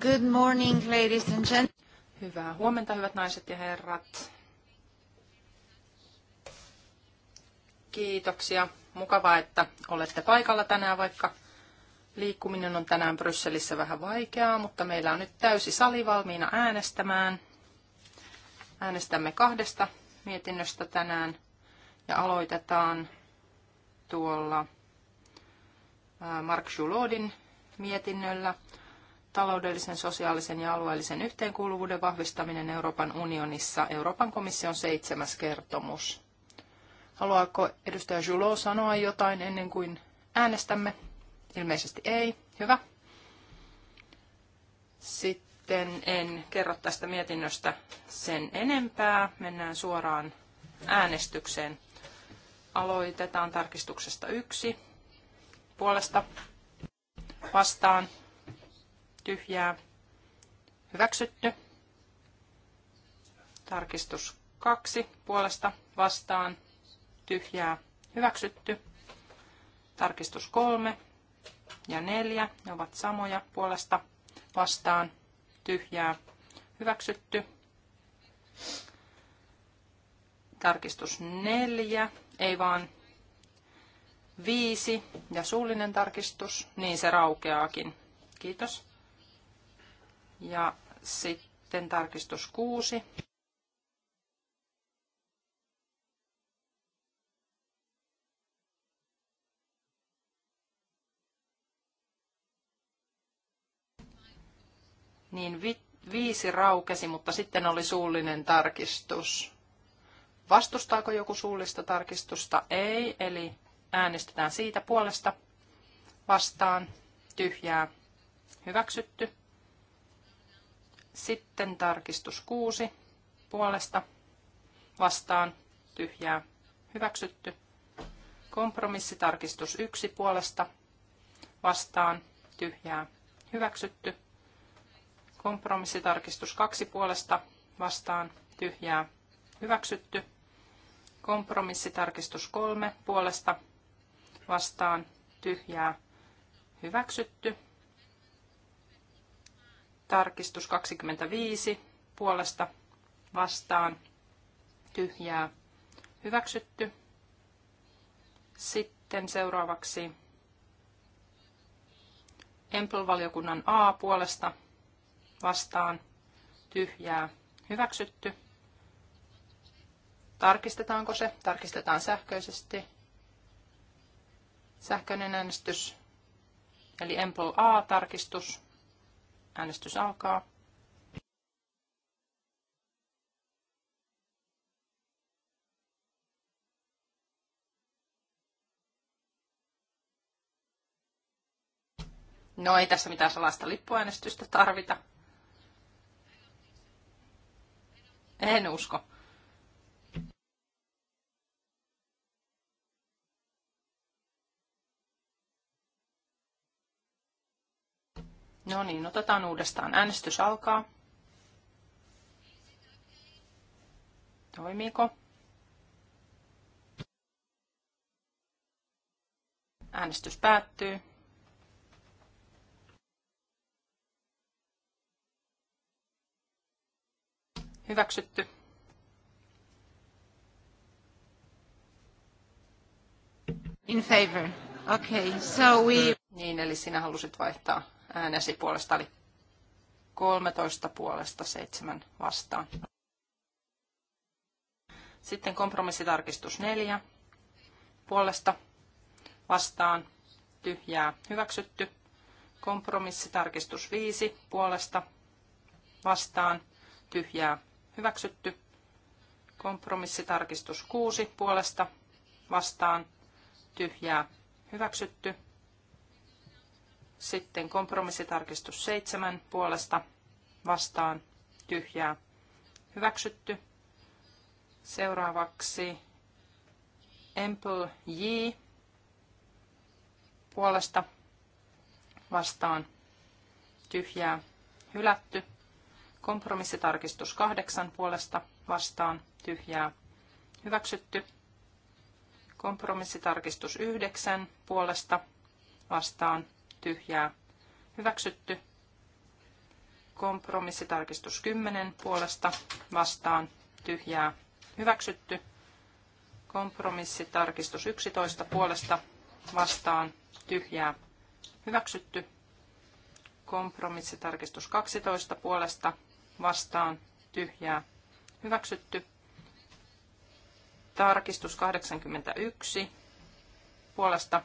Good morning, ladies and gentlemen. Hyvää huomenta, hyvät naiset ja herrat. Kiitoksia. Mukavaa, että olette paikalla tänään, vaikka liikkuminen on tänään Brysselissä vähän vaikeaa, mutta meillä on nyt täysi sali valmiina äänestämään. Äänestämme kahdesta mietinnöstä tänään ja aloitetaan tuolla Mark Joulodin mietinnöllä taloudellisen, sosiaalisen ja alueellisen yhteenkuuluvuuden vahvistaminen Euroopan unionissa, Euroopan komission seitsemäs kertomus. Haluaako edustaja Julot sanoa jotain ennen kuin äänestämme? Ilmeisesti ei. Hyvä. Sitten en kerro tästä mietinnöstä sen enempää. Mennään suoraan äänestykseen. Aloitetaan tarkistuksesta yksi. Puolesta vastaan tyhjää, hyväksytty. Tarkistus 2 puolesta vastaan, tyhjää, hyväksytty. Tarkistus 3 ja 4, ne ovat samoja puolesta vastaan, tyhjää, hyväksytty. Tarkistus 4, ei vaan 5 ja suullinen tarkistus, niin se raukeaakin. Kiitos. Ja sitten tarkistus 6. Niin vi, viisi raukesi, mutta sitten oli suullinen tarkistus. Vastustaako joku suullista tarkistusta? Ei, eli äänestetään siitä puolesta vastaan. Tyhjää. Hyväksytty. Sitten tarkistus 6 puolesta vastaan tyhjää hyväksytty. Kompromissitarkistus 1 puolesta vastaan tyhjää hyväksytty. Kompromissitarkistus 2 puolesta vastaan tyhjää hyväksytty. Kompromissitarkistus 3 puolesta vastaan tyhjää hyväksytty. Tarkistus 25 puolesta vastaan tyhjää hyväksytty. Sitten seuraavaksi Empel-valiokunnan A puolesta vastaan tyhjää hyväksytty. Tarkistetaanko se? Tarkistetaan sähköisesti. Sähköinen äänestys, eli Empel A-tarkistus. Äänestys alkaa. No ei tässä mitään salasta lippuäänestystä tarvita. En usko. No niin, otetaan uudestaan. Äänestys alkaa. Toimiiko? Äänestys päättyy. Hyväksytty. In favor. Okay, so we... Niin, eli sinä halusit vaihtaa äänesi puolesta oli 13 puolesta 7 vastaan. Sitten kompromissitarkistus 4 puolesta vastaan tyhjää hyväksytty. Kompromissitarkistus 5 puolesta vastaan tyhjää hyväksytty. Kompromissitarkistus 6 puolesta vastaan tyhjää hyväksytty. Sitten kompromissitarkistus 7 puolesta vastaan tyhjää hyväksytty. Seuraavaksi Ample J puolesta vastaan tyhjää hylätty. Kompromissitarkistus 8 puolesta vastaan tyhjää hyväksytty. Kompromissitarkistus 9 puolesta vastaan tyhjää hyväksytty. Kompromissitarkistus 10 puolesta vastaan tyhjää hyväksytty. Kompromissitarkistus 11 puolesta vastaan tyhjää hyväksytty. Kompromissitarkistus 12 puolesta vastaan tyhjää hyväksytty. Tarkistus 81 puolesta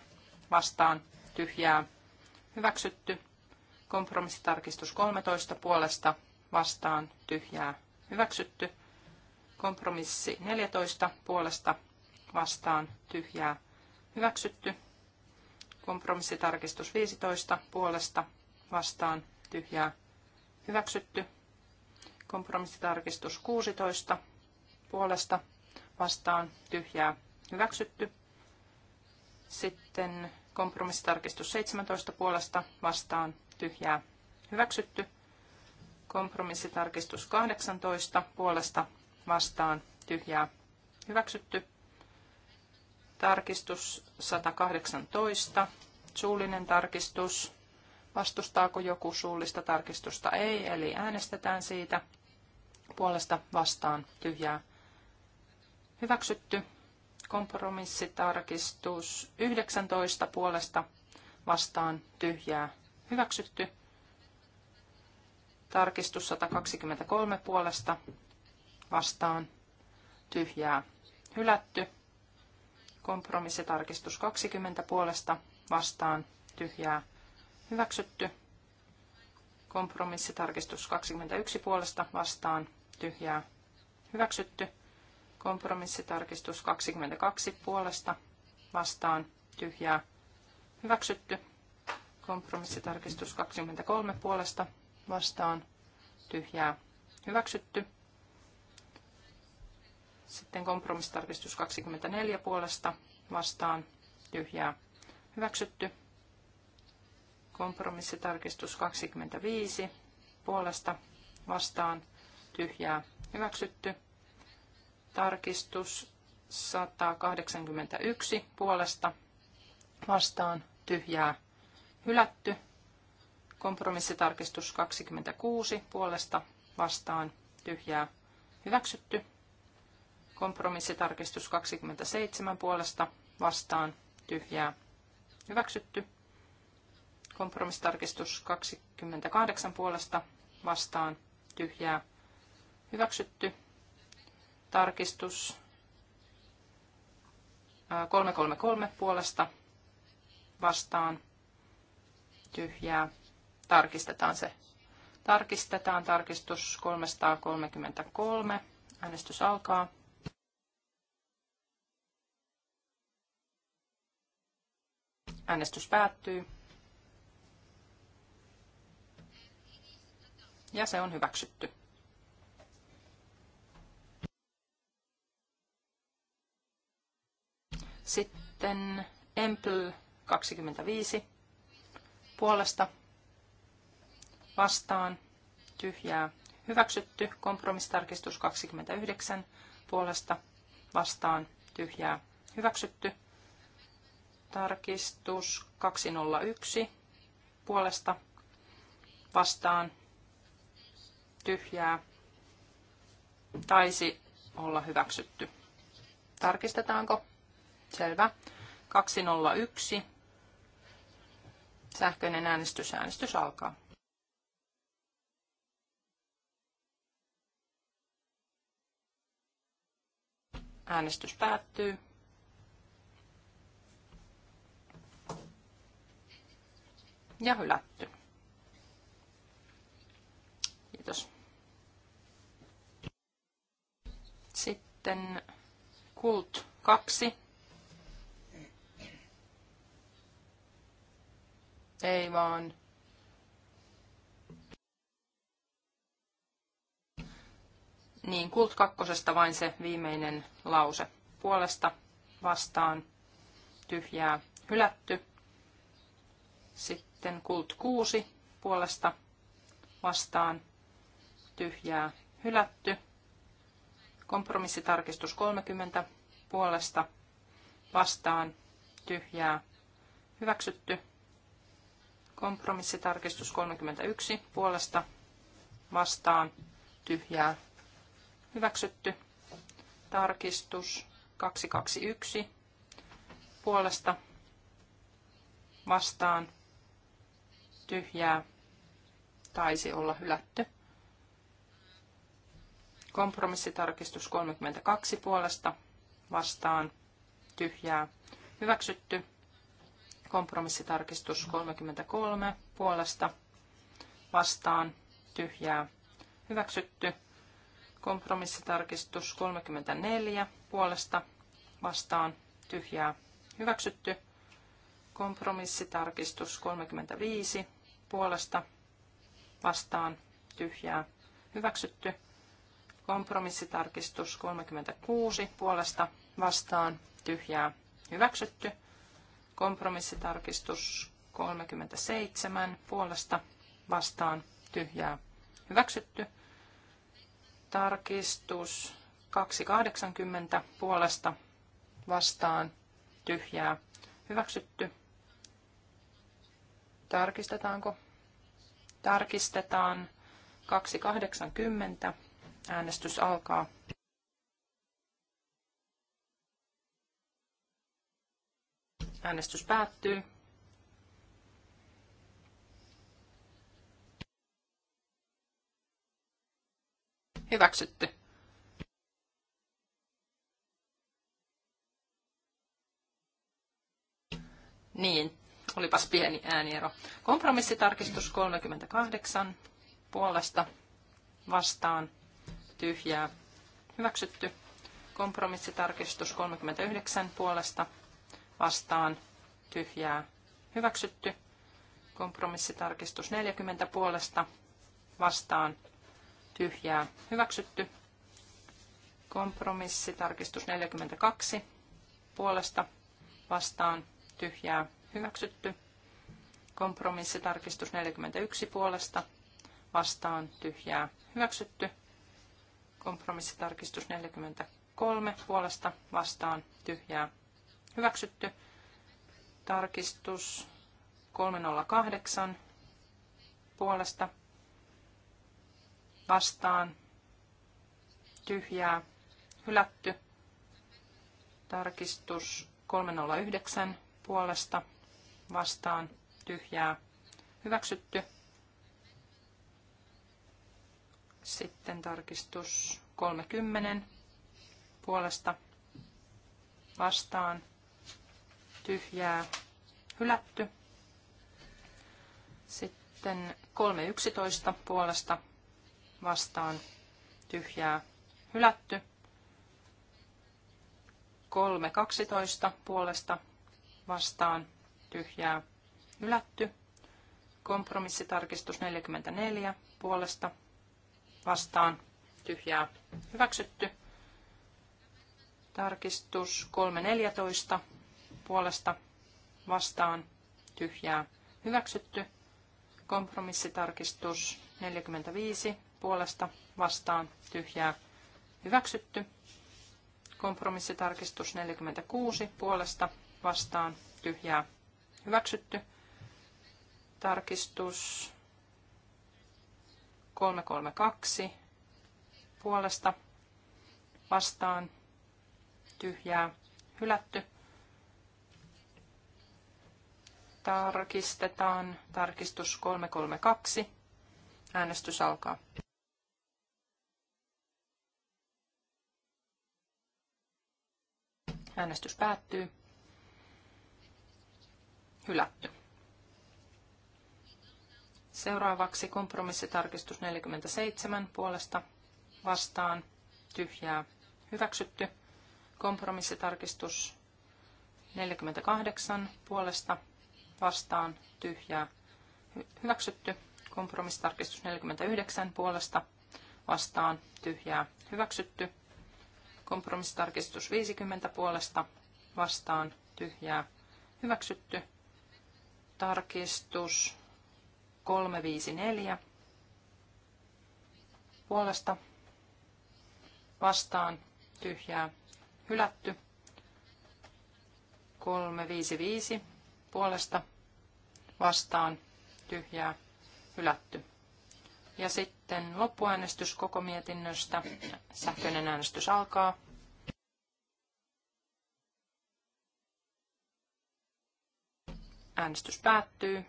vastaan tyhjää Hyväksytty. Kompromissitarkistus 13 puolesta vastaan tyhjää. Hyväksytty. Kompromissi 14 puolesta vastaan tyhjää. Hyväksytty. Kompromissitarkistus 15 puolesta vastaan tyhjää. Hyväksytty. Kompromissitarkistus 16 puolesta vastaan tyhjää. Hyväksytty. Sitten Kompromissitarkistus 17 puolesta vastaan tyhjää hyväksytty. Kompromissitarkistus 18 puolesta vastaan tyhjää hyväksytty. Tarkistus 118. Suullinen tarkistus. Vastustaako joku suullista tarkistusta? Ei, eli äänestetään siitä. Puolesta vastaan tyhjää hyväksytty. Kompromissitarkistus 19 puolesta vastaan tyhjää hyväksytty. Tarkistus 123 puolesta vastaan tyhjää hylätty. Kompromissitarkistus 20 puolesta vastaan tyhjää hyväksytty. Kompromissitarkistus 21 puolesta vastaan tyhjää hyväksytty. Kompromissitarkistus 22 puolesta vastaan tyhjää hyväksytty. Kompromissitarkistus 23 puolesta vastaan tyhjää hyväksytty. Sitten kompromissitarkistus 24 puolesta vastaan tyhjää hyväksytty. Kompromissitarkistus 25 puolesta vastaan tyhjää hyväksytty. Tarkistus 181 puolesta vastaan tyhjää hylätty. Kompromissitarkistus 26 puolesta vastaan tyhjää hyväksytty. Kompromissitarkistus 27 puolesta vastaan tyhjää hyväksytty. Kompromissitarkistus 28 puolesta vastaan tyhjää hyväksytty tarkistus 333 puolesta vastaan tyhjää. Tarkistetaan se. Tarkistetaan tarkistus 333. Äänestys alkaa. Äänestys päättyy. Ja se on hyväksytty. Sitten Empl 25 puolesta vastaan tyhjää hyväksytty. Kompromistarkistus 29 puolesta vastaan tyhjää hyväksytty. Tarkistus 201 puolesta vastaan tyhjää taisi olla hyväksytty. Tarkistetaanko? Selvä. 201. Sähköinen äänestys. Äänestys alkaa. Äänestys päättyy. Ja hylätty. Kiitos. Sitten kult 2 Ei vaan. Niin, kult kakkosesta vain se viimeinen lause. Puolesta vastaan tyhjää hylätty. Sitten kult kuusi puolesta vastaan tyhjää hylätty. Kompromissitarkistus 30 puolesta vastaan tyhjää hyväksytty. Kompromissitarkistus 31 puolesta vastaan tyhjää hyväksytty. Tarkistus 221 puolesta vastaan tyhjää taisi olla hylätty. Kompromissitarkistus 32 puolesta vastaan tyhjää hyväksytty. Kompromissitarkistus 33 puolesta vastaan tyhjää hyväksytty. Kompromissitarkistus 34 puolesta vastaan tyhjää hyväksytty. Kompromissitarkistus 35 puolesta vastaan tyhjää hyväksytty. Kompromissitarkistus 36 puolesta vastaan tyhjää hyväksytty. Kompromissitarkistus 37 puolesta vastaan tyhjää hyväksytty. Tarkistus 280 puolesta vastaan tyhjää hyväksytty. Tarkistetaanko? Tarkistetaan 280. Äänestys alkaa. Äänestys päättyy. Hyväksytty. Niin, olipas pieni ääniero. Kompromissitarkistus 38 puolesta vastaan tyhjää hyväksytty. Kompromissitarkistus 39 puolesta vastaan tyhjää hyväksytty. Kompromissitarkistus 40 puolesta vastaan tyhjää hyväksytty. Kompromissitarkistus 42 puolesta vastaan tyhjää hyväksytty. Kompromissitarkistus 41 puolesta vastaan tyhjää hyväksytty. Kompromissitarkistus 43 puolesta vastaan tyhjää Hyväksytty. Tarkistus 308 puolesta vastaan tyhjää hylätty. Tarkistus 309 puolesta vastaan tyhjää hyväksytty. Sitten tarkistus 30 puolesta vastaan tyhjää, hylätty. Sitten 3.11 puolesta vastaan tyhjää, hylätty. 3.12 puolesta vastaan tyhjää, hylätty. Kompromissitarkistus 44 puolesta vastaan tyhjää, hyväksytty. Tarkistus 314 puolesta vastaan tyhjää hyväksytty. Kompromissitarkistus 45 puolesta vastaan tyhjää hyväksytty. Kompromissitarkistus 46 puolesta vastaan tyhjää hyväksytty. Tarkistus 332 puolesta vastaan tyhjää hylätty. tarkistetaan. Tarkistus 332. Äänestys alkaa. Äänestys päättyy. Hylätty. Seuraavaksi kompromissitarkistus 47 puolesta vastaan tyhjää hyväksytty. Kompromissitarkistus 48 puolesta vastaan tyhjää hyväksytty. Kompromissitarkistus 49 puolesta vastaan tyhjää hyväksytty. Kompromissitarkistus 50 puolesta vastaan tyhjää hyväksytty. Tarkistus 354 puolesta vastaan tyhjää hylätty. 355 puolesta vastaan tyhjää hylätty. Ja sitten loppuäänestys koko mietinnöstä. Sähköinen äänestys alkaa. Äänestys päättyy.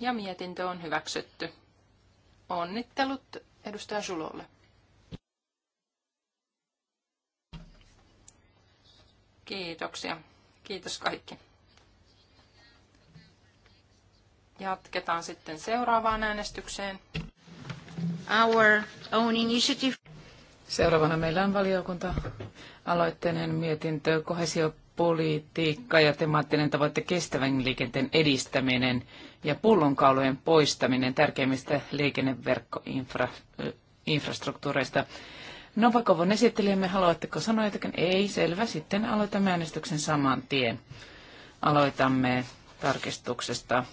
Ja mietintö on hyväksytty. Onnittelut edustaja Sulolle. Kiitoksia. Kiitos kaikki. Jatketaan sitten seuraavaan äänestykseen. Our own initiative. Seuraavana meillä on valiokunta aloitteinen mietintö kohesiopolitiikka ja temaattinen tavoite kestävän liikenteen edistäminen ja pullonkaulujen poistaminen tärkeimmistä liikenneverkkoinfrastruktuureista. Novakovon esittelijämme, haluatteko sanoa jotakin? Ei, selvä. Sitten aloitamme äänestyksen saman tien. Aloitamme tarkistuksesta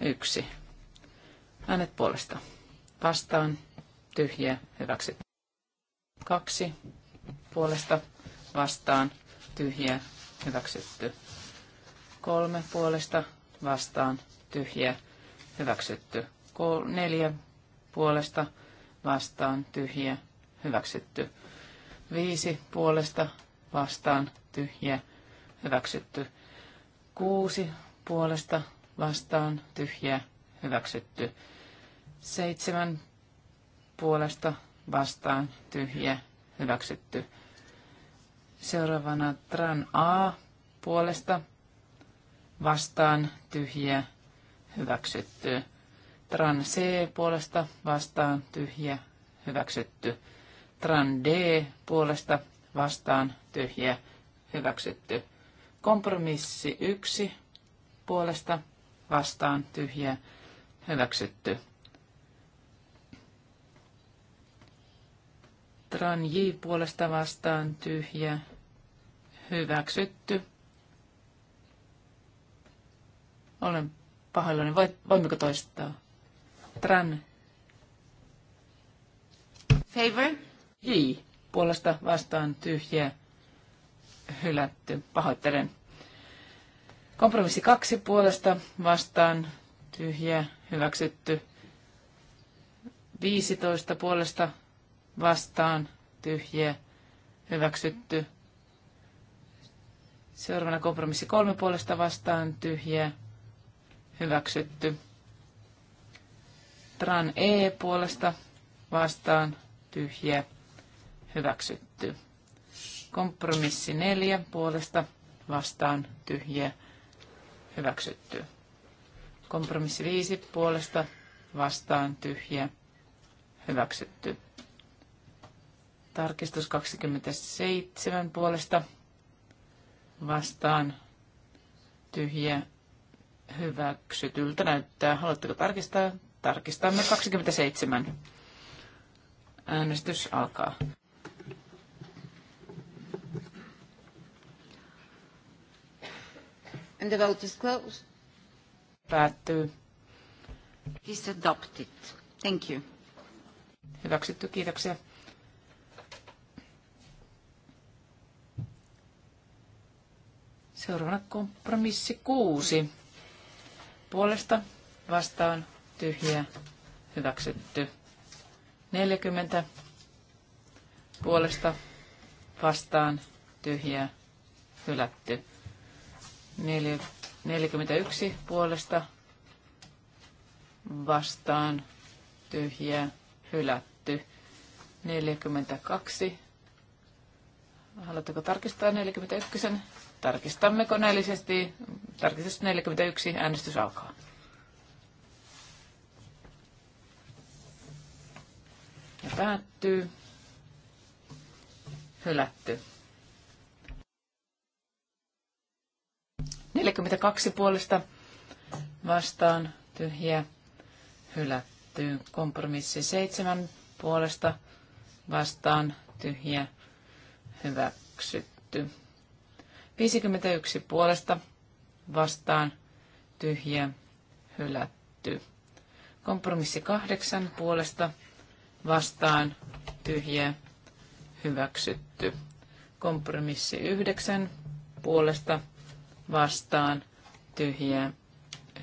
yksi. Äänet puolesta. Vastaan. Tyhjä. Hyväksytty. Kaksi. Puolesta. Vastaan. Tyhjä. Hyväksytty. Kolme. Puolesta. Vastaan. Tyhjä. Hyväksytty. Kol- neljä. Puolesta. Vastaan. Tyhjä hyväksytty. Viisi puolesta vastaan tyhjä hyväksytty. Kuusi puolesta vastaan tyhjä hyväksytty. Seitsemän puolesta vastaan tyhjä hyväksytty. Seuraavana tran A puolesta vastaan tyhjä hyväksytty. Tran C puolesta vastaan tyhjä hyväksytty. Tran D puolesta vastaan tyhjä hyväksytty. Kompromissi 1 puolesta vastaan tyhjä hyväksytty. Tran J puolesta vastaan tyhjä hyväksytty. Olen pahoillani. Voimmeko toistaa? Tran. Favor. J puolesta vastaan tyhjä hylätty. Pahoittelen. Kompromissi kaksi puolesta vastaan tyhjä hyväksytty. 15 puolesta vastaan tyhjä hyväksytty. Seuraavana kompromissi kolme puolesta vastaan tyhjä hyväksytty. Tran E puolesta vastaan tyhjä hyväksytty. Kompromissi neljä puolesta vastaan tyhjä hyväksytty. Kompromissi viisi puolesta vastaan tyhjä hyväksytty. Tarkistus 27 puolesta vastaan tyhjä hyväksytyltä näyttää. Haluatteko tarkistaa? Tarkistamme 27. Äänestys alkaa. And the vote is closed. Päättyy. Is adopted. Thank you. Hyväksytty, kiitoksia. Seuraavana kompromissi kuusi. Puolesta vastaan tyhjä hyväksytty. 40 puolesta vastaan tyhjä hylätty. 41 puolesta vastaan tyhjä hylätty. 42. Haluatteko tarkistaa 41? Tarkistamme koneellisesti. Tarkistus 41. Äänestys alkaa. Ja päättyy. Hylätty. 42 puolesta vastaan tyhjiä hylätty. Kompromissi 7 puolesta vastaan tyhjiä hyväksytty. 51 puolesta vastaan tyhjiä hylätty. Kompromissi 8 puolesta vastaan tyhjiä hyväksytty. Kompromissi 9 puolesta vastaan tyhjä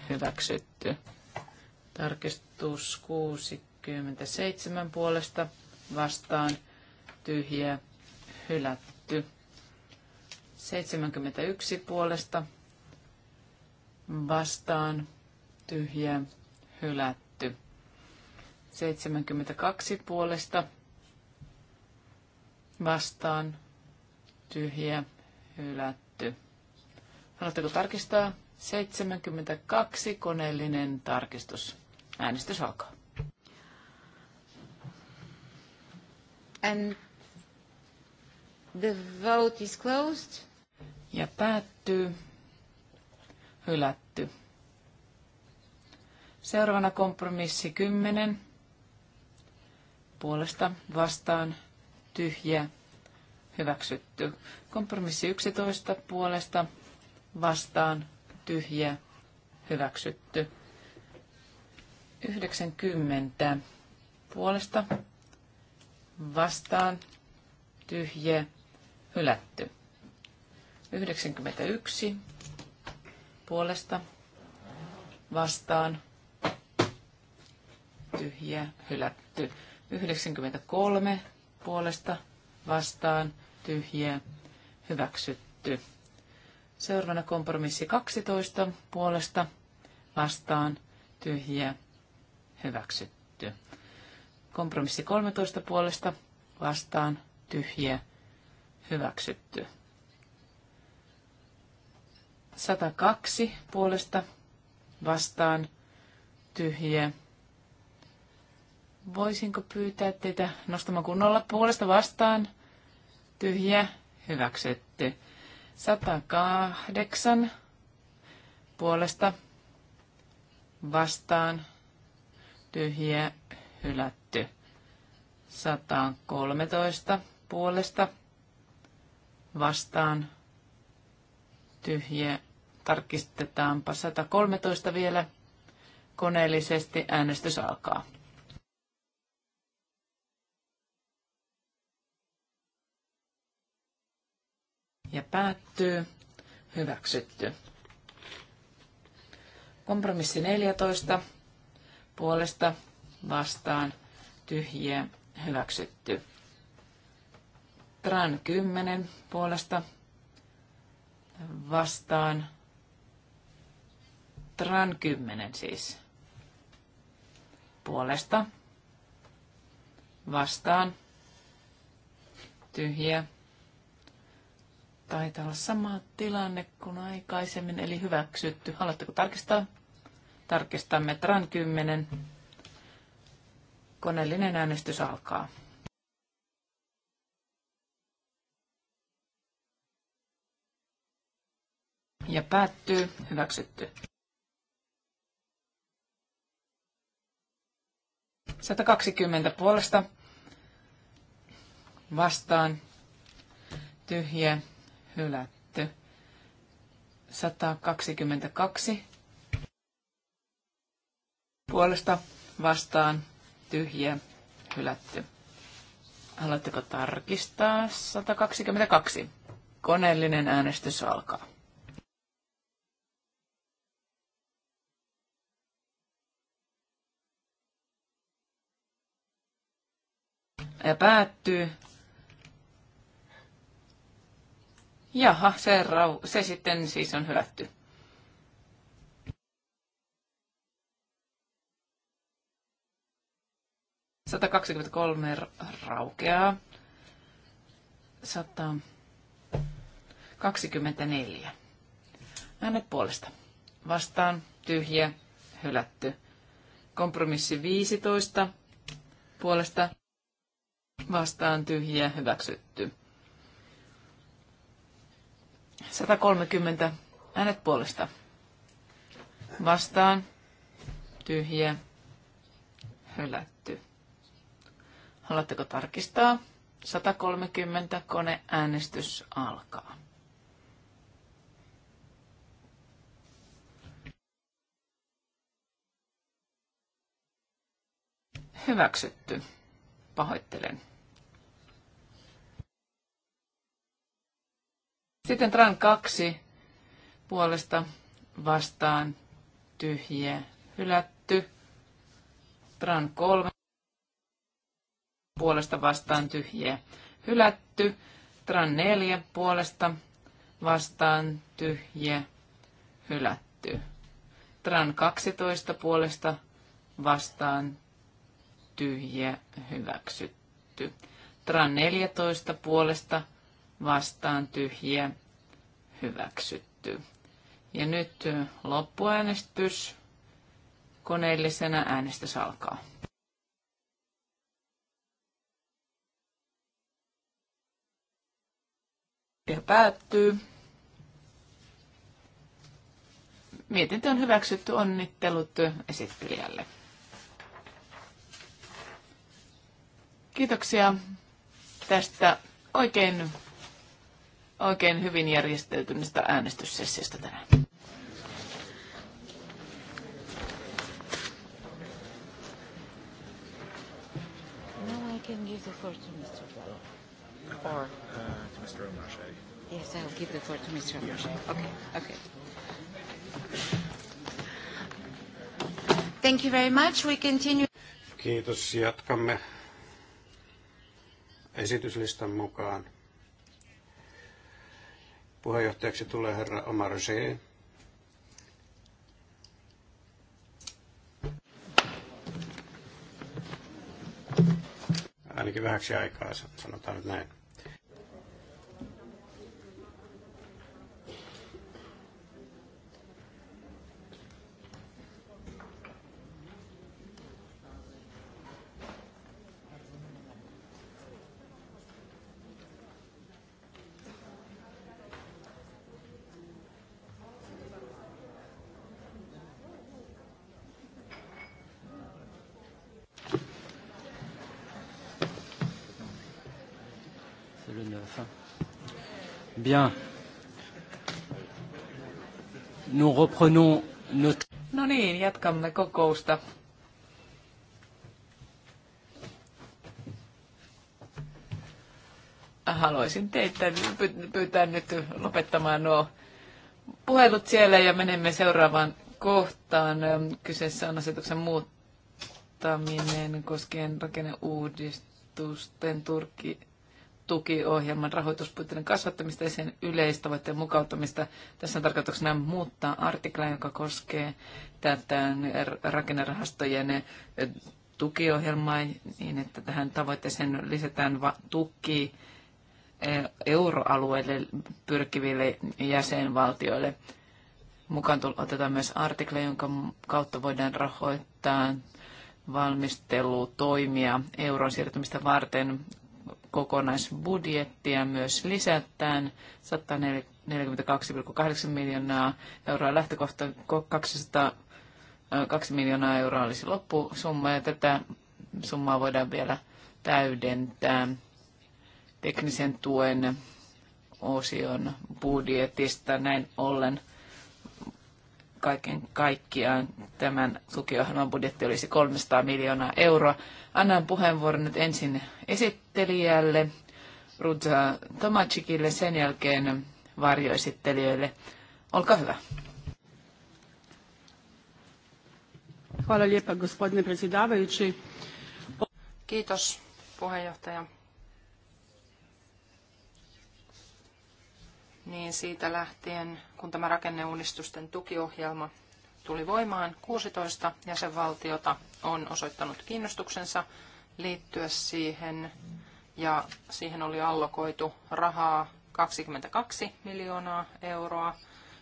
hyväksytty. Tarkistus 67 puolesta vastaan tyhjä, hylätty. 71 puolesta vastaan tyhjä, hylätty. 72 puolesta vastaan tyhjä hylätty. Haluatteko tarkistaa? 72 koneellinen tarkistus. Äänestys alkaa. And the vote is closed. Ja päättyy. Hylätty. Seuraavana kompromissi 10. Puolesta vastaan tyhjä. Hyväksytty. Kompromissi 11 puolesta vastaan tyhjä hyväksytty. 90 puolesta vastaan tyhjä hylätty. 91 puolesta vastaan tyhjä hylätty. 93 puolesta vastaan tyhjä hyväksytty. Seuraavana kompromissi 12 puolesta vastaan tyhjiä hyväksytty. Kompromissi 13 puolesta vastaan tyhjiä hyväksytty. 102 puolesta vastaan tyhjiä. Voisinko pyytää teitä nostamaan kunnolla puolesta vastaan tyhjiä hyväksytty. 108 puolesta vastaan tyhjä hylätty. 113 puolesta vastaan tyhjä Tarkistetaanpa 113 vielä koneellisesti. Äänestys alkaa. ja päättyy. Hyväksytty. Kompromissi 14. Puolesta vastaan tyhjiä hyväksytty. Tran 10 puolesta vastaan. Tran 10 siis. Puolesta vastaan tyhjiä Taitaa olla sama tilanne kuin aikaisemmin, eli hyväksytty. Haluatteko tarkistaa? Tarkistamme TRAN 10. Koneellinen äänestys alkaa. Ja päättyy. Hyväksytty. 120 puolesta vastaan tyhjä hylätty. 122 puolesta vastaan tyhjä hylätty. Haluatteko tarkistaa? 122. Koneellinen äänestys alkaa. Ja päättyy. Jaha, se, rau, se sitten siis on hylätty. kolme raukeaa. Sata neljä. Äänet puolesta. Vastaan tyhjä, hylätty. Kompromissi 15 puolesta vastaan tyhjä, hyväksytty. 130. Äänet puolesta. Vastaan. Tyhjä. Hylätty. Haluatteko tarkistaa? 130 koneäänestys alkaa. Hyväksytty. Pahoittelen. Sitten Tran 2 puolesta vastaan tyhjiä hylätty. Tran 3 puolesta vastaan tyhjiä hylätty. Tran 4 puolesta vastaan tyhjiä hylätty. Tran 12 puolesta vastaan tyhjiä hyväksytty. Tran 14 puolesta vastaan, vastaan tyhjiä hyväksytty. Ja nyt loppuäänestys koneellisena äänestys alkaa. Ja päättyy. Mietintö on hyväksytty. Onnittelut esittelijälle. Kiitoksia tästä oikein oikein hyvin järjestäytyneestä äänestyssessiosta tänään. Now I can give the floor to Mr. Gallo. Or uh, to Mr. Omarche. Yes, I'll give the floor to Mr. Omarche. Okay, okay. Thank you very much. We continue. Kiitos. Jatkamme esityslistan mukaan. Puheenjohtajaksi tulee herra Omar G. Ainakin vähäksi aikaa, sanotaan nyt näin. Bien. Nous reprenons notre... No niin, jatkamme kokousta. Haluaisin teitä pyytää nyt lopettamaan nuo puhelut siellä ja menemme seuraavaan kohtaan. Kyseessä on asetuksen muuttaminen koskien rakenneuudistusten Turkki tukiohjelman rahoituspuitteiden kasvattamista ja sen yleistavoitteen mukauttamista. Tässä on tarkoituksena muuttaa artikla, joka koskee tätä rakennerahastojen tukiohjelmaa niin, että tähän tavoitteeseen lisätään tuki eh, euroalueelle pyrkiville jäsenvaltioille. Mukaan otetaan myös artikla, jonka kautta voidaan rahoittaa valmistelutoimia euron siirtymistä varten kokonaisbudjettia myös lisätään 142,8 miljoonaa euroa lähtökohta 202 miljoonaa euroa olisi loppusumma ja tätä summaa voidaan vielä täydentää teknisen tuen osion budjetista. Näin ollen kaiken kaikkiaan tämän tukiohjelman budjetti olisi 300 miljoonaa euroa. Annan puheenvuoron nyt ensin esittelijälle, Rudza Tomacikille, sen jälkeen varjoesittelijöille. Olkaa hyvä. Kiitos, puheenjohtaja. niin siitä lähtien, kun tämä rakenneuudistusten tukiohjelma tuli voimaan, 16 jäsenvaltiota on osoittanut kiinnostuksensa liittyä siihen, ja siihen oli allokoitu rahaa 22 miljoonaa euroa,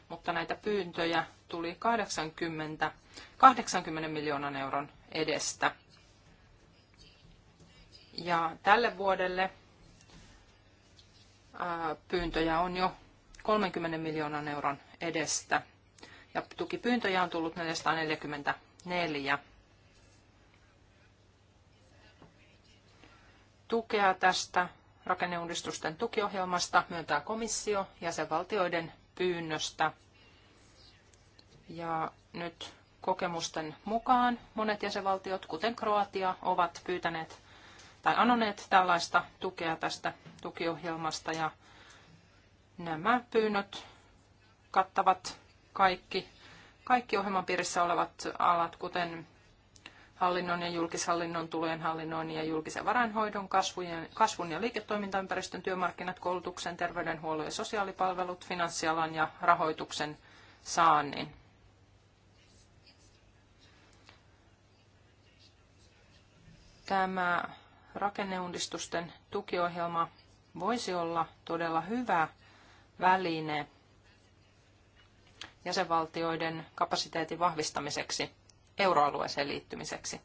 mutta näitä pyyntöjä tuli 80, 80 miljoonan euron edestä. Ja tälle vuodelle pyyntöjä on jo 30 miljoonan euron edestä. Ja tukipyyntöjä on tullut 444. Tukea tästä rakenneuudistusten tukiohjelmasta myöntää komissio jäsenvaltioiden pyynnöstä. Ja nyt kokemusten mukaan monet jäsenvaltiot, kuten Kroatia, ovat pyytäneet tai anoneet tällaista tukea tästä tukiohjelmasta ja Nämä pyynnöt kattavat kaikki, kaikki ohjelman piirissä olevat alat, kuten hallinnon ja julkishallinnon, tulojen hallinnon ja julkisen varainhoidon, kasvujen, kasvun ja liiketoimintaympäristön, työmarkkinat, koulutuksen, terveydenhuollon ja sosiaalipalvelut, finanssialan ja rahoituksen saannin. Tämä rakenneuudistusten tukiohjelma voisi olla todella hyvä väline jäsenvaltioiden kapasiteetin vahvistamiseksi euroalueeseen liittymiseksi.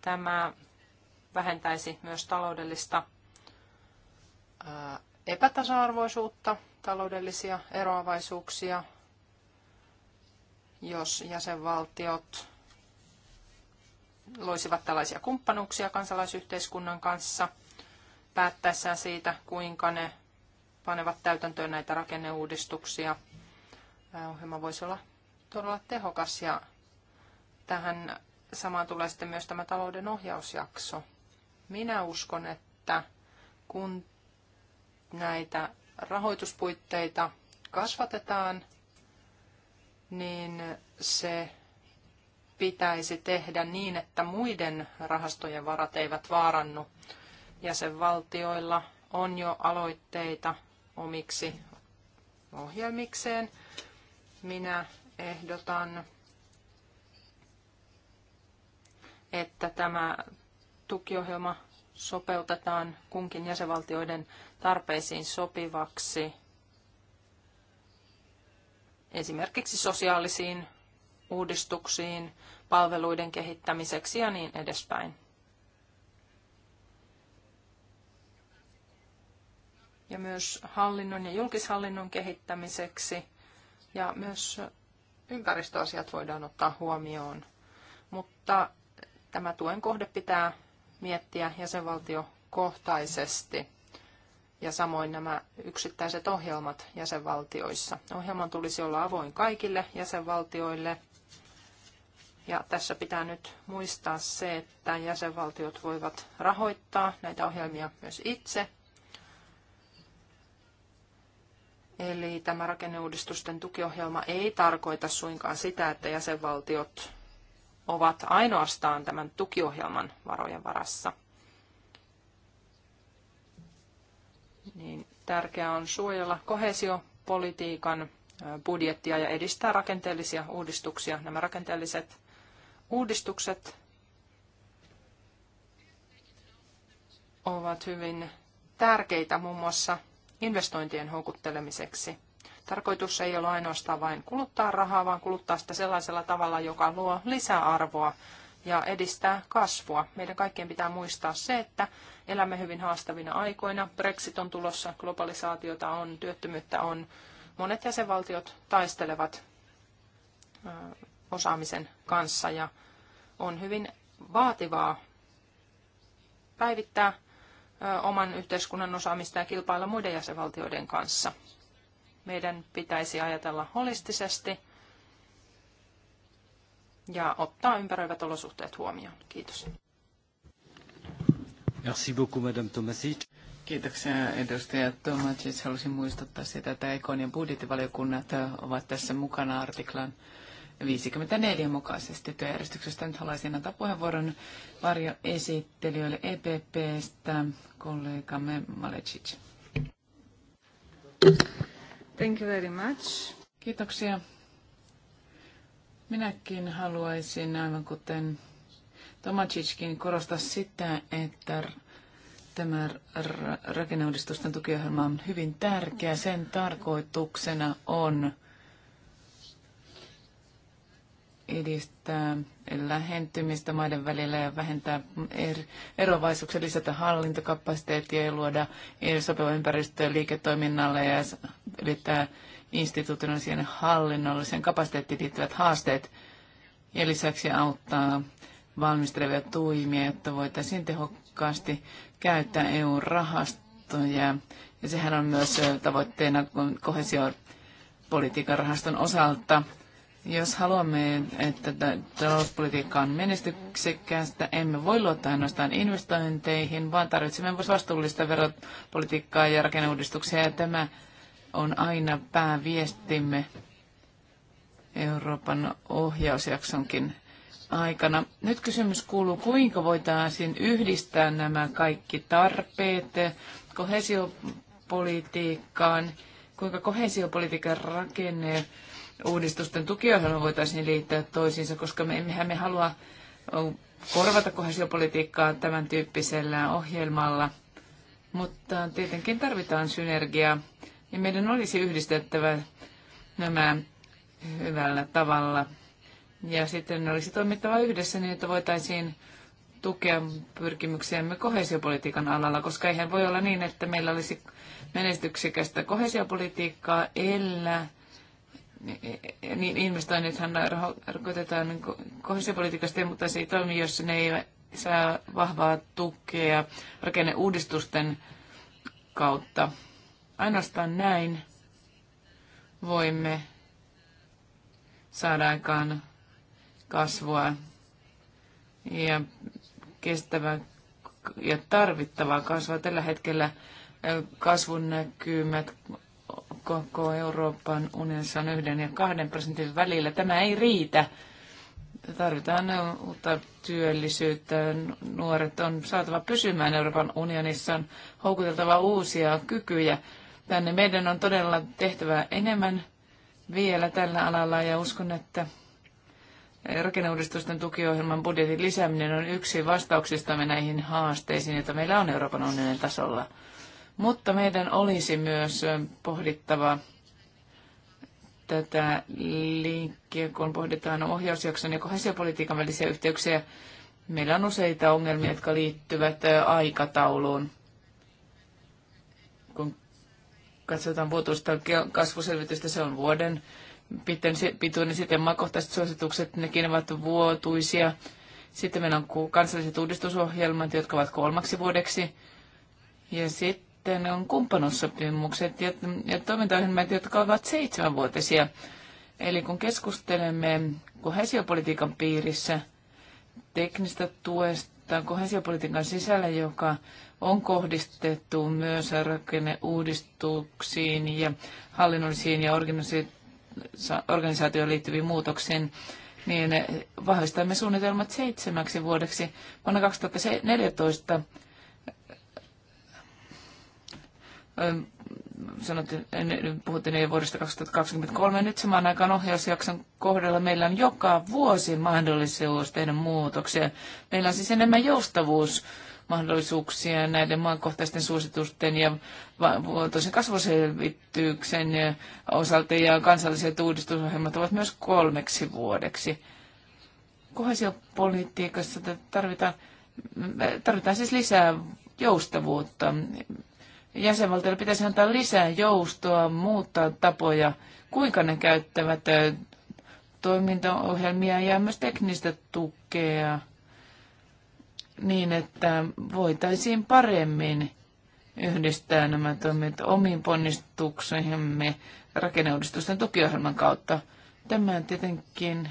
Tämä vähentäisi myös taloudellista epätasa-arvoisuutta, taloudellisia eroavaisuuksia, jos jäsenvaltiot loisivat tällaisia kumppanuuksia kansalaisyhteiskunnan kanssa – päättäessään siitä, kuinka ne panevat täytäntöön näitä rakenneuudistuksia. Ohjelma voisi olla todella tehokas ja tähän samaan tulee sitten myös tämä talouden ohjausjakso. Minä uskon, että kun näitä rahoituspuitteita kasvatetaan, niin se pitäisi tehdä niin, että muiden rahastojen varat eivät vaarannu jäsenvaltioilla on jo aloitteita omiksi ohjelmikseen. Minä ehdotan, että tämä tukiohjelma sopeutetaan kunkin jäsenvaltioiden tarpeisiin sopivaksi esimerkiksi sosiaalisiin uudistuksiin, palveluiden kehittämiseksi ja niin edespäin. ja myös hallinnon ja julkishallinnon kehittämiseksi. Ja myös ympäristöasiat voidaan ottaa huomioon. Mutta tämä tuen kohde pitää miettiä jäsenvaltiokohtaisesti ja samoin nämä yksittäiset ohjelmat jäsenvaltioissa. Ohjelman tulisi olla avoin kaikille jäsenvaltioille. Ja tässä pitää nyt muistaa se, että jäsenvaltiot voivat rahoittaa näitä ohjelmia myös itse Eli tämä rakenneuudistusten tukiohjelma ei tarkoita suinkaan sitä, että jäsenvaltiot ovat ainoastaan tämän tukiohjelman varojen varassa. Niin tärkeää on suojella kohesiopolitiikan budjettia ja edistää rakenteellisia uudistuksia. Nämä rakenteelliset uudistukset ovat hyvin tärkeitä muun muassa investointien houkuttelemiseksi. Tarkoitus ei ole ainoastaan vain kuluttaa rahaa, vaan kuluttaa sitä sellaisella tavalla, joka luo lisäarvoa ja edistää kasvua. Meidän kaikkien pitää muistaa se, että elämme hyvin haastavina aikoina. Brexit on tulossa, globalisaatiota on, työttömyyttä on. Monet jäsenvaltiot taistelevat osaamisen kanssa ja on hyvin vaativaa päivittää oman yhteiskunnan osaamista ja kilpailla muiden jäsenvaltioiden kanssa. Meidän pitäisi ajatella holistisesti ja ottaa ympäröivät olosuhteet huomioon. Kiitos. Merci beaucoup, Madame Tomasic. Kiitoksia edustaja Tomasic. Haluaisin muistuttaa sitä, että Ekonin budjettivaliokunnat ovat tässä mukana artiklan 54 mukaisesti työjärjestyksestä. Nyt haluaisin antaa puheenvuoron varjoesittelijöille EPPstä kollegamme Malecic. Thank you very much. Kiitoksia. Minäkin haluaisin, aivan kuten Tomacickin, korostaa sitä, että tämä rakenneuudistusten tukiohjelma on hyvin tärkeä. Sen tarkoituksena on edistää lähentymistä maiden välillä ja vähentää er-, erovaisuuksia, lisätä hallintokapasiteettia ja luoda sopiva ympäristö liiketoiminnalle ja ylittää institutionaalisen hallinnollisen kapasiteettiin liittyvät haasteet ja lisäksi auttaa valmistelevia toimia, jotta voitaisiin tehokkaasti käyttää EU-rahastoja. Ja sehän on myös tavoitteena kohesiopolitiikan rahaston osalta jos haluamme, että talouspolitiikka on menestyksekkäästä, emme voi luottaa ainoastaan investointeihin, vaan tarvitsemme myös vastuullista veropolitiikkaa ja rakenneuudistuksia. Ja tämä on aina pääviestimme Euroopan ohjausjaksonkin aikana. Nyt kysymys kuuluu, kuinka voitaisiin yhdistää nämä kaikki tarpeet kohesiopolitiikkaan, kuinka kohesiopolitiikan rakenne uudistusten tukiohjelma voitaisiin liittää toisiinsa, koska me emmehän me halua korvata kohesiopolitiikkaa tämän tyyppisellä ohjelmalla. Mutta tietenkin tarvitaan synergiaa ja meidän olisi yhdistettävä nämä hyvällä tavalla. Ja sitten olisi toimittava yhdessä niin, että voitaisiin tukea pyrkimyksiämme kohesiopolitiikan alalla, koska eihän voi olla niin, että meillä olisi menestyksekästä kohesiopolitiikkaa, ellei niin rokotetaan niin kohdallisuuspolitiikasta, mutta se ei toimi, jos ne ei saa vahvaa tukea rakenneuudistusten kautta. Ainoastaan näin voimme saada aikaan kasvua ja kestävää ja tarvittavaa kasvua. Tällä hetkellä kasvun näkymät koko Euroopan unionissa on yhden ja kahden prosentin välillä. Tämä ei riitä. Tarvitaan uutta työllisyyttä. Nuoret on saatava pysymään Euroopan unionissa. On houkuteltava uusia kykyjä tänne. Meidän on todella tehtävä enemmän vielä tällä alalla ja uskon, että rakenneuudistusten tukiohjelman budjetin lisääminen on yksi vastauksistamme näihin haasteisiin, joita meillä on Euroopan unionin tasolla. Mutta meidän olisi myös pohdittava tätä linkkiä, kun pohditaan ohjausjakson ja kohesiopolitiikan välisiä yhteyksiä. Meillä on useita ongelmia, jotka liittyvät aikatauluun. Kun katsotaan vuotuista kasvuselvitystä, se on vuoden pituinen. Sitten makohtaiset suositukset, nekin ovat vuotuisia. Sitten meillä on kansalliset uudistusohjelmat, jotka ovat kolmaksi vuodeksi. Ja sitten sitten on kumppanuussopimukset ja, ja toimintaohjelmat, jotka ovat seitsemänvuotisia. Eli kun keskustelemme kohesiopolitiikan piirissä teknistä tuesta kohesiopolitiikan sisällä, joka on kohdistettu myös rakenneuudistuksiin ja hallinnollisiin ja organisaatioon liittyviin muutoksiin, niin vahvistamme suunnitelmat seitsemäksi vuodeksi. Vuonna 2014 sanotte, puhutte niin vuodesta 2023, nyt samaan aikaan ohjausjakson kohdalla meillä on joka vuosi mahdollisuus tehdä muutoksia. Meillä on siis enemmän joustavuusmahdollisuuksia näiden maankohtaisten suositusten ja vuotoisen kasvuselvityksen osalta ja kansalliset uudistusohjelmat ovat myös kolmeksi vuodeksi. Kohesiopolitiikassa tarvitaan, tarvitaan siis lisää joustavuutta jäsenvaltioille pitäisi antaa lisää joustoa, muuttaa tapoja, kuinka ne käyttävät toimintaohjelmia ja myös teknistä tukea niin, että voitaisiin paremmin yhdistää nämä toimet omiin ponnistuksemme rakenneuudistusten tukiohjelman kautta. Tämä tietenkin,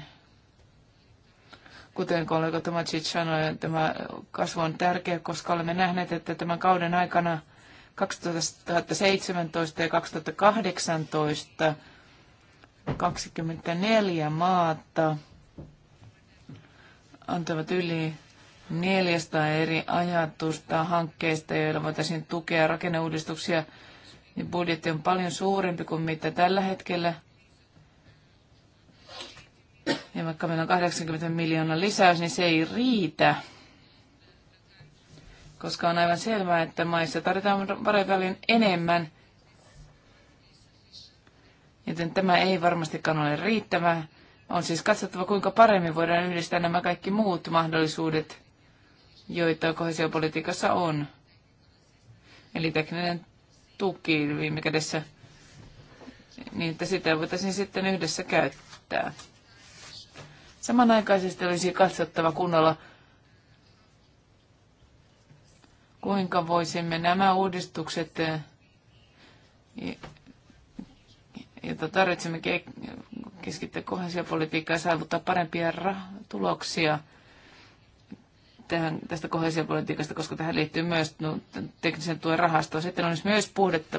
kuten kollega Tomacic sanoi, tämä kasvu on tärkeä, koska olemme nähneet, että tämän kauden aikana – 2017 ja 2018 24 maata antavat yli 400 eri ajatusta hankkeista, joilla voitaisiin tukea rakenneuudistuksia, niin budjetti on paljon suurempi kuin mitä tällä hetkellä. Ja vaikka meillä on 80 miljoonaa lisäys, niin se ei riitä koska on aivan selvää, että maissa tarvitaan parin välin enemmän. Joten tämä ei varmastikaan ole riittävää. On siis katsottava, kuinka paremmin voidaan yhdistää nämä kaikki muut mahdollisuudet, joita kohesiopolitiikassa on. Eli tekninen tuki viime kädessä, niin että sitä voitaisiin sitten yhdessä käyttää. Samanaikaisesti olisi katsottava kunnolla kuinka voisimme nämä uudistukset, eh, joita tarvitsemme keskittää politiikkaa ja saavuttaa parempia tuloksia tähän, tästä politiikasta, koska tähän liittyy myös no, teknisen tuen rahasto. Sitten on myös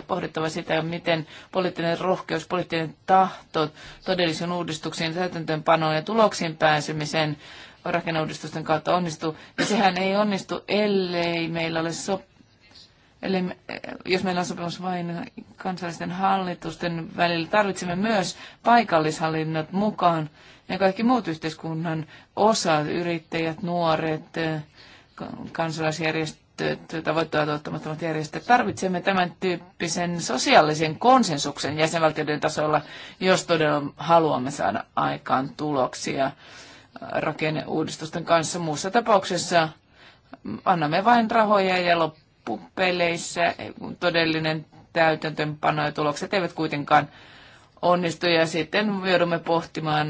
pohdittava sitä, miten poliittinen rohkeus, poliittinen tahto todellisen uudistuksen täytäntöönpanoon ja tuloksiin pääsemiseen rakenneuudistusten kautta onnistu. Ja sehän ei onnistu, ellei meillä ole sop- me- jos meillä on sopimus vain kansallisten hallitusten välillä, tarvitsemme myös paikallishallinnot mukaan ja kaikki muut yhteiskunnan osat, yrittäjät, nuoret, kansalaisjärjestöt, tavoitteet tuottamattomat järjestöt. Tarvitsemme tämän tyyppisen sosiaalisen konsensuksen jäsenvaltioiden tasolla, jos todella haluamme saada aikaan tuloksia rakenneuudistusten kanssa. Muussa tapauksessa annamme vain rahoja ja loppupeleissä todellinen täytäntöönpano ja tulokset eivät kuitenkaan onnistu ja sitten joudumme pohtimaan,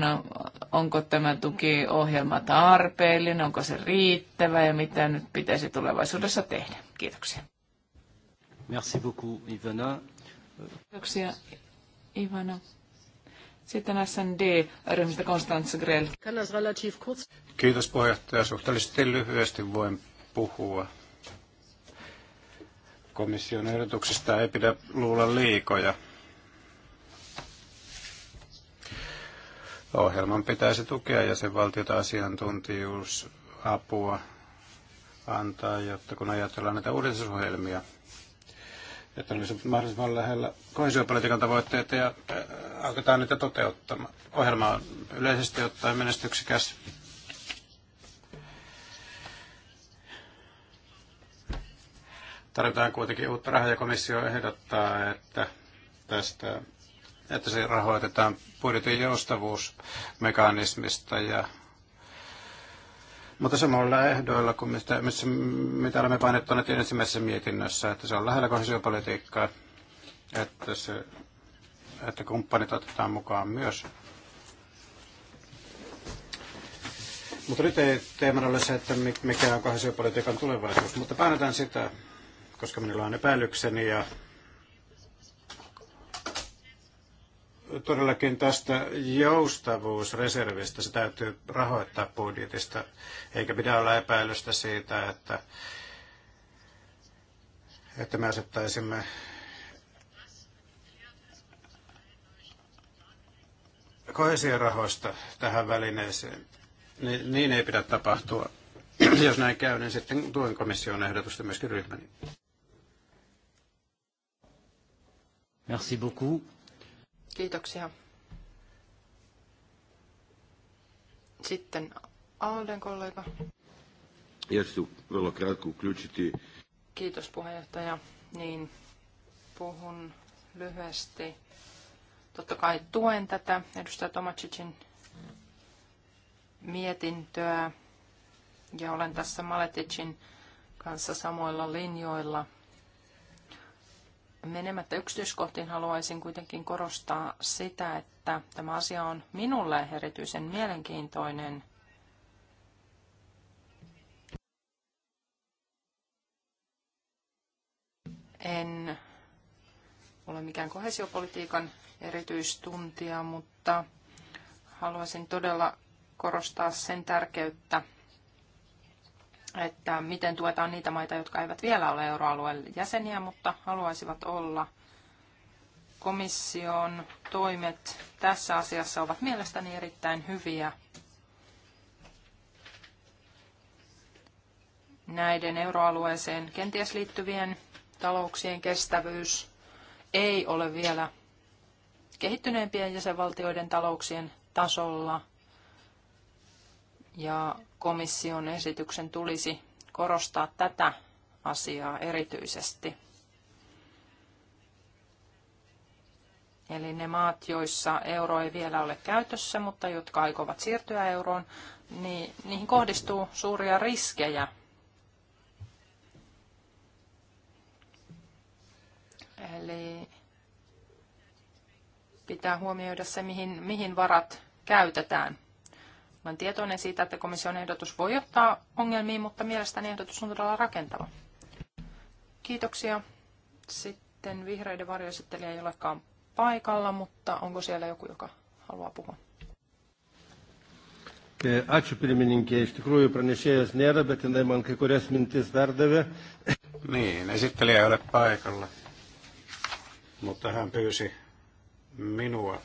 onko tämä tukiohjelma tarpeellinen, onko se riittävä ja mitä nyt pitäisi tulevaisuudessa tehdä. Kiitoksia. Merci beaucoup, Ivana. Kiitoksia, Ivana. Sitten SND-ryhmästä Konstantz Grell. Kiitos puheenjohtaja. Suhteellisesti lyhyesti voin puhua. Komission ehdotuksista ei pidä luulla liikoja. Ohjelman pitäisi tukea jäsenvaltiota asiantuntijuusapua antaa, jotta kun ajatellaan näitä uudistusohjelmia, että olisi mahdollisimman lähellä kohesiopolitiikan tavoitteita ja äh, alkaa niitä toteuttamaan. Ohjelma on yleisesti ottaen menestyksikäs. Tarvitaan kuitenkin uutta rahaa ja komissio ehdottaa, että tästä että se rahoitetaan budjetin joustavuusmekanismista ja mutta samalla ehdoilla kuin mistä, missä, mitä olemme painottaneet ensimmäisessä mietinnössä, että se on lähellä kohesiopolitiikkaa, että, se, että kumppanit otetaan mukaan myös. Mutta nyt ei teemana ole se, että mikä on kohesiopolitiikan tulevaisuus, mutta painetaan sitä, koska minulla on epäilykseni ja todellakin tästä joustavuusreservistä. Se täytyy rahoittaa budjetista, eikä pidä olla epäilystä siitä, että, että me asettaisimme rahoista tähän välineeseen. Niin, niin ei pidä tapahtua. Jos näin käy, niin sitten tuen komission ehdotusta myöskin ryhmäni. Merci beaucoup. Kiitoksia. Sitten Alden kollega. Kiitos puheenjohtaja. Niin, puhun lyhyesti. Totta kai tuen tätä edustaja Tomacicin mietintöä ja olen tässä Maleticin kanssa samoilla linjoilla – Menemättä yksityiskohtiin haluaisin kuitenkin korostaa sitä, että tämä asia on minulle erityisen mielenkiintoinen. En ole mikään kohesiopolitiikan erityistuntija, mutta haluaisin todella korostaa sen tärkeyttä, että miten tuetaan niitä maita, jotka eivät vielä ole euroalueen jäseniä, mutta haluaisivat olla. Komission toimet tässä asiassa ovat mielestäni erittäin hyviä. Näiden euroalueeseen kenties liittyvien talouksien kestävyys ei ole vielä kehittyneempien jäsenvaltioiden talouksien tasolla. Ja komission esityksen tulisi korostaa tätä asiaa erityisesti. Eli ne maat, joissa euro ei vielä ole käytössä, mutta jotka aikovat siirtyä euroon, niin niihin kohdistuu suuria riskejä. Eli pitää huomioida se, mihin, mihin varat käytetään. Olen tietoinen siitä, että komission ehdotus voi ottaa ongelmiin, mutta mielestäni ehdotus on todella rakentava. Kiitoksia. Sitten vihreiden varjoesittelijä ei olekaan paikalla, mutta onko siellä joku, joka haluaa puhua? Ačiū pirmininkė, iš tikrųjų pranešėjas nėra, bet jinai man kai kurias mintis perdavė. Niin, esittelijä ei ole paikalla, mutta hän pyysi minua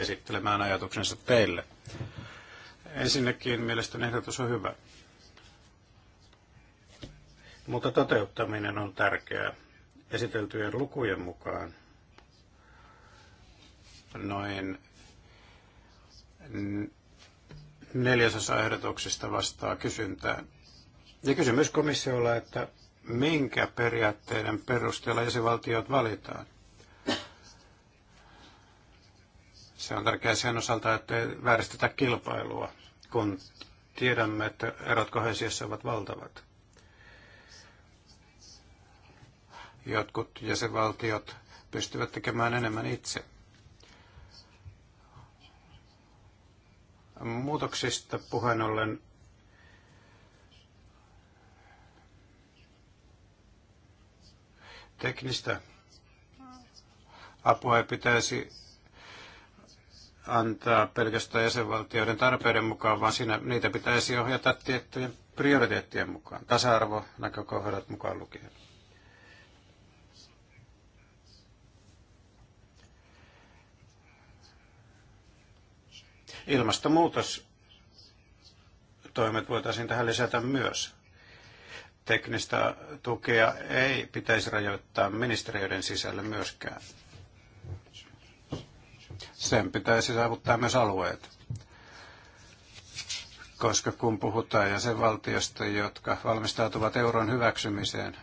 esittelemään ajatuksensa teille. Ensinnäkin mielestäni ehdotus on hyvä, mutta toteuttaminen on tärkeää. Esiteltyjen lukujen mukaan noin neljäsosa ehdotuksista vastaa kysyntään. Ja kysymys komissiolla, että minkä periaatteiden perusteella jäsenvaltiot valitaan. Se on tärkeää sen osalta, että ei vääristetä kilpailua kun tiedämme, että erot kohesiossa ovat valtavat. Jotkut jäsenvaltiot pystyvät tekemään enemmän itse. Muutoksista puheen ollen teknistä apua ei pitäisi antaa pelkästään jäsenvaltioiden tarpeiden mukaan, vaan siinä niitä pitäisi ohjata tiettyjen prioriteettien mukaan, tasa arvonäkökohdat mukaan lukien. Ilmastonmuutos toimet voitaisiin tähän lisätä myös. Teknistä tukea ei pitäisi rajoittaa ministeriöiden sisälle myöskään sen pitäisi saavuttaa myös alueet. Koska kun puhutaan jäsenvaltiosta, jotka valmistautuvat euron hyväksymiseen,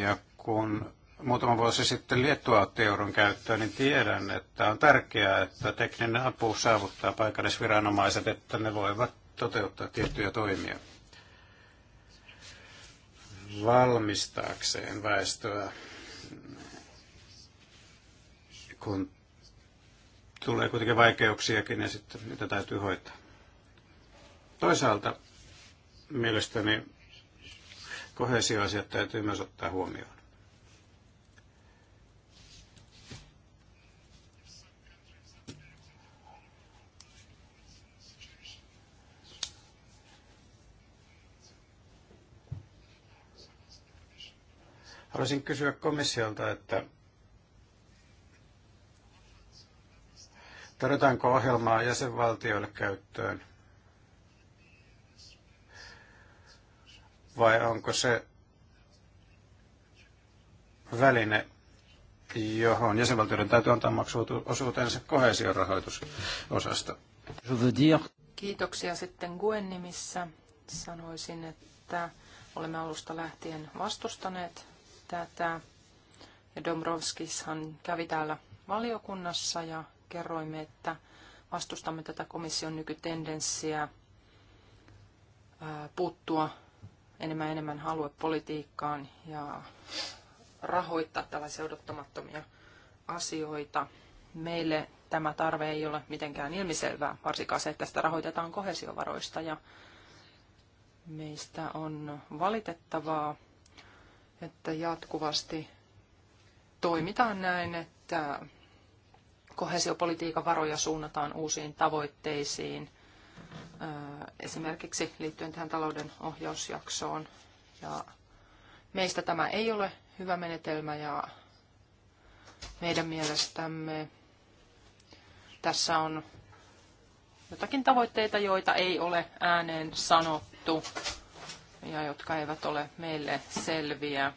ja kun muutama vuosi sitten Liettua otti euron käyttöön, niin tiedän, että on tärkeää, että tekninen apu saavuttaa paikallisviranomaiset, että ne voivat toteuttaa tiettyjä toimia valmistaakseen väestöä kun tulee kuitenkin vaikeuksiakin ja sitten niitä täytyy hoitaa. Toisaalta mielestäni kohesioasiat täytyy myös ottaa huomioon. Haluaisin kysyä komissiolta, että Tarjotaanko ohjelmaa jäsenvaltioille käyttöön? Vai onko se väline, johon jäsenvaltioiden täytyy antaa maksuosuutensa kohesiorahoitusosasta? Kiitoksia sitten Guen nimissä. Sanoisin, että olemme alusta lähtien vastustaneet tätä. Ja Dombrovskishan kävi täällä valiokunnassa ja kerroimme, että vastustamme tätä komission nykytendenssiä puuttua enemmän ja enemmän aluepolitiikkaan ja rahoittaa tällaisia odottamattomia asioita. Meille tämä tarve ei ole mitenkään ilmiselvää, varsinkaan se, että sitä rahoitetaan kohesiovaroista ja meistä on valitettavaa, että jatkuvasti toimitaan näin, että kohesiopolitiikan varoja suunnataan uusiin tavoitteisiin, esimerkiksi liittyen tähän talouden ohjausjaksoon. Ja meistä tämä ei ole hyvä menetelmä ja meidän mielestämme tässä on jotakin tavoitteita, joita ei ole ääneen sanottu ja jotka eivät ole meille selviä.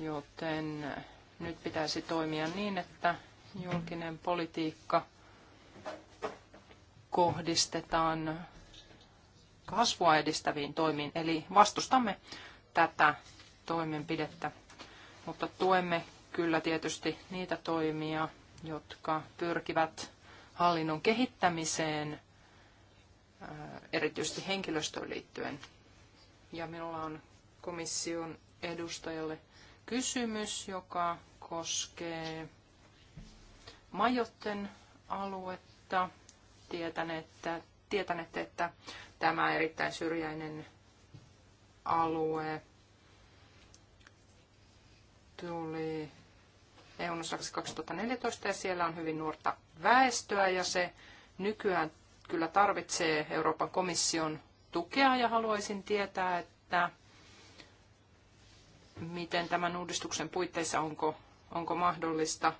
Joten nyt pitäisi toimia niin, että julkinen politiikka kohdistetaan kasvua edistäviin toimiin. Eli vastustamme tätä toimenpidettä, mutta tuemme kyllä tietysti niitä toimia, jotka pyrkivät hallinnon kehittämiseen, äh, erityisesti henkilöstöön liittyen. Ja minulla on komission edustajalle kysymys, joka koskee Majotten aluetta. Tietän, että, tietän, että, että tämä erittäin syrjäinen alue tuli EUNUSAksi 2014 ja siellä on hyvin nuorta väestöä ja se nykyään kyllä tarvitsee Euroopan komission tukea ja haluaisin tietää, että miten tämän uudistuksen puitteissa onko, onko mahdollista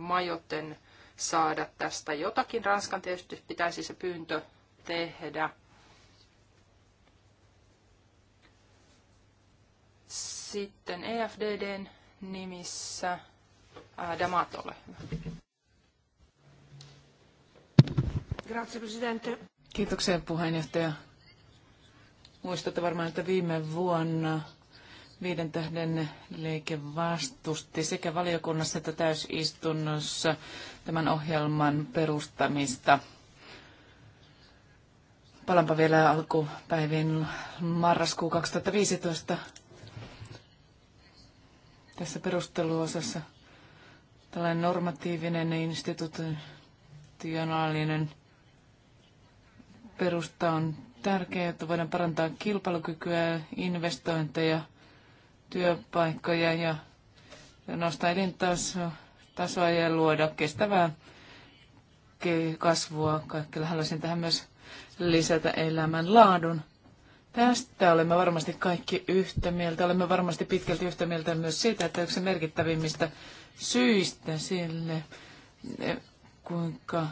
majoten saada tästä jotakin. Ranskan tietysti pitäisi se pyyntö tehdä. Sitten EFDDn nimissä ää, Damatolle. Grazie, Kiitoksia puheenjohtaja. Muistatte varmaan, että viime vuonna viiden tähden liike vastusti sekä valiokunnassa että täysistunnossa tämän ohjelman perustamista. Palanpa vielä alkupäivin marraskuu 2015 tässä perusteluosassa tällainen normatiivinen institutionaalinen perusta on tärkeää, että voidaan parantaa kilpailukykyä, investointeja – työpaikkoja ja nostaa elintasoa ja luoda kestävää kasvua kaikille. Haluaisin tähän myös lisätä elämän laadun. Tästä olemme varmasti kaikki yhtä mieltä. Olemme varmasti pitkälti yhtä mieltä myös siitä, että yksi merkittävimmistä syistä sille, eh, kuinka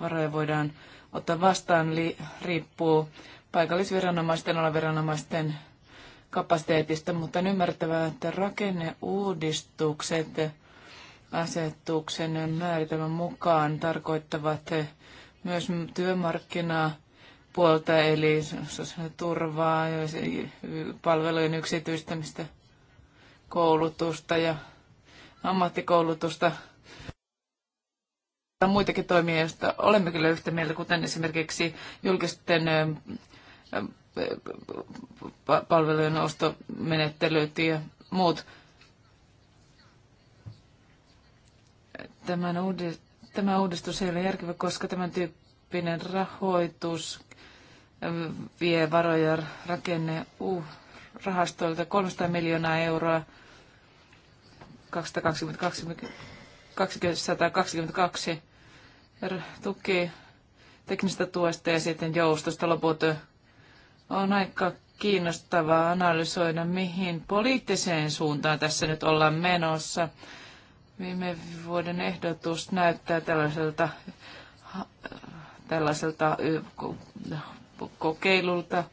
varoja voidaan ottaa vastaan, riippuu paikallisviranomaisten, alaviranomaisten kapasiteetista, mutta on ymmärrettävää, että rakenneuudistukset asetuksen määritelmän mukaan tarkoittavat myös työmarkkinaa puolta, eli turvaa, palvelujen yksityistämistä, koulutusta ja ammattikoulutusta muitakin toimia, joista olemme kyllä yhtä mieltä, kuten esimerkiksi julkisten palvelujen ostomenettelyt ja muut. Tämän uudist- tämä uudistus ei ole järkevä, koska tämän tyyppinen rahoitus vie varoja rakenne rahastoilta 300 miljoonaa euroa 2022 222 tuki teknistä tuesta ja sitten joustosta loput on aika kiinnostavaa analysoida, mihin poliittiseen suuntaan tässä nyt ollaan menossa. Viime vuoden ehdotus näyttää tällaiselta, tällaiselta kokeilulta.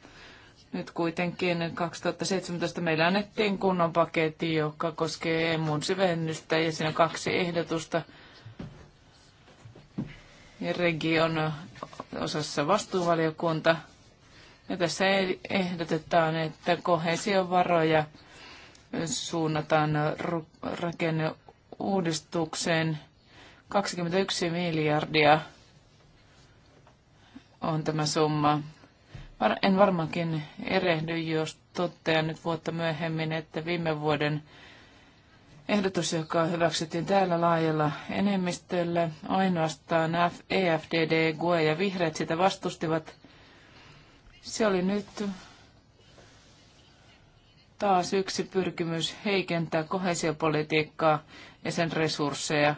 Nyt kuitenkin 2017 meillä annettiin kunnon paketti, joka koskee EMUn syvennystä ja siinä on kaksi ehdotusta. Ja region osassa vastuuvaliokunta – ja tässä ehdotetaan, että kohesiovaroja suunnataan rakenneuudistukseen 21 miljardia on tämä summa. En varmaankin erehdy, jos totean nyt vuotta myöhemmin, että viime vuoden ehdotus, joka hyväksyttiin täällä laajalla enemmistöllä, ainoastaan EFDD, GUE ja vihreät sitä vastustivat – se oli nyt taas yksi pyrkimys heikentää kohesiopolitiikkaa ja sen resursseja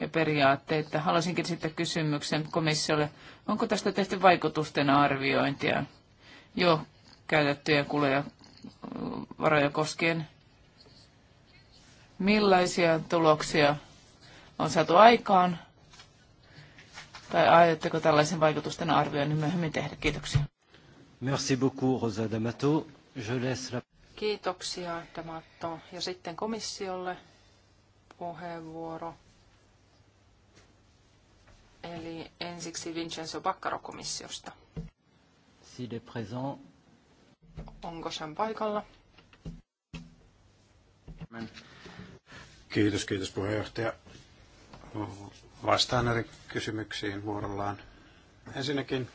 ja periaatteita. Haluaisinkin sitten kysymyksen komissiolle, onko tästä tehty vaikutusten arviointia jo käytettyjä kuluja varoja koskien? Millaisia tuloksia on saatu aikaan? Tai aiotteko tällaisen vaikutusten arvioinnin myöhemmin tehdä? Kiitoksia. Merci beaucoup, Rosa D'Amato. Je laisse la... Kiitoksia, D'Amato. Ja sitten komissiolle puheenvuoro. Eli ensiksi Vincenzo Baccaro komissiosta. S'il est présent. Onko sen paikalla? Kiitos, kiitos puheenjohtaja. Vastaan eri kysymyksiin vuorollaan. Ensinnäkin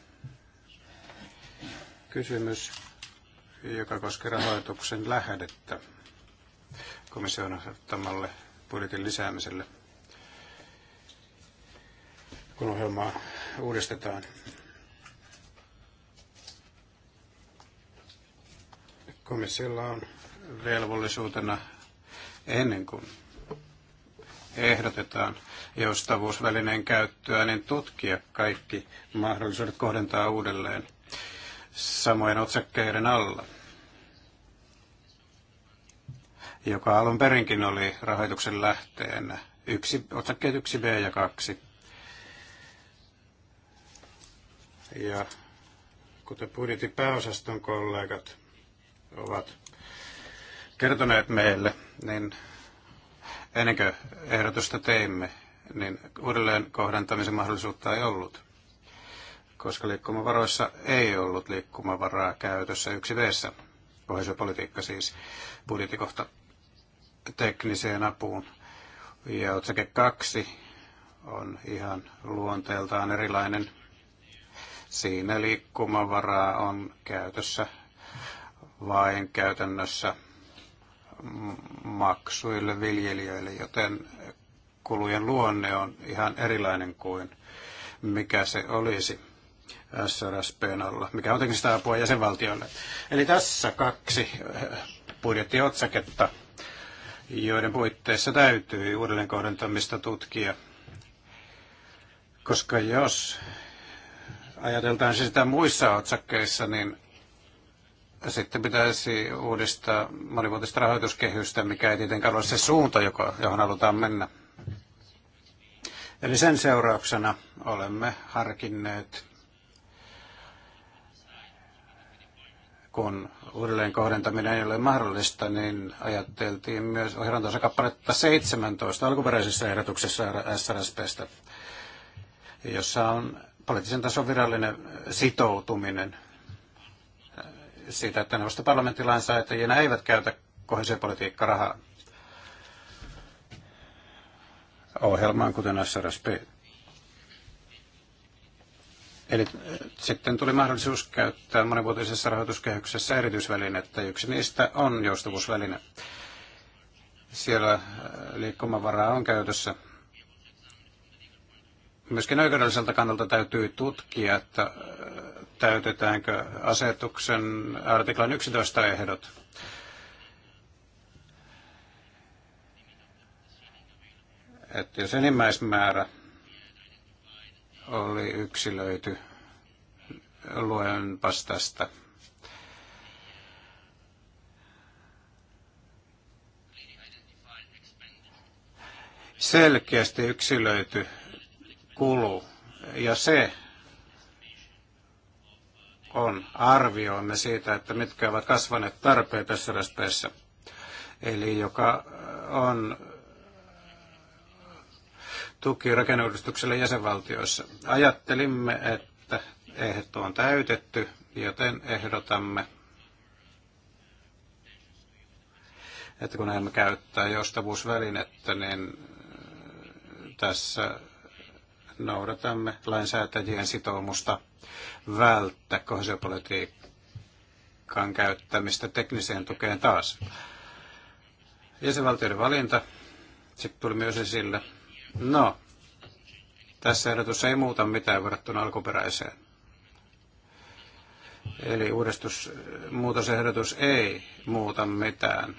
kysymys, joka koskee rahoituksen lähdettä komission asettamalle budjetin lisäämiselle, kun ohjelmaa uudistetaan. Komissiolla on velvollisuutena ennen kuin ehdotetaan joustavuusvälineen käyttöä, niin tutkia kaikki mahdollisuudet kohdentaa uudelleen – samoin otsakkeiden alla, joka alun perinkin oli rahoituksen lähteenä. Yksi, otsakkeet 1b ja 2. Ja kuten budjetin pääosaston kollegat ovat kertoneet meille, niin ennen kuin ehdotusta teimme, niin uudelleen kohdentamisen mahdollisuutta ei ollut koska liikkumavaroissa ei ollut liikkumavaraa käytössä yksi veessä. kohesiopolitiikka siis, budjettikohta tekniseen apuun. Ja otsake kaksi on ihan luonteeltaan erilainen. Siinä liikkumavaraa on käytössä vain käytännössä maksuille viljelijöille, joten kulujen luonne on ihan erilainen kuin mikä se olisi SRSP alla, mikä on teknistä apua jäsenvaltiolle. Eli tässä kaksi eh, budjettiotsaketta, joiden puitteissa täytyy uudelleenkohdentamista tutkia. Koska jos ajateltaan siis sitä muissa otsakkeissa, niin sitten pitäisi uudistaa monivuotista rahoituskehystä, mikä ei tietenkään ole se suunta, joka, johon halutaan mennä. Eli sen seurauksena olemme harkinneet kun uudelleen kohdentaminen ei ole mahdollista, niin ajatteltiin myös ohjelmantonsa kappaletta 17 alkuperäisessä ehdotuksessa SRSPstä, jossa on poliittisen tason virallinen sitoutuminen siitä, että neuvosto parlamenttilainsäätäjinä eivät käytä kohesiopolitiikkarahaa ohjelmaan, kuten SRSP. Eli äh, sitten tuli mahdollisuus käyttää monivuotisessa rahoituskehyksessä erityisvälinettä. Yksi niistä on joustavuusväline. Siellä äh, liikkumavaraa on käytössä. Myöskin oikeudelliselta kannalta täytyy tutkia, että äh, täytetäänkö asetuksen artiklan 11 ehdot. Että jos enimmäismäärä oli yksilöity luenpas tästä. Selkeästi yksilöity kulu ja se on arvioimme siitä, että mitkä ovat kasvaneet tarpeet tässä Eli joka on tuki rakenneuudistukselle jäsenvaltioissa. Ajattelimme, että ehto on täytetty, joten ehdotamme, että kun emme käyttää joustavuusvälinettä, niin äh, tässä noudatamme lainsäätäjien sitoumusta välttää kohesiopolitiikan käyttämistä tekniseen tukeen taas. Jäsenvaltioiden valinta, sitten tuli myös esille, No, tässä ehdotus ei muuta mitään verrattuna alkuperäiseen. Eli uudistus, muutosehdotus ei muuta mitään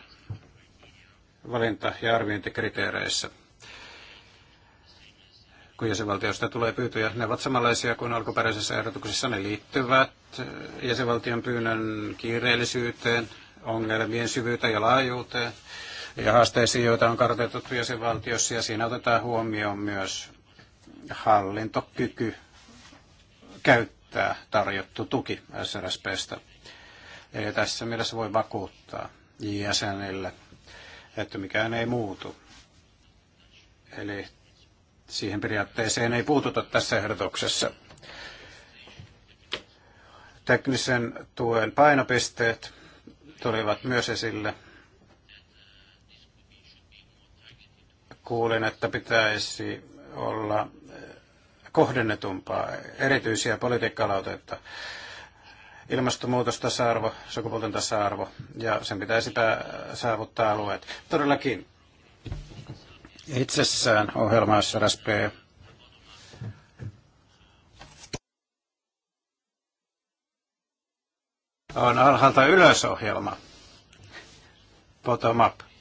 valinta- ja arviointikriteereissä. Kun jäsenvaltiosta tulee pyytöjä, ne ovat samanlaisia kuin alkuperäisessä ehdotuksessa. Ne liittyvät jäsenvaltion pyynnön kiireellisyyteen, ongelmien syvyyteen ja laajuuteen, ja haasteisiin, joita on kartoitettu jäsenvaltiossa, ja siinä otetaan huomioon myös hallintokyky käyttää tarjottu tuki SRSPstä. Eli tässä mielessä voi vakuuttaa jäsenille, että mikään ei muutu. Eli siihen periaatteeseen ei puututa tässä ehdotuksessa. Teknisen tuen painopisteet tulivat myös esille kuulin, että pitäisi olla kohdennetumpaa, erityisiä politiikkalautetta. Ilmastonmuutos, tasa-arvo, sukupuolten tasa-arvo ja sen pitäisi saavuttaa alueet. Todellakin itsessään ohjelma SRSP on alhaalta ylös ohjelma. Bottom up.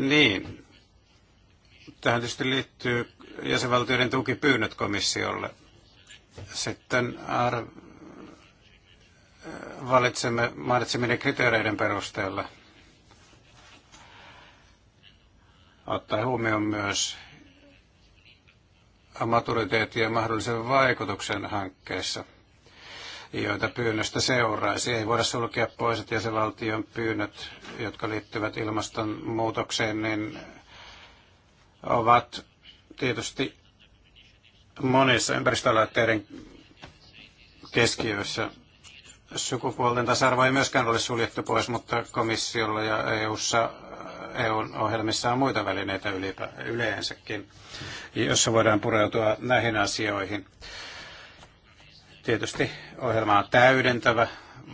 Niin. Tähän tietysti liittyy jäsenvaltioiden tukipyynnöt komissiolle. Sitten ar- valitsemme mainitseminen kriteereiden perusteella. Ottaa huomioon myös maturiteetti ja mahdollisen vaikutuksen hankkeessa – joita pyynnöstä seuraisi. Ei voida sulkea pois, että jäsenvaltion pyynnöt, jotka liittyvät ilmastonmuutokseen, niin ovat tietysti monissa ympäristöaloitteiden keskiössä. Sukupuolten tasa-arvo ei myöskään ole suljettu pois, mutta komissiolla ja EUssa EUn ohjelmissa on muita välineitä yleensäkin, jossa voidaan pureutua näihin asioihin. Tietysti ohjelma on täydentävä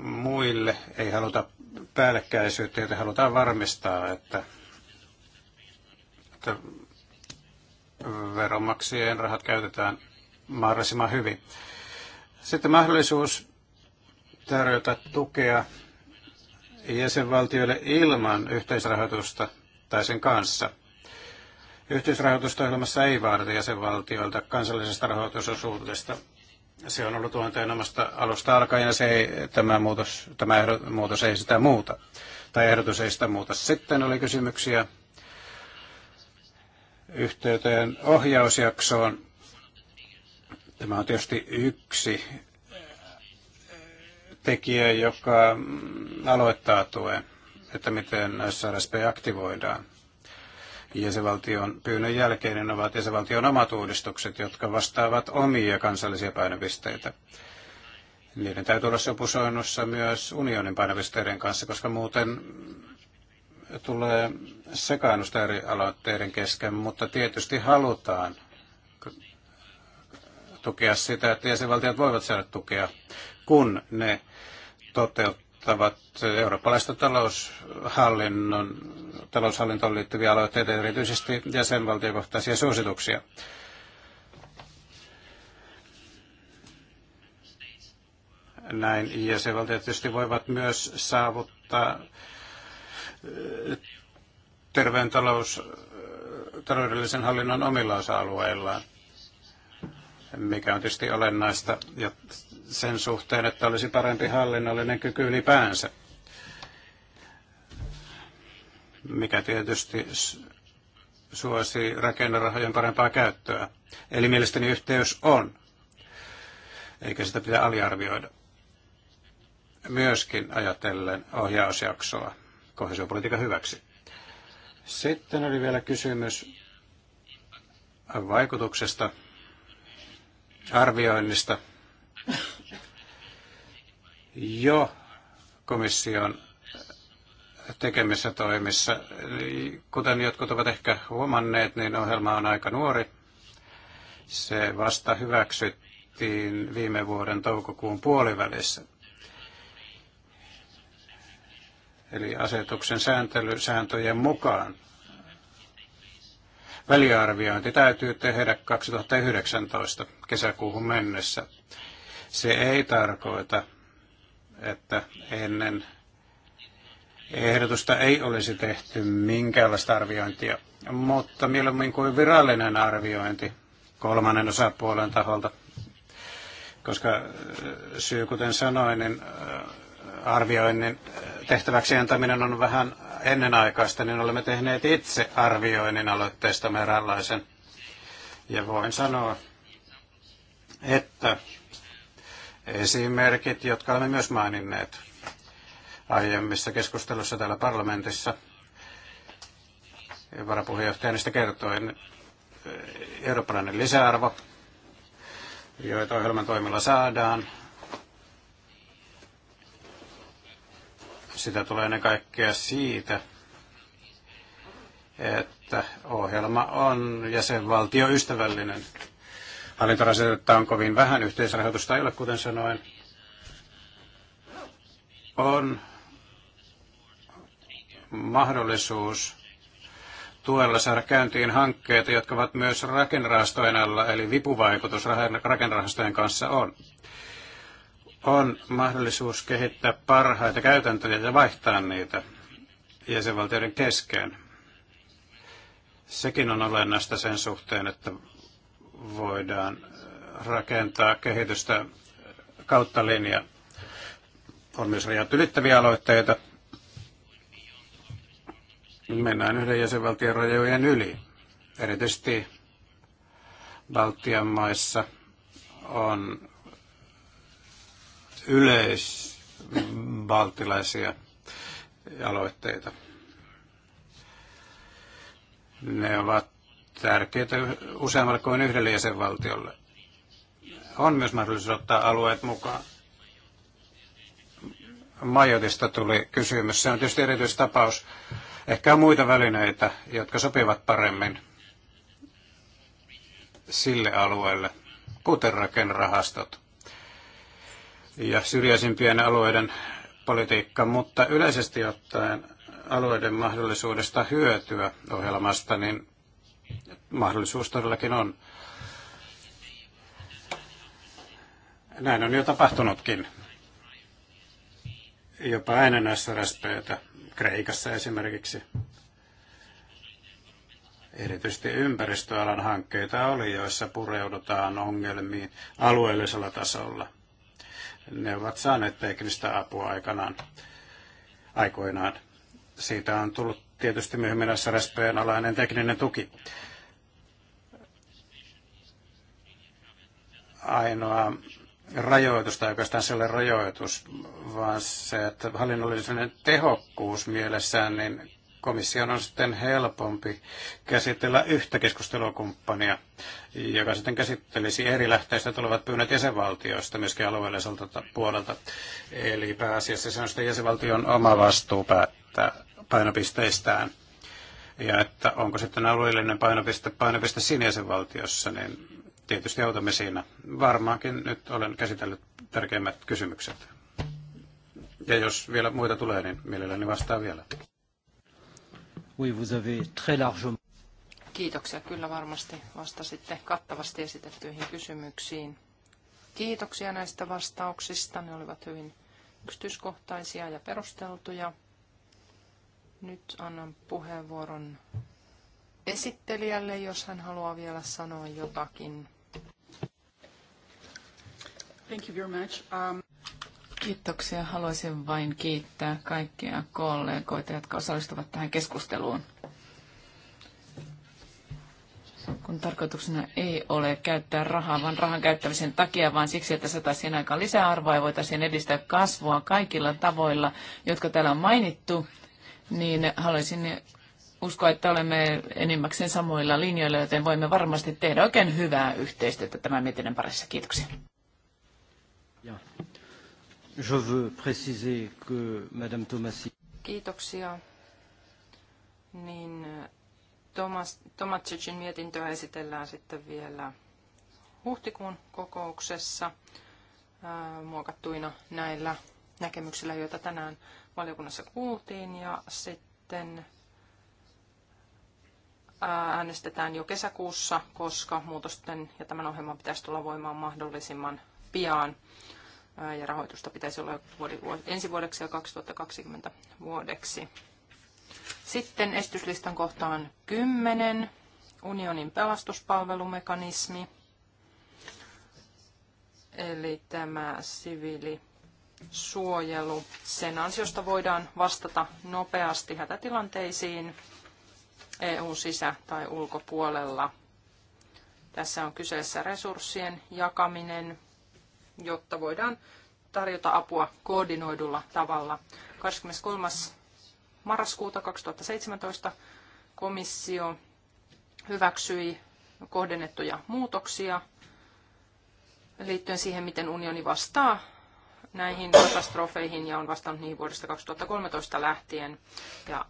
muille, ei haluta päällekkäisyyttä, joten halutaan varmistaa, että, että veronmaksajien rahat käytetään mahdollisimman hyvin. Sitten mahdollisuus tarjota tukea jäsenvaltioille ilman yhteisrahoitusta tai sen kanssa. Yhteisrahoitustohjelmassa ei vaadita jäsenvaltioilta kansallisesta rahoitusosuudesta se on ollut tuonteenomasta alusta alkaen ja se tämä, muutos, tämä ehdot, muutos ei sitä muuta, tai ehdotus ei sitä muuta. Sitten oli kysymyksiä yhteyteen ohjausjaksoon. Tämä on tietysti yksi eh, tekijä, joka mm, aloittaa tuen, että miten SRSP aktivoidaan jäsenvaltion pyynnön jälkeinen ovat jäsenvaltion omat uudistukset, jotka vastaavat omia kansallisia painopisteitä. Niiden täytyy olla sopusoinnussa myös unionin painopisteiden kanssa, koska muuten tulee sekaannusta eri aloitteiden kesken, mutta tietysti halutaan tukea sitä, että jäsenvaltiot voivat saada tukea, kun ne toteuttavat koskettavat eurooppalaista taloushallinnon, taloushallintoon liittyviä aloitteita, erityisesti jäsenvaltiokohtaisia suosituksia. Näin jäsenvaltiot tietysti voivat myös saavuttaa eh, terveen talous, taloudellisen hallinnon omilla osa-alueillaan mikä on tietysti olennaista ja sen suhteen, että olisi parempi hallinnollinen kyky ylipäänsä, mikä tietysti suosii rakennerahojen parempaa käyttöä. Eli mielestäni yhteys on, eikä sitä pidä aliarvioida. Myöskin ajatellen ohjausjaksoa kohesiopolitiikan hyväksi. Sitten oli vielä kysymys vaikutuksesta arvioinnista jo komission tekemissä toimissa. Kuten jotkut ovat ehkä huomanneet, niin ohjelma on aika nuori. Se vasta hyväksyttiin viime vuoden toukokuun puolivälissä. Eli asetuksen sääntelysääntöjen mukaan Väliarviointi täytyy tehdä 2019 kesäkuuhun mennessä. Se ei tarkoita, että ennen ehdotusta ei olisi tehty minkäänlaista arviointia, mutta mieluummin kuin virallinen arviointi kolmannen osapuolen taholta, koska äh, syy, kuten sanoin, niin äh, arvioinnin äh, tehtäväksi antaminen on vähän ennenaikaista, niin olemme tehneet itse arvioinnin aloitteesta meräänlaisen. Ja voin sanoa, että esimerkit, jotka olemme myös maininneet aiemmissa keskustelussa täällä parlamentissa, varapuheenjohtaja niistä kertoi, eurooppalainen lisäarvo, joita ohjelman toimilla saadaan, Sitä tulee ennen kaikkea siitä, että ohjelma on jäsenvaltioystävällinen. Hallintorasitetta on kovin vähän, yhteisrahoitusta ei ole, kuten sanoin. On mahdollisuus tuella saada käyntiin hankkeita, jotka ovat myös rakenrahastojen alla, eli vipuvaikutus rakenrahastojen kanssa on on mahdollisuus kehittää parhaita käytäntöjä ja vaihtaa niitä jäsenvaltioiden kesken. Sekin on olennaista sen suhteen, että voidaan rakentaa kehitystä kautta linja. On myös rajat ylittäviä aloitteita. Mennään yhden jäsenvaltion rajojen yli. Erityisesti Baltian maissa on yleisbaltilaisia aloitteita. Ne ovat tärkeitä useammalle kuin yhdelle jäsenvaltiolle. On myös mahdollisuus ottaa alueet mukaan. Majotista tuli kysymys. Se on tietysti erityistapaus. Ehkä on muita välineitä, jotka sopivat paremmin sille alueelle, kuten rakennerahastot ja syrjäisimpien alueiden politiikka, mutta yleisesti ottaen alueiden mahdollisuudesta hyötyä ohjelmasta, niin mahdollisuus todellakin on. Näin on jo tapahtunutkin. Jopa ennen SRSPtä, Kreikassa esimerkiksi. Erityisesti ympäristöalan hankkeita oli, joissa pureudutaan ongelmiin alueellisella tasolla – ne ovat saaneet teknistä apua aikanaan, aikoinaan. Siitä on tullut tietysti myöhemmin SRSPn alainen tekninen tuki. Ainoa rajoitus tai oikeastaan sellainen rajoitus, vaan se, että hallinnollinen tehokkuus mielessään, niin komission on sitten helpompi käsitellä yhtä keskustelukumppania, joka sitten käsittelisi eri lähteistä tulevat pyynnöt jäsenvaltioista myöskin alueelliselta puolelta. Eli pääasiassa se on sitten jäsenvaltion oma vastuu päättää painopisteistään. Ja että onko sitten alueellinen painopiste, painopiste siinä jäsenvaltiossa, niin tietysti autamme siinä. Varmaankin nyt olen käsitellyt tärkeimmät kysymykset. Ja jos vielä muita tulee, niin mielelläni vastaan vielä. Oui, vous avez très largement. Kiitoksia. Kyllä varmasti vastasitte kattavasti esitettyihin kysymyksiin. Kiitoksia näistä vastauksista. Ne olivat hyvin yksityiskohtaisia ja perusteltuja. Nyt annan puheenvuoron esittelijälle, jos hän haluaa vielä sanoa jotakin. Thank you very much. Um... Kiitoksia. Haluaisin vain kiittää kaikkia kollegoita, jotka osallistuvat tähän keskusteluun. Kun tarkoituksena ei ole käyttää rahaa, vaan rahan käyttämisen takia, vaan siksi, että saataisiin aikaan lisäarvoa ja voitaisiin edistää kasvua kaikilla tavoilla, jotka täällä on mainittu, niin haluaisin uskoa, että olemme enimmäkseen samoilla linjoilla, joten voimme varmasti tehdä oikein hyvää yhteistyötä tämän mietinnän parissa. Kiitoksia. Ja. Je veux préciser que Madame Tomasi... Kiitoksia. Niin Tomasicin mietintöä esitellään sitten vielä huhtikuun kokouksessa ää, muokattuina näillä näkemyksillä, joita tänään valiokunnassa kuultiin. Ja sitten äänestetään jo kesäkuussa, koska muutosten ja tämän ohjelman pitäisi tulla voimaan mahdollisimman pian ja rahoitusta pitäisi olla ensi vuodeksi ja 2020 vuodeksi. Sitten estyslistan kohtaan 10, unionin pelastuspalvelumekanismi, eli tämä siviili suojelu. Sen ansiosta voidaan vastata nopeasti hätätilanteisiin EUn sisä- tai ulkopuolella. Tässä on kyseessä resurssien jakaminen jotta voidaan tarjota apua koordinoidulla tavalla. 23. marraskuuta 2017 komissio hyväksyi kohdennettuja muutoksia liittyen siihen, miten unioni vastaa näihin katastrofeihin ja on vastannut niihin vuodesta 2013 lähtien. Ja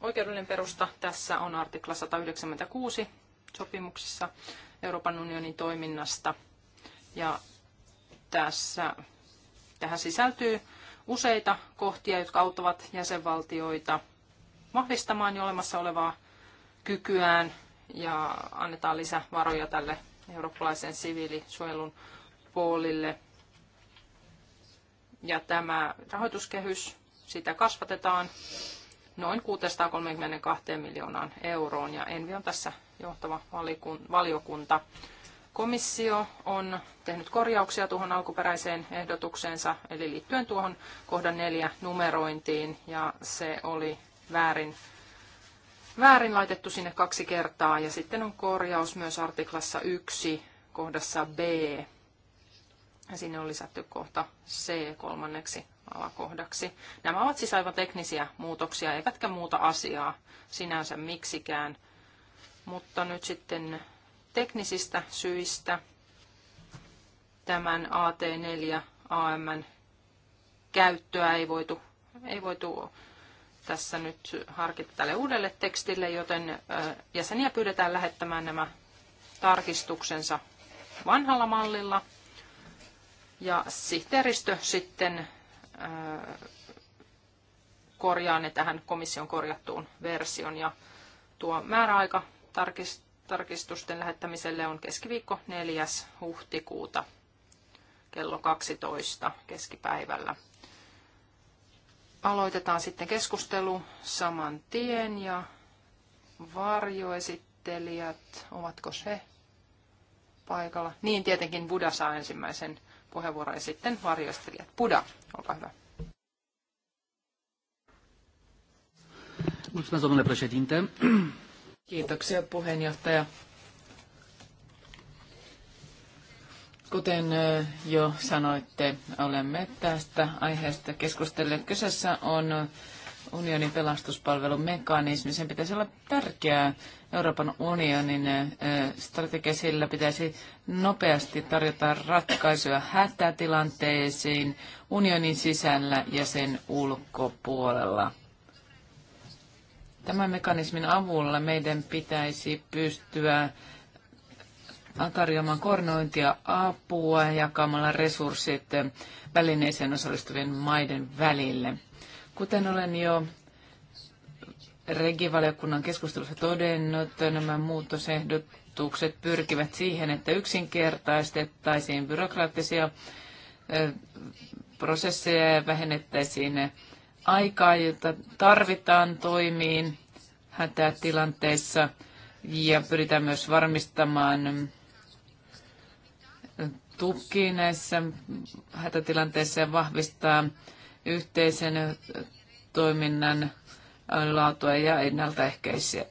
oikeudellinen perusta tässä on artikla 196 sopimuksessa Euroopan unionin toiminnasta. Ja tässä, tähän sisältyy useita kohtia, jotka auttavat jäsenvaltioita vahvistamaan jo olemassa olevaa kykyään ja annetaan lisävaroja tälle eurooppalaisen siviilisuojelun puolille. Ja tämä rahoituskehys, sitä kasvatetaan noin 632 miljoonaan euroon ja Envi on tässä johtava valiokunta. Komissio on tehnyt korjauksia tuohon alkuperäiseen ehdotukseensa, eli liittyen tuohon kohdan neljä numerointiin, ja se oli väärin, väärin laitettu sinne kaksi kertaa, ja sitten on korjaus myös artiklassa 1 kohdassa B, ja sinne on lisätty kohta C kolmanneksi alakohdaksi. Nämä ovat siis aivan teknisiä muutoksia, eivätkä muuta asiaa sinänsä miksikään, mutta nyt sitten teknisistä syistä tämän AT4 AM käyttöä ei voitu, ei voitu tässä nyt harkita tälle uudelle tekstille, joten jäseniä pyydetään lähettämään nämä tarkistuksensa vanhalla mallilla. Ja sihteeristö sitten korjaa ne tähän komission korjattuun version. Ja tuo määräaika tarkist- tarkistusten lähettämiselle on keskiviikko 4. huhtikuuta kello 12 keskipäivällä. Aloitetaan sitten keskustelu saman tien ja varjoesittelijät, ovatko he paikalla? Niin, tietenkin Buda saa ensimmäisen puheenvuoron ja sitten varjoesittelijät. Buda, olkaa hyvä. Mulțumesc, domnule președinte. Kiitoksia puheenjohtaja. Kuten eh, jo sanoitte, olemme tästä aiheesta keskustelleet. Kyseessä on unionin pelastuspalvelun mekanismi. Sen pitäisi olla tärkeää Euroopan unionin eh, strategia. Sillä pitäisi nopeasti tarjota ratkaisuja hätätilanteisiin unionin sisällä ja sen ulkopuolella. Tämän mekanismin avulla meidän pitäisi pystyä tarjoamaan koordinointia, apua jakamalla resurssit välineeseen osallistuvien maiden välille. Kuten olen jo regivaliokunnan keskustelussa todennut, nämä muutosehdotukset pyrkivät siihen, että yksinkertaistettaisiin byrokraattisia prosesseja ja vähennettäisiin aikaa, jota tarvitaan toimiin hätätilanteissa ja pyritään myös varmistamaan tuki näissä hätätilanteissa ja vahvistaa yhteisen toiminnan laatua ja ennaltaehkäisiä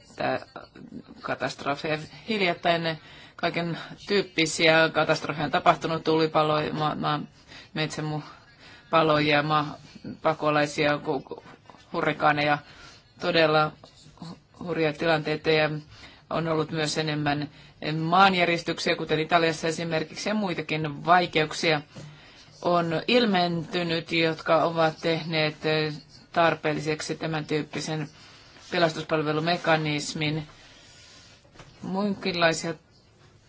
katastrofeja. Hiljattain kaiken tyyppisiä katastrofeja on tapahtunut, tulipaloja, ma- ma- ma- pakolaisia, hurrikaaneja, todella hurjia tilanteita ja on ollut myös enemmän maanjäristyksiä, kuten Italiassa esimerkiksi, ja muitakin vaikeuksia on ilmentynyt, jotka ovat tehneet tarpeelliseksi tämän tyyppisen pelastuspalvelumekanismin. Muinkinlaisia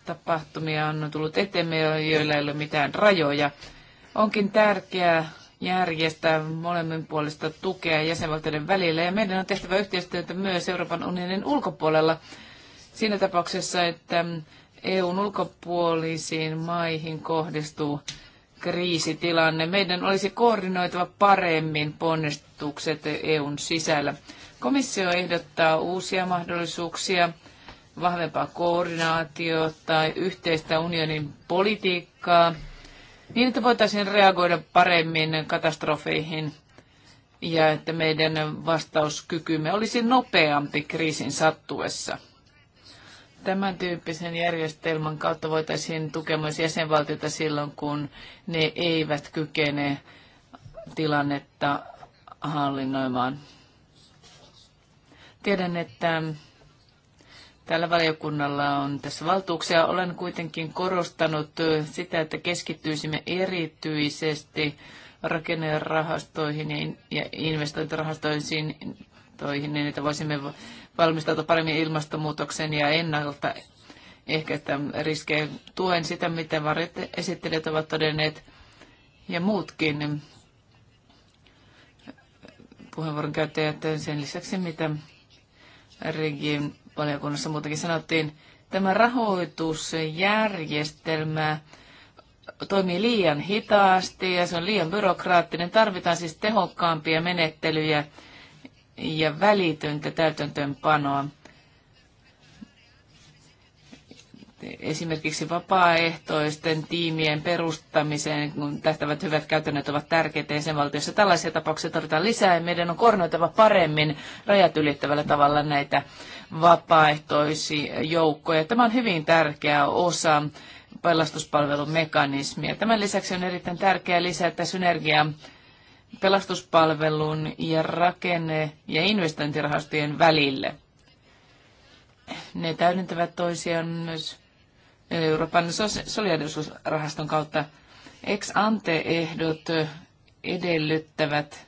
tapahtumia on tullut eteen, joilla ei ole mitään rajoja. Onkin tärkeää järjestää molemmin puolista tukea jäsenvaltioiden välillä. Ja meidän on tehtävä yhteistyötä myös Euroopan unionin ulkopuolella siinä tapauksessa, että EUn ulkopuolisiin maihin kohdistuu kriisitilanne. Meidän olisi koordinoitava paremmin ponnistukset EUn sisällä. Komissio ehdottaa uusia mahdollisuuksia, vahvempaa koordinaatiota, yhteistä unionin politiikkaa – niin että voitaisiin reagoida paremmin katastrofeihin ja että meidän vastauskykymme olisi nopeampi kriisin sattuessa. Tämän tyyppisen järjestelmän kautta voitaisiin tukea myös jäsenvaltiota silloin, kun ne eivät kykene tilannetta hallinnoimaan. Tiedän, että Tällä valiokunnalla on tässä valtuuksia. Olen kuitenkin korostanut sitä, että keskittyisimme erityisesti rakennerahastoihin ja investointirahastoihin, niin että voisimme valmistautua paremmin ilmastonmuutokseen ja ennalta tämän riskejä. Tuen sitä, mitä varjot esittelijät ovat todenneet ja muutkin puheenvuoron käyttäjät sen lisäksi, mitä Regin valiokunnassa muutenkin sanottiin, tämä rahoitusjärjestelmä toimii liian hitaasti ja se on liian byrokraattinen. Tarvitaan siis tehokkaampia menettelyjä ja välitöntä täytäntöönpanoa. esimerkiksi vapaaehtoisten tiimien perustamiseen kun tähtävät hyvät käytännöt ovat tärkeitä jäsenvaltioissa. Tällaisia tapauksia tarvitaan lisää ja meidän on koordinoitava paremmin rajat ylittävällä tavalla näitä vapaaehtoisia joukkoja. Tämä on hyvin tärkeä osa pelastuspalvelun mekanismia. Tämän lisäksi on erittäin tärkeää lisätä synergiaa pelastuspalvelun ja rakenne- ja investointirahastojen välille. Ne täydentävät toisiaan myös Euroopan solidarisuusrahaston kautta. Ex ante-ehdot edellyttävät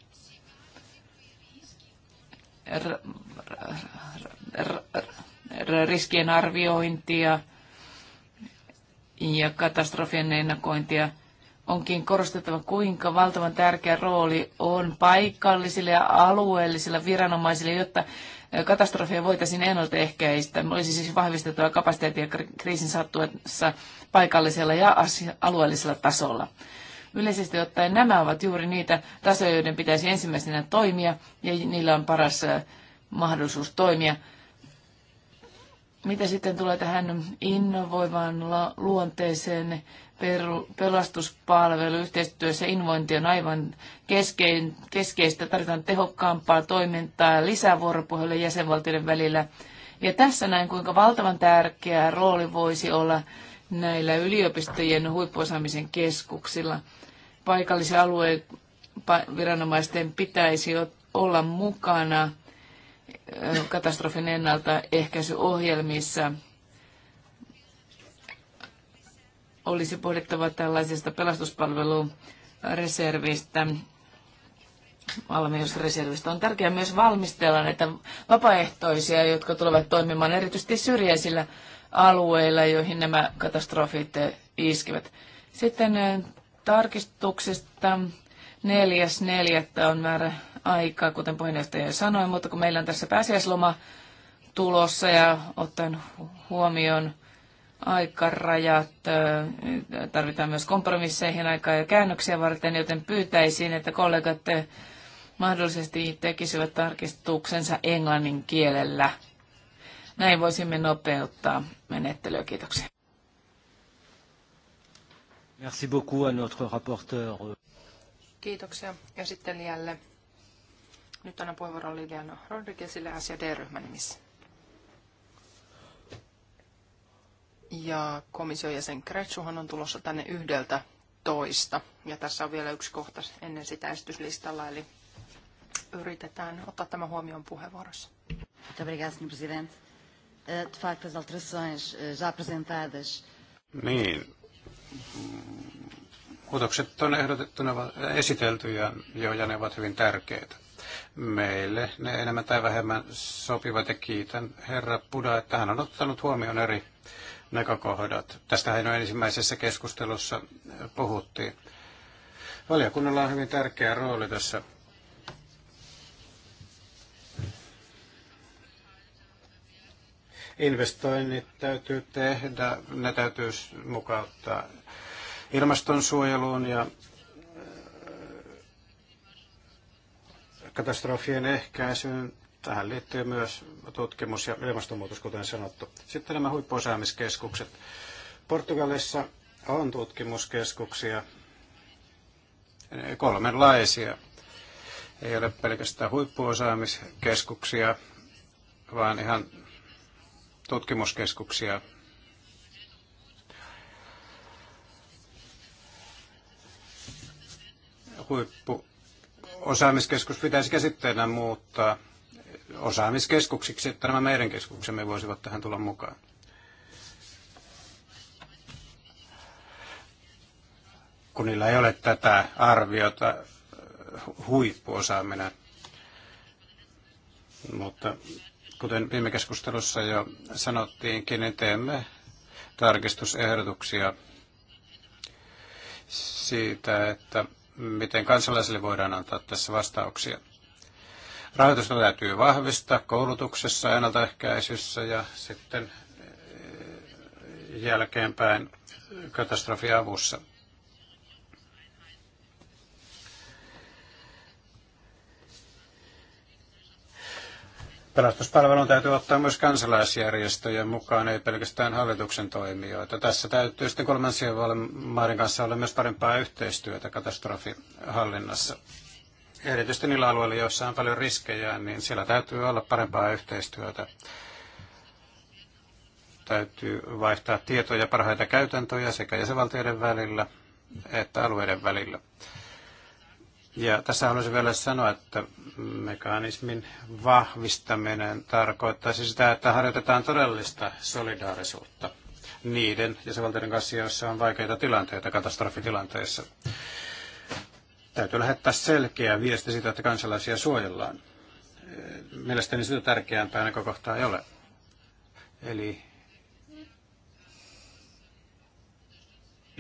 riskien arviointia ja katastrofien ennakointia. Onkin korostettava, kuinka valtavan tärkeä rooli on paikallisille ja alueellisilla viranomaisille, jotta katastrofia voitaisiin ennaltaehkäistä. Olisi siis vahvistettua kapasiteettia kriisin sattuessa paikallisella ja alueellisella tasolla. Yleisesti ottaen nämä ovat juuri niitä tasoja, joiden pitäisi ensimmäisenä toimia ja niillä on paras äh, mahdollisuus toimia. Mitä sitten tulee tähän innovoivaan luonteeseen, peru, pelastuspalvelu yhteistyössä invointi on aivan keskein, keskeistä. Tarvitaan tehokkaampaa toimintaa, lisää vuoropuhelua jäsenvaltioiden välillä. Ja tässä näin, kuinka valtavan tärkeä rooli voisi olla näillä yliopistojen huippuosaamisen keskuksilla. Paikallisen alueen viranomaisten pitäisi olla mukana katastrofin ennaltaehkäisyohjelmissa olisi pohdittava tällaisesta pelastuspalvelureservistä, valmiusreservistä. On tärkeää myös valmistella näitä vapaaehtoisia, jotka tulevat toimimaan erityisesti syrjäisillä alueilla, joihin nämä katastrofit iskevät. Sitten tarkistuksesta 4.4. on määrä aikaa, kuten puheenjohtaja jo sanoi, mutta kun meillä on tässä pääsiäisloma tulossa ja ottaen huomioon aikarajat, tarvitaan myös kompromisseihin aikaa ja käännöksiä varten, joten pyytäisin, että kollegat mahdollisesti tekisivät tarkistuksensa englannin kielellä. Näin voisimme nopeuttaa menettelyä. Kiitoksia. Merci beaucoup à notre rapporteur. Kiitoksia esittelijälle. Nyt annan puheenvuoron Liliano Rodriguezille asia D-ryhmän nimissä. Ja komission jäsen Kretsuhan on tulossa tänne yhdeltä toista. Ja tässä on vielä yksi kohta ennen sitä esityslistalla, eli yritetään ottaa tämä huomioon puheenvuorossa. Muito obrigada, senhor presidente. Eh, de facto, as alterações eh, já apresentadas... Niin. Muutokset on ehdotettuna eh, esitelty ja, jo, ja ne ovat hyvin tärkeitä meille ne enemmän tai vähemmän sopivat ja kiitän herra Puda, että hän on ottanut huomioon eri näkökohdat. Tästähän jo ensimmäisessä keskustelussa puhuttiin. Valiokunnalla on hyvin tärkeä rooli tässä investoinnit täytyy tehdä, ne täytyy mukauttaa ilmastonsuojeluun ja katastrofien ehkäisyyn. Tähän liittyy myös tutkimus ja ilmastonmuutos, kuten sanottu. Sitten nämä huippuosaamiskeskukset. Portugalissa on tutkimuskeskuksia kolmenlaisia. Ei ole pelkästään huippuosaamiskeskuksia, vaan ihan tutkimuskeskuksia. Huippu osaamiskeskus pitäisi käsitteenä muuttaa osaamiskeskuksiksi, että nämä meidän keskuksemme voisivat tähän tulla mukaan. Kun niillä ei ole tätä arviota huippuosaaminen, mutta kuten viime keskustelussa jo sanottiinkin, niin teemme tarkistusehdotuksia siitä, että miten kansalaisille voidaan antaa tässä vastauksia. Rahoitusta täytyy vahvistaa koulutuksessa, ennaltaehkäisyssä ja sitten eh, jälkeenpäin katastrofiavussa. Pelastuspalvelun täytyy ottaa myös kansalaisjärjestöjen mukaan, ei pelkästään hallituksen toimijoita. Tässä täytyy sitten kolmansien maiden kanssa olla myös parempaa yhteistyötä katastrofihallinnassa. Erityisesti niillä alueilla, joissa on paljon riskejä, niin siellä täytyy olla parempaa yhteistyötä. Täytyy vaihtaa tietoja parhaita käytäntöjä sekä jäsenvaltioiden välillä että alueiden välillä. Ja tässä haluaisin vielä sanoa, että mekanismin vahvistaminen tarkoittaisi sitä, että harjoitetaan todellista solidaarisuutta niiden jäsenvaltioiden kanssa, joissa on vaikeita tilanteita katastrofitilanteissa. Täytyy lähettää selkeä viesti siitä, että kansalaisia suojellaan. Mielestäni sitä tärkeämpää näkökohtaa ei ole. Eli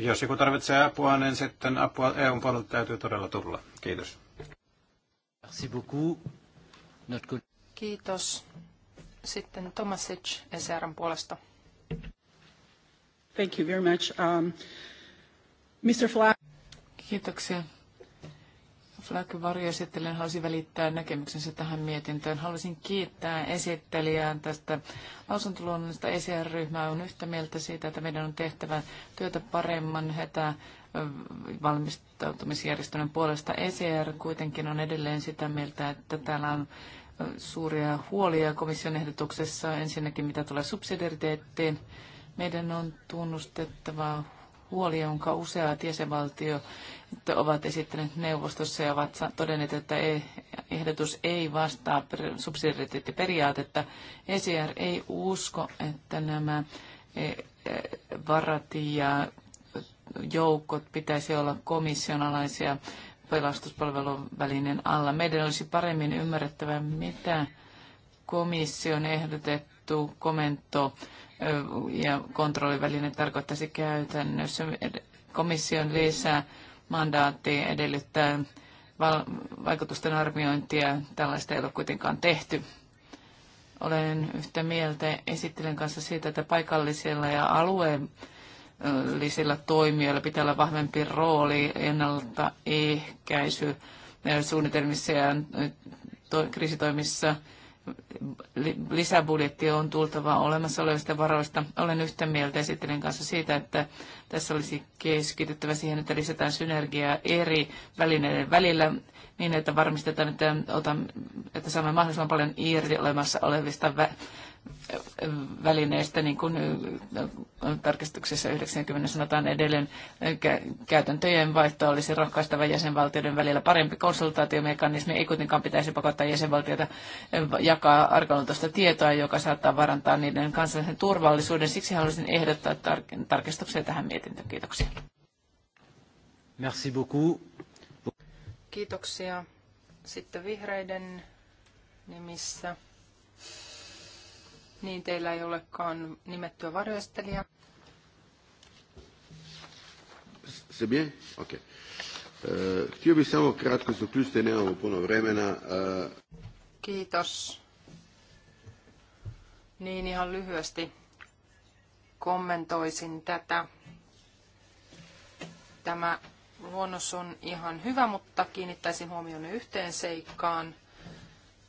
Jos joku tarvitsee apua, niin sitten apua EUn puolelta täytyy todella tulla. Kiitos. Merci beaucoup. Kiitos. Sitten Tomasic SRn e puolesta. Thank you very much. Um, Mr. Flack. Kiitoksia. Flagg-varjoesittelijän halusi välittää näkemyksensä tähän mietintöön. Haluaisin kiittää esittelijää tästä ECR-ryhmä On yhtä mieltä siitä, että meidän on tehtävä työtä paremman hetä valmistautumisjärjestelmän puolesta. ECR kuitenkin on edelleen sitä mieltä, että täällä on suuria huolia komission ehdotuksessa. Ensinnäkin mitä tulee subsidiariteettiin, meidän on tunnustettava huoli, jonka useat jäsenvaltiot ovat esittäneet neuvostossa ja ovat todenneet, että e- ehdotus ei vastaa subsidiariteettiperiaatetta. ECR ei usko, että nämä e- e- varat ja joukot pitäisi olla komission alaisia pelastuspalvelun välinen alla. Meidän olisi paremmin ymmärrettävä, mitä komission ehdotettu komento ja kontrolliväline tarkoittaisi käytännössä komission lisää mandaatti edellyttää vaikutusten arviointia. Tällaista ei ole kuitenkaan tehty. Olen yhtä mieltä esittelen kanssa siitä, että paikallisilla ja alueellisilla toimijoilla pitää olla vahvempi rooli ennaltaehkäisy suunnitelmissa ja kriisitoimissa – lisäbudjetti on tultava olemassa olevista varoista. Olen yhtä mieltä esittelen kanssa siitä, että tässä olisi keskityttävä siihen, että lisätään synergiaa eri välineiden välillä niin, että varmistetaan, että, otamme, että saamme mahdollisimman paljon irti olemassa olevista vä- välineistä, niin kuin äh, tarkistuksessa 90 sanotaan edelleen, äh, käytäntöjen vaihto olisi rohkaistava jäsenvaltioiden välillä parempi konsultaatiomekanismi. Ei kuitenkaan pitäisi pakottaa jäsenvaltioita äh, jakaa arkaluontoista tietoa, joka saattaa varantaa niiden kansallisen turvallisuuden. Siksi haluaisin ehdottaa tar- tarkistuksia tähän mietintöön. Kiitoksia. Merci beaucoup. Kiitoksia. Sitten vihreiden nimissä. Niin teillä ei olekaan nimettyä varjoistelijaa. C'est bien? Ok. Uh, htio samo kratko zaključiti, nemamo puno vremena. Uh... Kiitos. Niin ihan lyhyesti kommentoisin tätä. Tämä luonnos on ihan hyvä, mutta kiinnittäisin huomioon yhteen seikkaan.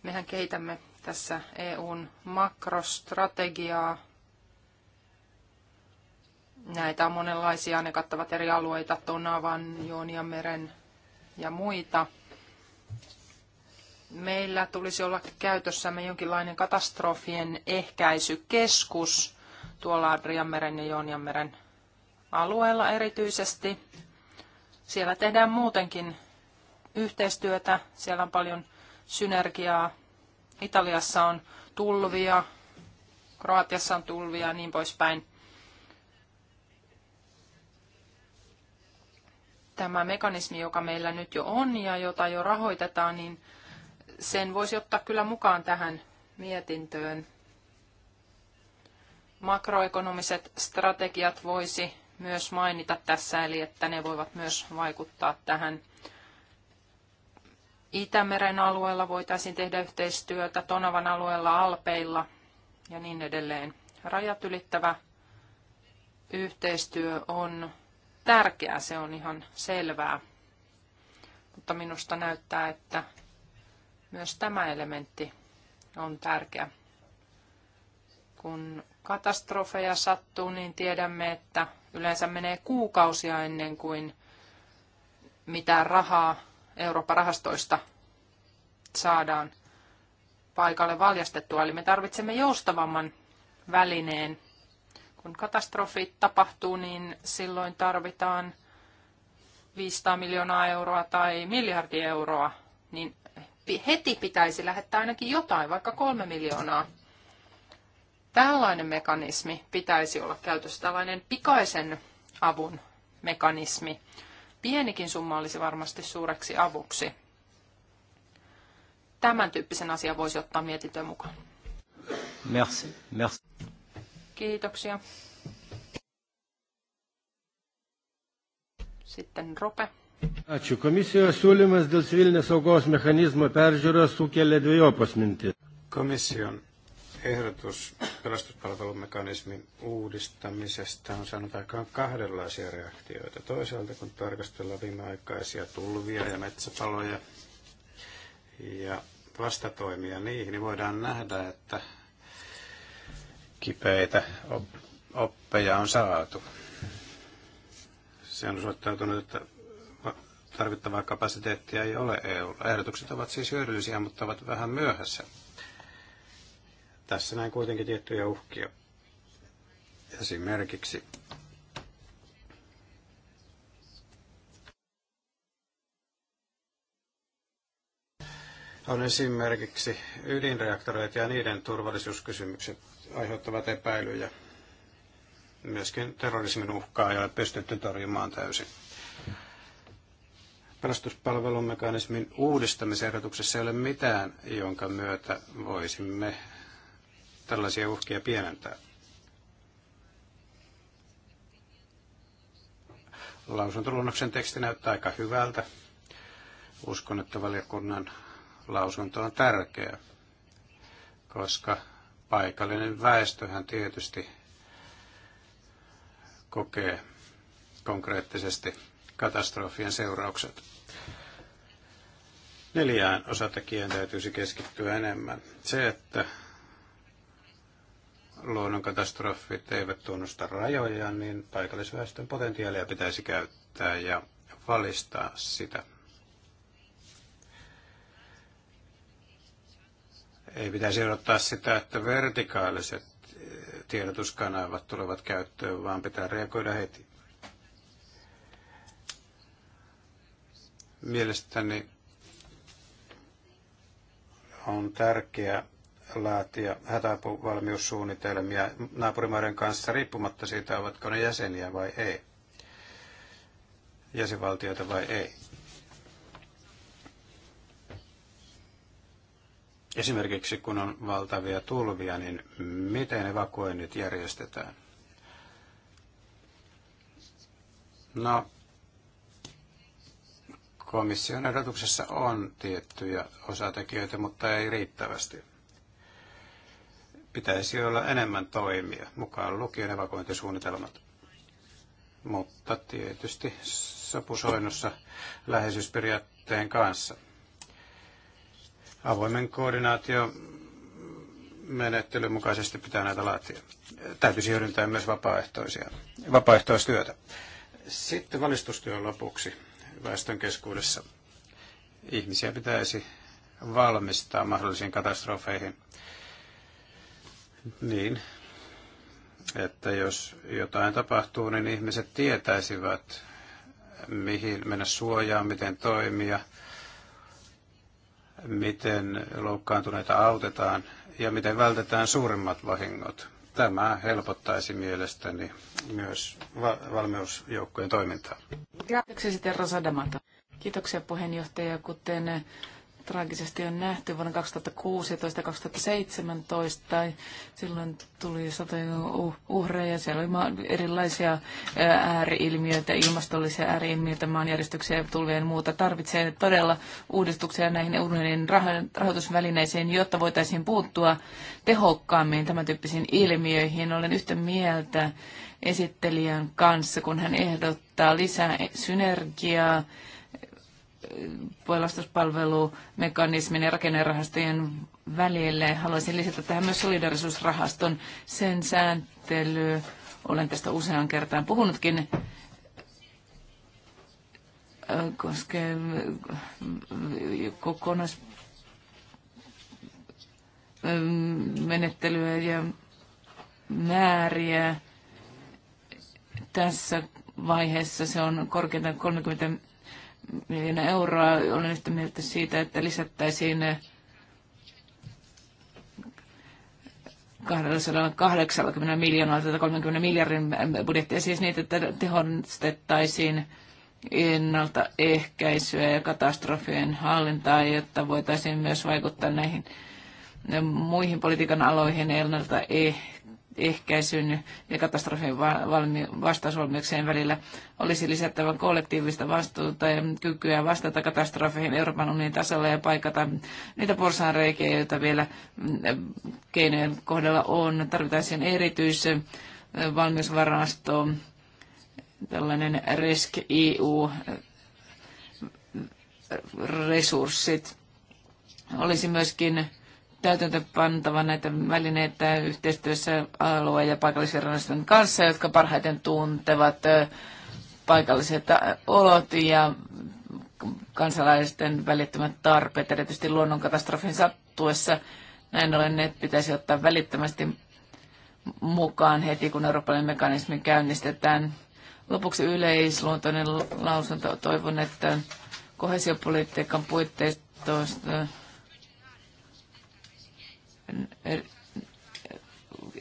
Mehän kehitämme tässä EUn makrostrategiaa. Näitä on monenlaisia, ne kattavat eri alueita, Tonavan, meren ja muita. Meillä tulisi olla käytössämme jonkinlainen katastrofien ehkäisykeskus tuolla Adrianmeren ja Joonianmeren alueella erityisesti. Siellä tehdään muutenkin yhteistyötä, siellä on paljon synergiaa Italiassa on tulvia, Kroatiassa on tulvia ja niin poispäin. Tämä mekanismi, joka meillä nyt jo on ja jota jo rahoitetaan, niin sen voisi ottaa kyllä mukaan tähän mietintöön. Makroekonomiset strategiat voisi myös mainita tässä, eli että ne voivat myös vaikuttaa tähän Itämeren alueella voitaisiin tehdä yhteistyötä, Tonavan alueella, Alpeilla ja niin edelleen. Rajat ylittävä yhteistyö on tärkeää, se on ihan selvää. Mutta minusta näyttää, että myös tämä elementti on tärkeä. Kun katastrofeja sattuu, niin tiedämme, että yleensä menee kuukausia ennen kuin mitään rahaa Euroopan rahastoista saadaan paikalle valjastettua. Eli me tarvitsemme joustavamman välineen. Kun katastrofi tapahtuu, niin silloin tarvitaan 500 miljoonaa euroa tai miljardi euroa, niin heti pitäisi lähettää ainakin jotain, vaikka kolme miljoonaa. Tällainen mekanismi pitäisi olla käytössä, tällainen pikaisen avun mekanismi. Pienikin summa olisi varmasti suureksi avuksi. Tämän tyyppisen asian voisi ottaa mietintöön mukaan. Merci. Merci. Kiitoksia. Sitten Rope. Ačiū. Komisijos siūlymas dėl civilinės saugos mechanizmo peržiūros sukelia dviejopas mintis. Komission ehdotus pelastuspalvelumekanismin uudistamisesta on saanut aikaan kahdenlaisia reaktioita. Toisaalta kun tarkastellaan viimeaikaisia tulvia ja metsäpaloja ja vastatoimia niihin, niin voidaan nähdä, että kipeitä oppeja on saatu. Se on osoittautunut, että tarvittavaa kapasiteettia ei ole EUlla. Ehdotukset ovat siis hyödyllisiä, mutta ovat vähän myöhässä tässä näin kuitenkin tiettyjä uhkia. Esimerkiksi on esimerkiksi ydinreaktoreita ja niiden turvallisuuskysymykset aiheuttavat epäilyjä. Myöskin terrorismin uhkaa ei ole pystytty torjumaan täysin. Pelastuspalvelumekanismin uudistamisehdotuksessa ei ole mitään, jonka myötä voisimme tällaisia uhkia pienentää. Lausuntoluonnoksen teksti näyttää aika hyvältä. Uskon, että valiokunnan lausunto on tärkeä, koska paikallinen väestöhän tietysti kokee konkreettisesti katastrofien seuraukset. Neljään osatekijään täytyisi keskittyä enemmän. Se, että luonnonkatastrofit eivät tunnusta rajoja, niin paikallisväestön potentiaalia pitäisi käyttää ja valistaa sitä. Ei pitäisi odottaa sitä, että vertikaaliset eh, tiedotuskanavat tulevat käyttöön, vaan pitää reagoida heti. Mielestäni on tärkeää laatia hätäapuvalmiussuunnitelmia naapurimaiden kanssa riippumatta siitä, ovatko ne jäseniä vai ei, jäsenvaltioita vai ei. Esimerkiksi kun on valtavia tulvia, niin miten evakuoinnit järjestetään? No, komission ehdotuksessa on tiettyjä osatekijöitä, mutta ei riittävästi pitäisi olla enemmän toimia, mukaan lukien evakuointisuunnitelmat. Mutta tietysti sopusoinnussa läheisyysperiaatteen kanssa. Avoimen koordinaatio menettelyn mukaisesti pitää näitä laatia. Täytyisi hyödyntää myös vapaaehtoisia, vapaaehtoistyötä. Sitten valistustyö lopuksi väestön keskuudessa. Ihmisiä pitäisi valmistaa mahdollisiin katastrofeihin niin, että jos jotain tapahtuu, niin ihmiset tietäisivät, mihin mennä suojaan, miten toimia, miten loukkaantuneita autetaan ja miten vältetään suurimmat vahingot. Tämä helpottaisi mielestäni myös valmiusjoukkojen toimintaa. Kiitoksia sitten Rosadamata. Kiitoksia puheenjohtaja. Kuten traagisesti on nähty vuonna 2016-2017. Silloin tuli satoja uhreja. Siellä oli erilaisia ääriilmiöitä, ilmastollisia ääriilmiöitä, maanjäristyksiä, ja tulvien muuta. Tarvitsee todella uudistuksia näihin unionin rahoitusvälineisiin, jotta voitaisiin puuttua tehokkaammin tämän tyyppisiin ilmiöihin. Olen yhtä mieltä esittelijän kanssa, kun hän ehdottaa lisää synergiaa pelastuspalvelumekanismin ja rakennerahastojen välille. Haluaisin lisätä tähän myös solidarisuusrahaston sen sääntely. Olen tästä usean kertaan puhunutkin Koske mm, kokonais mm, menettelyä ja määriä. Tässä vaiheessa se on korkeintaan 30 miljoonaa euroa. Olen yhtä mieltä siitä, että lisättäisiin 280 miljoonaa tätä 30 miljardin eh, budjettia, siis niitä että tehostettaisiin ennaltaehkäisyä ja katastrofien hallintaa, jotta voitaisiin myös vaikuttaa näihin eh, muihin politiikan aloihin ennaltaehkäisyyn ehkäisyn ja katastrofien valmi- välillä olisi lisättävä kollektiivista vastuuta ja kykyä vastata katastrofeihin Euroopan unionin tasolla ja paikata niitä porsaanreikiä, joita vielä mm, keinojen kohdalla on. Tarvitaan sen tällainen Risk EU-resurssit. Olisi myöskin täytäntöpantava näitä välineitä yhteistyössä alueen ja paikallisviranomaisten kanssa, jotka parhaiten tuntevat paikalliset olot ja kansalaisten välittömät tarpeet, erityisesti luonnonkatastrofin sattuessa. Näin ollen ne pitäisi ottaa välittömästi mukaan heti, kun eurooppalainen mekanismi käynnistetään. Lopuksi yleisluontoinen lausunto. Toivon, että kohesiopolitiikan puitteista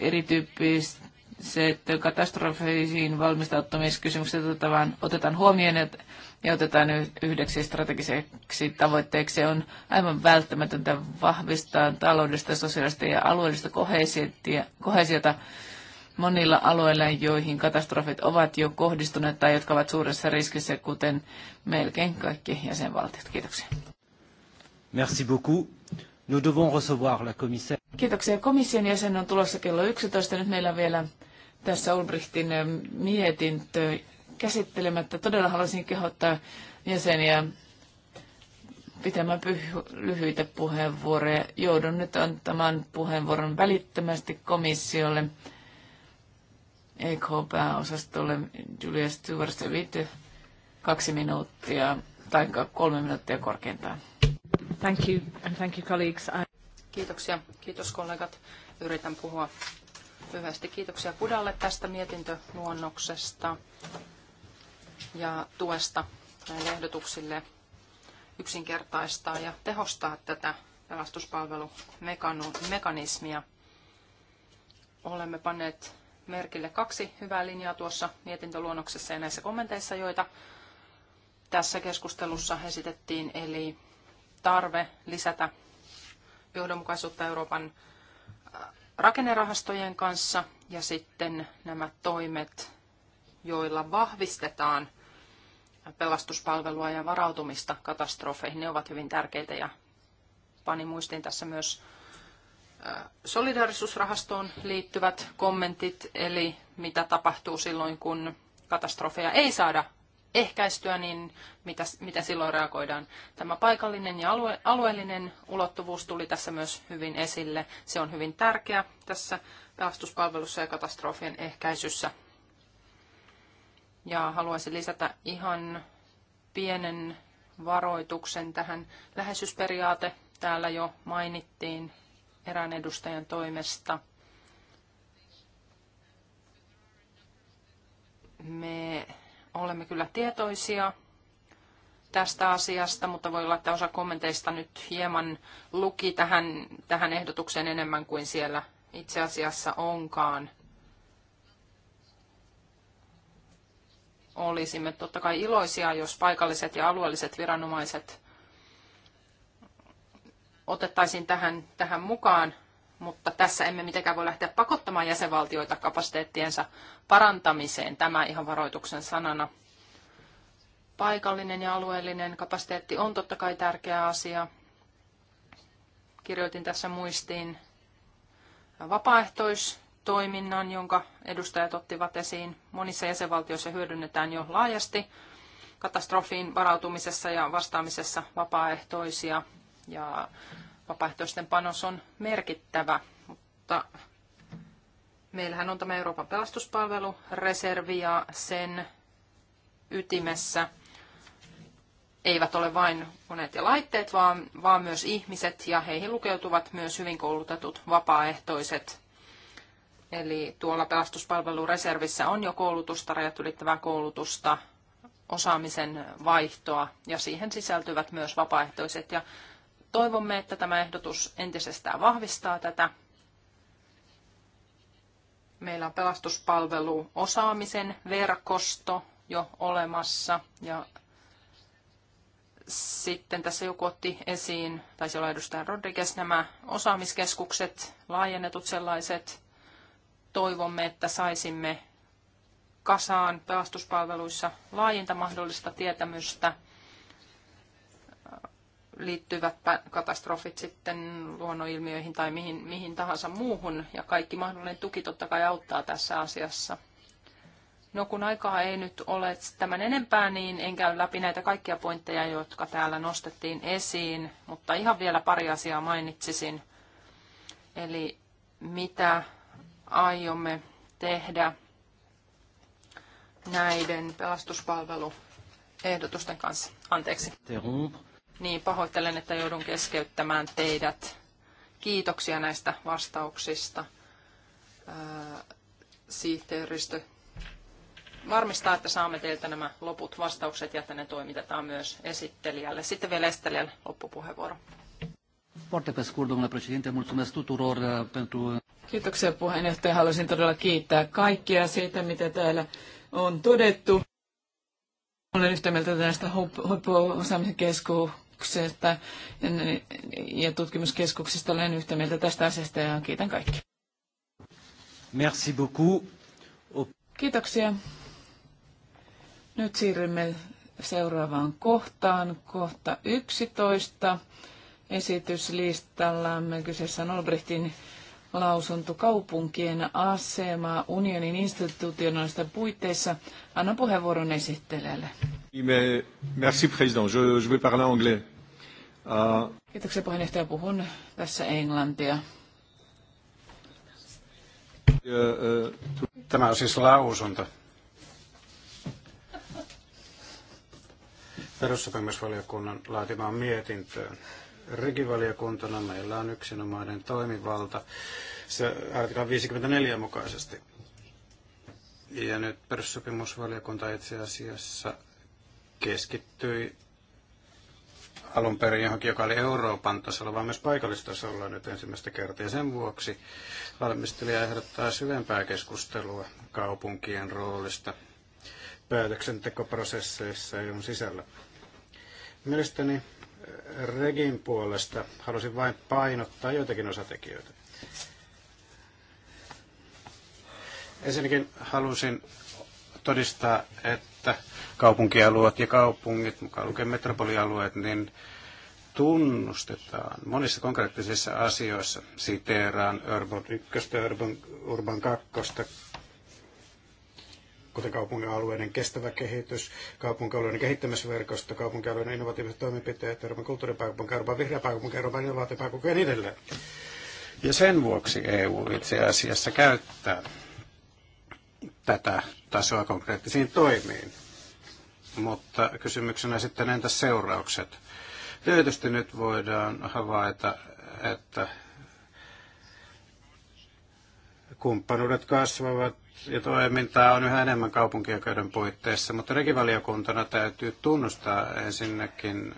erityyppiset katastrofeisiin valmistautumiskysymykset otetaan, otetaan huomioon ja otetaan yhdeksi strategiseksi tavoitteeksi. On aivan välttämätöntä vahvistaa taloudellista, sosiaalista ja alueellista kohesiota monilla alueilla, joihin katastrofit ovat jo kohdistuneet tai jotka ovat suuressa riskissä, kuten melkein kaikki jäsenvaltiot. Kiitoksia. Merci beaucoup. Nous devons recevoir la commissaire. Kiitoksia. Komission jäsen on tulossa kello 11. Nyt meillä on vielä tässä Ulbrichtin eh, mietintö käsittelemättä. Todella haluaisin kehottaa jäseniä pitämään lyhyitä puheenvuoroja. Joudun nyt antamaan puheenvuoron välittömästi komissiolle, EK-pääosastolle Julia stewart savitte kaksi minuuttia tai kolme minuuttia korkeintaan. Thank you, and thank you colleagues. I... Kiitoksia. Kiitos kollegat. Yritän puhua lyhyesti. Kiitoksia Kudalle tästä mietintöluonnoksesta ja tuesta näille ehdotuksille yksinkertaistaa ja tehostaa tätä pelastuspalvelumekanismia. Olemme panneet merkille kaksi hyvää linjaa tuossa mietintöluonnoksessa ja näissä kommenteissa, joita tässä keskustelussa esitettiin, eli tarve lisätä johdonmukaisuutta Euroopan äh, rakennerahastojen kanssa ja sitten nämä toimet, joilla vahvistetaan pelastuspalvelua ja varautumista katastrofeihin, ne ovat hyvin tärkeitä ja pani muistiin tässä myös äh, solidarisuusrahastoon liittyvät kommentit, eli mitä tapahtuu silloin, kun katastrofeja ei saada ehkäistyä, niin mitä, mitä silloin reagoidaan. Tämä paikallinen ja alue, alueellinen ulottuvuus tuli tässä myös hyvin esille. Se on hyvin tärkeä tässä pelastuspalvelussa ja katastrofien ehkäisyssä. Ja haluaisin lisätä ihan pienen varoituksen tähän. Läheisyysperiaate täällä jo mainittiin erään edustajan toimesta. Me olemme kyllä tietoisia tästä asiasta, mutta voi olla, että osa kommenteista nyt hieman luki tähän, tähän ehdotukseen enemmän kuin siellä itse asiassa onkaan. Olisimme totta kai iloisia, jos paikalliset ja alueelliset viranomaiset otettaisiin tähän, tähän mukaan mutta tässä emme mitenkään voi lähteä pakottamaan jäsenvaltioita kapasiteettiensa parantamiseen. Tämä ihan varoituksen sanana. Paikallinen ja alueellinen kapasiteetti on totta kai tärkeä asia. Kirjoitin tässä muistiin vapaaehtoistoiminnan, jonka edustajat ottivat esiin. Monissa jäsenvaltioissa hyödynnetään jo laajasti katastrofiin varautumisessa ja vastaamisessa vapaaehtoisia. Ja Vapaaehtoisten panos on merkittävä, mutta meillähän on tämä Euroopan pelastuspalvelu, reservi ja sen ytimessä eivät ole vain koneet ja laitteet, vaan, vaan myös ihmiset ja heihin lukeutuvat myös hyvin koulutetut vapaaehtoiset. Eli tuolla pelastuspalvelureservissä on jo koulutusta, rajat ylittävää koulutusta, osaamisen vaihtoa ja siihen sisältyvät myös vapaaehtoiset ja Toivomme, että tämä ehdotus entisestään vahvistaa tätä. Meillä on pelastuspalvelu osaamisen verkosto jo olemassa ja sitten tässä joku otti esiin, taisi olla edustaja Rodriguez, nämä osaamiskeskukset, laajennetut sellaiset. Toivomme, että saisimme kasaan pelastuspalveluissa laajinta mahdollista tietämystä liittyvät katastrofit sitten luonnonilmiöihin tai mihin, mihin tahansa muuhun. Ja kaikki mahdollinen tuki totta kai auttaa tässä asiassa. No kun aikaa ei nyt ole tämän enempää, niin en käy läpi näitä kaikkia pointteja, jotka täällä nostettiin esiin, mutta ihan vielä pari asiaa mainitsisin. Eli mitä aiomme tehdä näiden pelastuspalveluehdotusten kanssa. Anteeksi. Terumpa. Niin, pahoittelen, että joudun keskeyttämään teidät. Kiitoksia näistä vastauksista. Sihteeristö varmistaa, että saamme teiltä nämä loput vastaukset ja että ne toimitetaan myös esittelijälle. Sitten vielä esittelijälle loppupuheenvuoro. Kiitoksia puheenjohtaja. Haluaisin todella kiittää kaikkia siitä, mitä täällä on todettu. Olen yhtä mieltä näistä huippuosaamisen kesku, että niin- ja tutkimuskeskuksista. Olen yhtä mieltä tästä asiasta ja kiitän kaikki. Merci beaucoup. Kiitoksia. Nyt siirrymme seuraavaan kohtaan, kohta 11 esityslistallamme. Kyseessä on Olbrichtin lausunto kaupunkien asema unionin institutionaalisten puitteissa. Anna puheenvuoron esittelijälle. Merci, président. Je, je vais parler anglais. Uh... Kiitoksia puheenjohtaja. Puhun tässä englantia. Euh, euh, Tämä on siis lausunto. Perussopimusvaliokunnan laatimaan mietintöön. Regivaliokuntana meillä on yksinomainen toimivalta se artikla 54 mukaisesti. Ja nyt perussopimusvaliokunta itse asiassa keskittyi alun perin johonkin, joka oli Euroopan tasolla, vaan myös paikallistasolla nyt ensimmäistä kertaa. Ja sen vuoksi valmistelija ehdottaa syvempää keskustelua kaupunkien roolista päätöksentekoprosesseissa EUn sisällä. Mielestäni Regin puolesta. Halusin vain painottaa joitakin osatekijöitä. Ensinnäkin halusin todistaa, että kaupunkialueet ja kaupungit, mukaan lukien metropolialueet, niin tunnustetaan monissa konkreettisissa asioissa. Siteeraan Urban 1 ja Urban, Urban 2 kuten alueiden kestävä kehitys, alueiden kehittämisverkosto, alueiden innovatiiviset toimenpiteet, Euroopan kulttuuripääkaupunki, Euroopan vihreä pääkaupunki, Euroopan innovaatiopääkaupunki ja niin edelleen. Ja sen vuoksi EU itse asiassa käyttää tätä tasoa konkreettisiin toimiin. Mutta kysymyksenä sitten entä seuraukset? Tietysti nyt voidaan havaita, että kumppanuudet kasvavat, ja toimintaa on yhä enemmän kaupunkioikeuden puitteissa, mutta regivaliokuntana täytyy tunnustaa ensinnäkin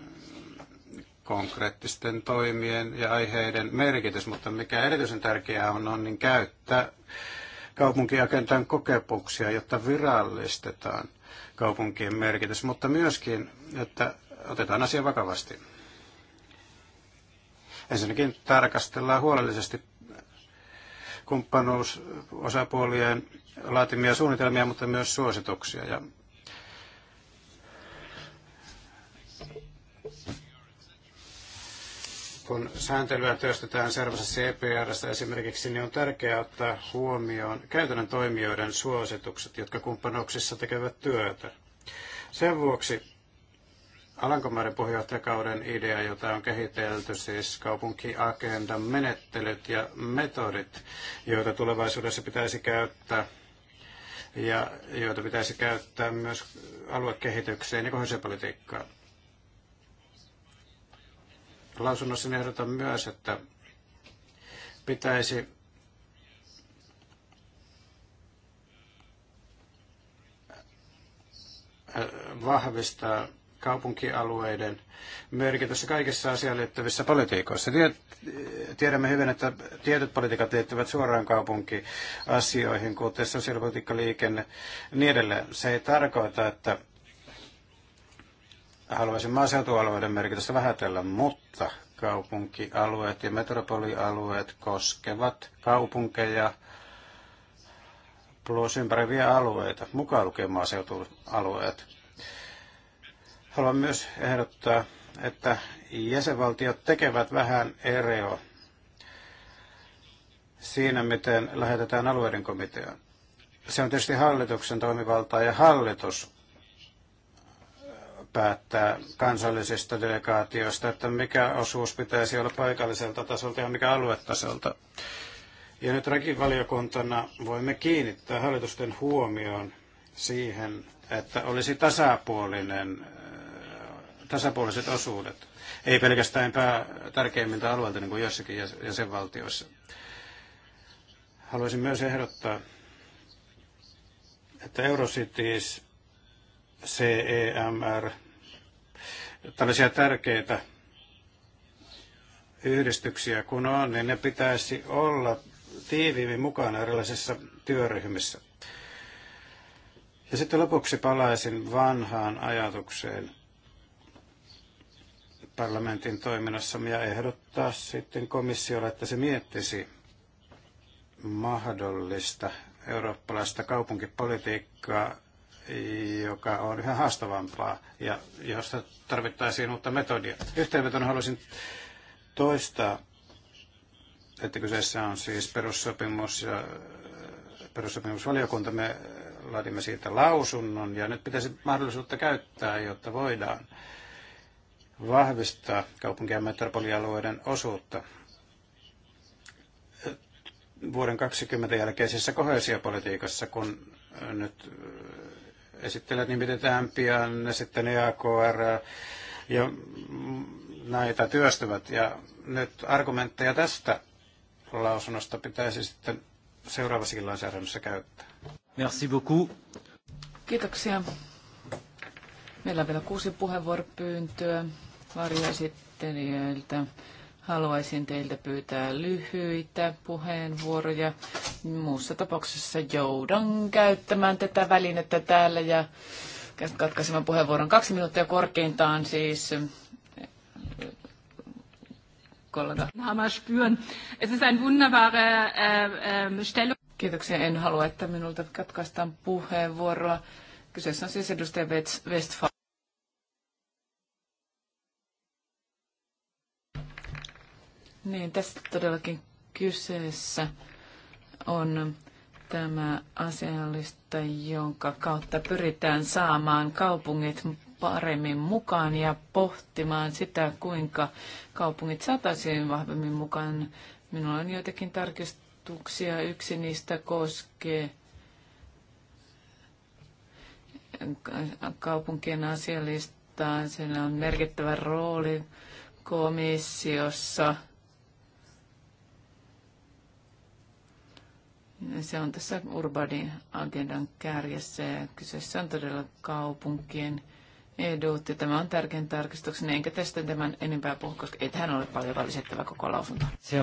konkreettisten toimien ja aiheiden merkitys, mutta mikä erityisen tärkeää on, on niin käyttää kaupunkiagentan kokemuksia, jotta virallistetaan kaupunkien merkitys, mutta myöskin, että otetaan asia vakavasti. Ensinnäkin tarkastellaan huolellisesti kumppanuusosapuolien laatimia suunnitelmia, mutta myös suosituksia. Ja kun sääntelyä työstetään services EPRssä esimerkiksi, niin on tärkeää ottaa huomioon käytännön toimijoiden suositukset, jotka kumppanuuksissa tekevät työtä. Sen vuoksi Alankomaiden puheenjohtajakauden idea, jota on kehitelty, siis kaupunkiagendan menettelyt ja metodit, joita tulevaisuudessa pitäisi käyttää – ja joita pitäisi käyttää myös aluekehitykseen ja kohdallisuuspolitiikkaan. Lausunnossa ehdotan myös, että pitäisi vahvistaa kaupunkialueiden merkitystä kaikissa asiaan liittyvissä politiikoissa. Tiedämme hyvin, että tietyt politiikat liittyvät suoraan kaupunkiasioihin, kuten sosiaalipolitiikka, liikenne ja niin edelleen. Se ei tarkoita, että haluaisin maaseutualueiden merkitystä vähätellä, mutta kaupunkialueet ja metropolialueet koskevat kaupunkeja plus ympäröiviä alueita, mukaan lukien maaseutualueet Haluan myös ehdottaa, että jäsenvaltiot tekevät vähän eroa siinä, miten lähetetään alueiden komiteaan. Se on tietysti hallituksen toimivaltaa ja hallitus päättää kansallisista delegaatioista, että mikä osuus pitäisi olla paikalliselta tasolta ja mikä aluetasolta. Ja nyt rakivaliokuntana voimme kiinnittää hallitusten huomioon siihen, että olisi tasapuolinen tasapuoliset osuudet, ei pelkästään pää tärkeimmiltä alueilta niin kuin joissakin jäsenvaltioissa. Haluaisin myös ehdottaa, että Eurocities, CEMR, tällaisia tärkeitä yhdistyksiä kun on, niin ne pitäisi olla tiiviimmin mukana erilaisissa työryhmissä. Ja sitten lopuksi palaisin vanhaan ajatukseen – parlamentin toiminnassa ja ehdottaa sitten komissiolle, että se miettisi mahdollista eurooppalaista kaupunkipolitiikkaa, joka on yhä haastavampaa ja josta tarvittaisiin uutta metodia. Yhteenvetona haluaisin toistaa, että kyseessä on siis perussopimus ja perussopimusvaliokunta. Me laadimme siitä lausunnon ja nyt pitäisi mahdollisuutta käyttää, jotta voidaan vahvistaa kaupunkien metropolialueiden osuutta vuoden 2020 jälkeisessä kohesiopolitiikassa, kun nyt äh, esittelijät nimitetään pian ne sitten EAKR ja näitä työstävät. Ja nyt argumentteja tästä lausunnosta pitäisi sitten seuraavassakin lainsäädännössä käyttää. Merci beaucoup. Kiitoksia. Meillä on vielä kuusi puheenvuoropyyntöä varjoesittelijöiltä. Haluaisin teiltä pyytää lyhyitä puheenvuoroja. Muussa tapauksessa joudan käyttämään tätä välinettä täällä ja katkaisemaan puheenvuoron kaksi minuuttia korkeintaan siis äh, ähm, Kiitoksia. En halua, että minulta katkaistaan puheenvuoroa. Kyseessä on siis edustaja Westfall. Niin, tässä todellakin kyseessä on tämä asiallista, jonka kautta pyritään saamaan kaupungit paremmin mukaan ja pohtimaan sitä, kuinka kaupungit saataisiin vahvemmin mukaan. Minulla on joitakin tarkistuksia. Yksi niistä koskee kaupunkien asiallista. Siinä on merkittävä rooli komissiossa – Se on tässä urbanin agendan kärjessä ja kyseessä on todella kaupunkien edut. Ja tämä on tärkein tarkistuksen, enkä tästä tämän enempää puhu, koska ei tähän ole paljon valitettavaa koko lausunto. Se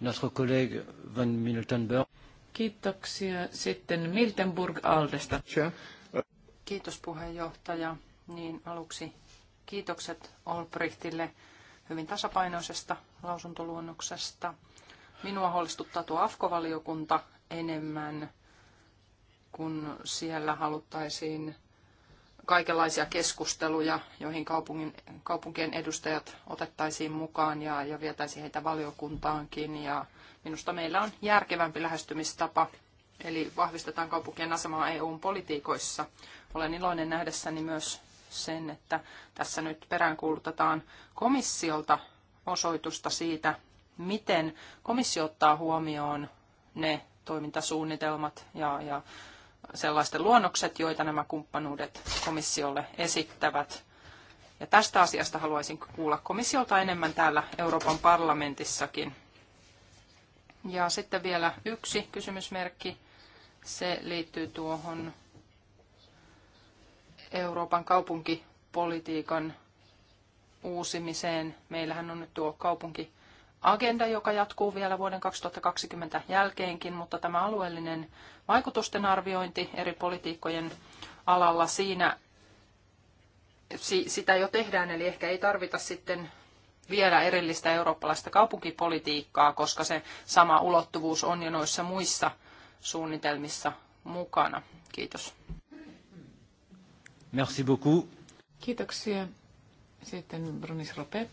notre collègue von Miltenberg. Kiitoksia. Sitten Miltenburg Aldesta. Kiitos puheenjohtaja. Niin aluksi kiitokset Olbrichtille hyvin tasapainoisesta lausuntoluonnoksesta – Minua huolestuttaa tuo AFKO-valiokunta enemmän, kun siellä haluttaisiin kaikenlaisia keskusteluja, joihin kaupungin, kaupunkien edustajat otettaisiin mukaan ja, ja vietäisiin heitä valiokuntaankin. Ja minusta meillä on järkevämpi lähestymistapa, eli vahvistetaan kaupunkien asemaa EU-politiikoissa. Olen iloinen nähdessäni myös sen, että tässä nyt peräänkuulutetaan komissiolta osoitusta siitä, miten komissio ottaa huomioon ne toimintasuunnitelmat ja, ja sellaisten luonnokset, joita nämä kumppanuudet komissiolle esittävät. Ja tästä asiasta haluaisin kuulla komissiolta enemmän täällä Euroopan parlamentissakin. Ja sitten vielä yksi kysymysmerkki. Se liittyy tuohon Euroopan kaupunkipolitiikan uusimiseen. Meillähän on nyt tuo kaupunki agenda, joka jatkuu vielä vuoden 2020 jälkeenkin, mutta tämä alueellinen vaikutusten arviointi eri politiikkojen alalla siinä sitä jo tehdään, eli ehkä ei tarvita sitten vielä erillistä eurooppalaista kaupunkipolitiikkaa, koska se sama ulottuvuus on jo noissa muissa suunnitelmissa mukana. Kiitos. Merci beaucoup. Kiitoksia. Sitten Brunis Rope.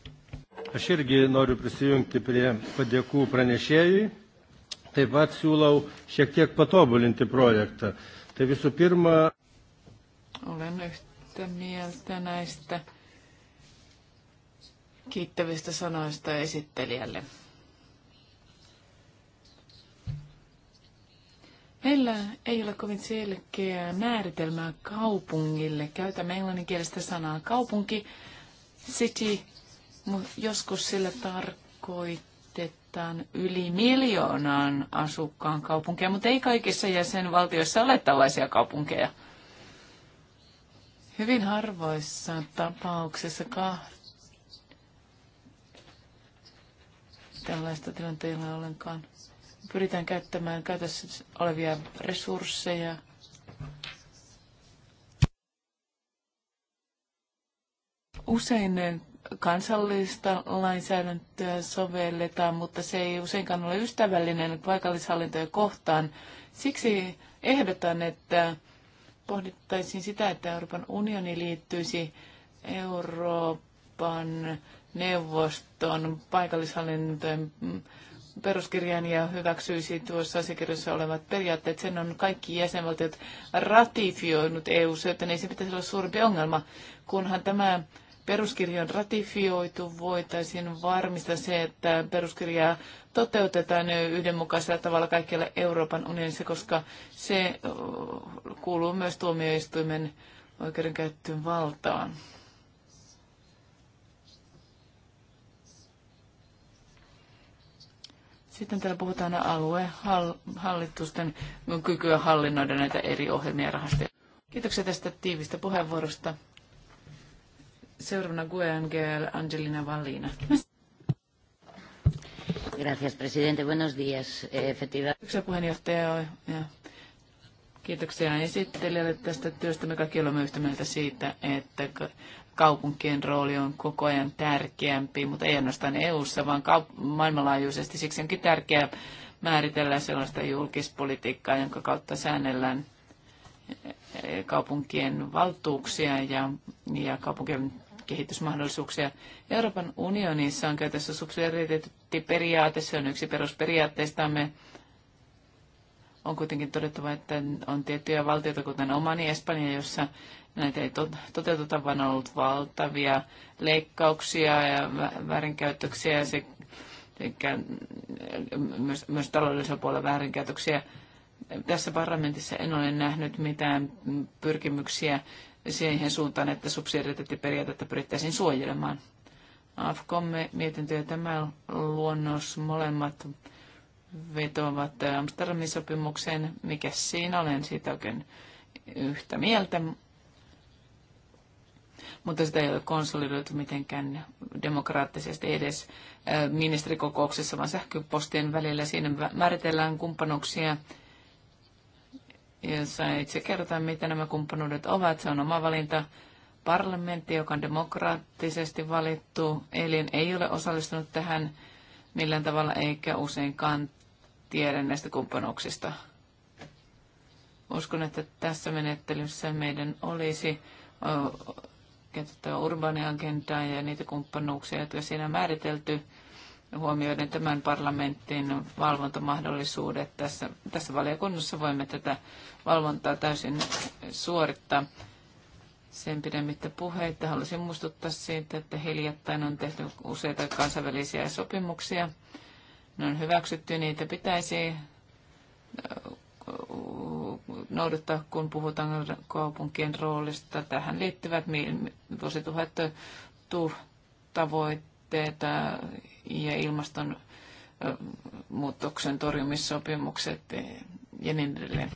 Aš irgi noriu prisijungti prie padėkų pranešėjui. Taip pat siūlau šiek tiek patobulinti projektą. Tai visų pirma. Olen yhtä mieltä näistä kiittävistä sanoista esittelijälle. Meillä ei ole kovin selkeä määritelmää kaupungille. Käytämme englanninkielistä sanaa kaupunki, city, Joskus sillä tarkoitetaan yli miljoonaan asukkaan kaupunkeja, mutta ei kaikissa jäsenvaltioissa ole tällaisia kaupunkeja. Hyvin harvoissa tapauksissa tällaista tilannetta ollenkaan. Pyritään käyttämään käytössä olevia resursseja. Usein kansallista lainsäädäntöä sovelletaan, mutta se ei useinkaan ole ystävällinen paikallishallintoja kohtaan. Siksi ehdotan, että pohdittaisiin sitä, että Euroopan unioni liittyisi Euroopan neuvoston paikallishallintojen peruskirjan ja hyväksyisi tuossa asiakirjassa olevat periaatteet. Sen on kaikki jäsenvaltiot ratifioinut EU, joten ei se pitäisi olla suurempi ongelma, kunhan tämä peruskirja on ratifioitu, voitaisiin varmistaa se, että peruskirjaa toteutetaan yhdenmukaisella tavalla kaikkialla Euroopan unionissa, koska se kuuluu myös tuomioistuimen oikeudenkäyttöön valtaan. Sitten täällä puhutaan aluehallitusten kykyä hallinnoida näitä eri ohjelmia ja rahastoja. Kiitoksia tästä tiivistä puheenvuorosta. Seuraavana GUNGL Angelina Vallina. Gracias, presidente. Buenos días. Eh, kiitoksia puheenjohtaja ja kiitoksia esittelijälle tästä työstä. Me kaikki olemme yhtä mieltä siitä, että kaupunkien rooli on koko ajan tärkeämpi, mutta ei ainoastaan EU-ssa, vaan kaup- maailmanlaajuisesti. Siksi onkin tärkeää määritellä sellaista julkispolitiikkaa, jonka kautta säännellään eh, kaupunkien valtuuksia ja, ja kaupunkien kehitysmahdollisuuksia. Euroopan unionissa on käytössä subsidiariteettiperiaate, se on yksi perusperiaatteistamme. On kuitenkin todettava, että on tiettyjä valtioita, kuten omani Espanja, jossa näitä ei toteuteta, vaan on ollut valtavia leikkauksia ja väärinkäytöksiä ja se, sekä äh, myös, myös taloudellisella puolella väärinkäytöksiä. Tässä parlamentissa en ole nähnyt mitään pyrkimyksiä siihen suuntaan, että subsidiariteettiperiaatetta pyrittäisiin suojelemaan. AFKOMme mietintö ja tämä luonnos molemmat vetoavat Amsterdamin sopimukseen. Mikä siinä olen siitä oikein yhtä mieltä, mutta sitä ei ole konsolidoitu mitenkään demokraattisesti edes äh, ministerikokouksessa, vaan sähköpostien välillä siinä määritellään kumppanuuksia jossa itse kerrotaan, mitä nämä kumppanuudet ovat. Se on oma valinta. Parlamentti, joka on demokraattisesti valittu elin, ei ole osallistunut tähän millään tavalla eikä useinkaan tiedä näistä kumppanuuksista. Uskon, että tässä menettelyssä meidän olisi käytettävä urbaaniagendaa ja niitä kumppanuuksia, jotka siinä on määritelty – huomioiden tämän parlamentin valvontamahdollisuudet. Tässä, tässä valiokunnassa voimme tätä valvontaa täysin suorittaa. Sen pidemmittä puheita haluaisin muistuttaa siitä, että hiljattain on tehty useita kansainvälisiä sopimuksia. Ne on hyväksytty, niitä pitäisi noudattaa, kun puhutaan kaupunkien roolista. Tähän liittyvät vuosituhatta tavoitteet, ja ilmastonmuutoksen torjumissopimukset e, ja niin edelleen.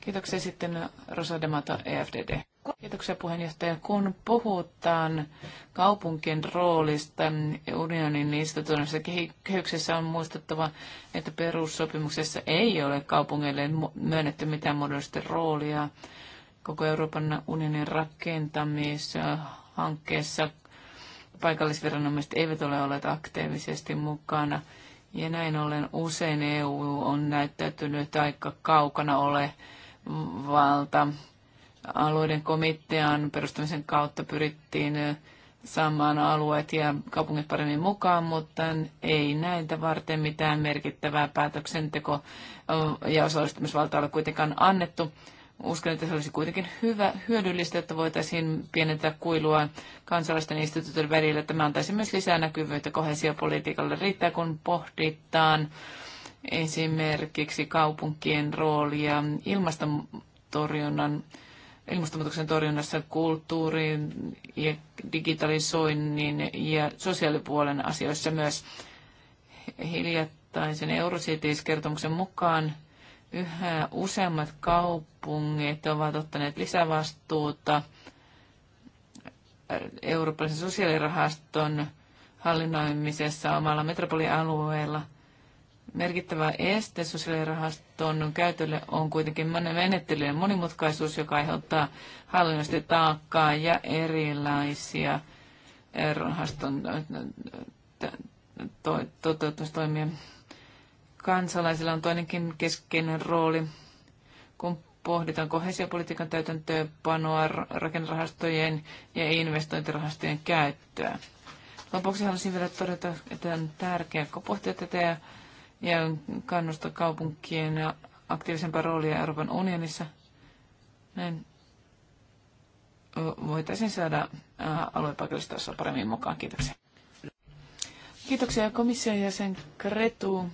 Kiitoksia sitten Rosa Demata, EFDD. Kiitoksia puheenjohtaja. Kun puhutaan kaupunkien roolista unionin instituutioissa kehyksessä on muistettava, että perussopimuksessa ei ole kaupungeille myönnetty mitään muodollista roolia koko Euroopan unionin rakentamishankkeessa paikallisviranomaiset eivät ole olleet aktiivisesti mukana. Ja näin ollen usein EU on näyttäytynyt aika kaukana ole valta. Alueiden komitean perustamisen kautta pyrittiin saamaan alueet ja kaupungit paremmin mukaan, mutta ei näitä varten mitään merkittävää päätöksenteko- ja osallistumisvaltaa ole kuitenkaan annettu. Uskon, että se olisi kuitenkin hyvä, hyödyllistä, että voitaisiin pienentää kuilua kansalaisten instituutioiden välillä. Tämä antaisi myös lisää näkyvyyttä kohesiopolitiikalle. Riittää, kun pohditaan esimerkiksi kaupunkien roolia ilmastontorjunnan ilmastonmuutoksen torjunnassa kulttuuriin ja digitalisoinnin ja sosiaalipuolen asioissa myös hiljattaisen Eurocities-kertomuksen mukaan Yhä useammat kaupungit ovat ottaneet lisävastuuta Euroopan sosiaalirahaston hallinnoimisessa omalla metropolialueella. Merkittävä este sosiaalirahaston käytölle on kuitenkin menettelyjen monimutkaisuus, joka aiheuttaa hallinnollisesti taakkaa ja erilaisia eh, rahaston toteutustoimia. Eh, to- to- to- to- to- to- to- to- kansalaisilla on toinenkin keskeinen rooli, kun pohditaan kohesiopolitiikan täytäntöönpanoa, rakennerahastojen ja investointirahastojen käyttöä. Lopuksi haluaisin vielä todeta, että on tärkeää pohtia tätä ja kannustaa kaupunkien aktiivisempaa roolia Euroopan unionissa. Näin voitaisiin saada aluepaikallistasolla paremmin mukaan. Kiitoksia. Kiitoksia komission jäsen Kretu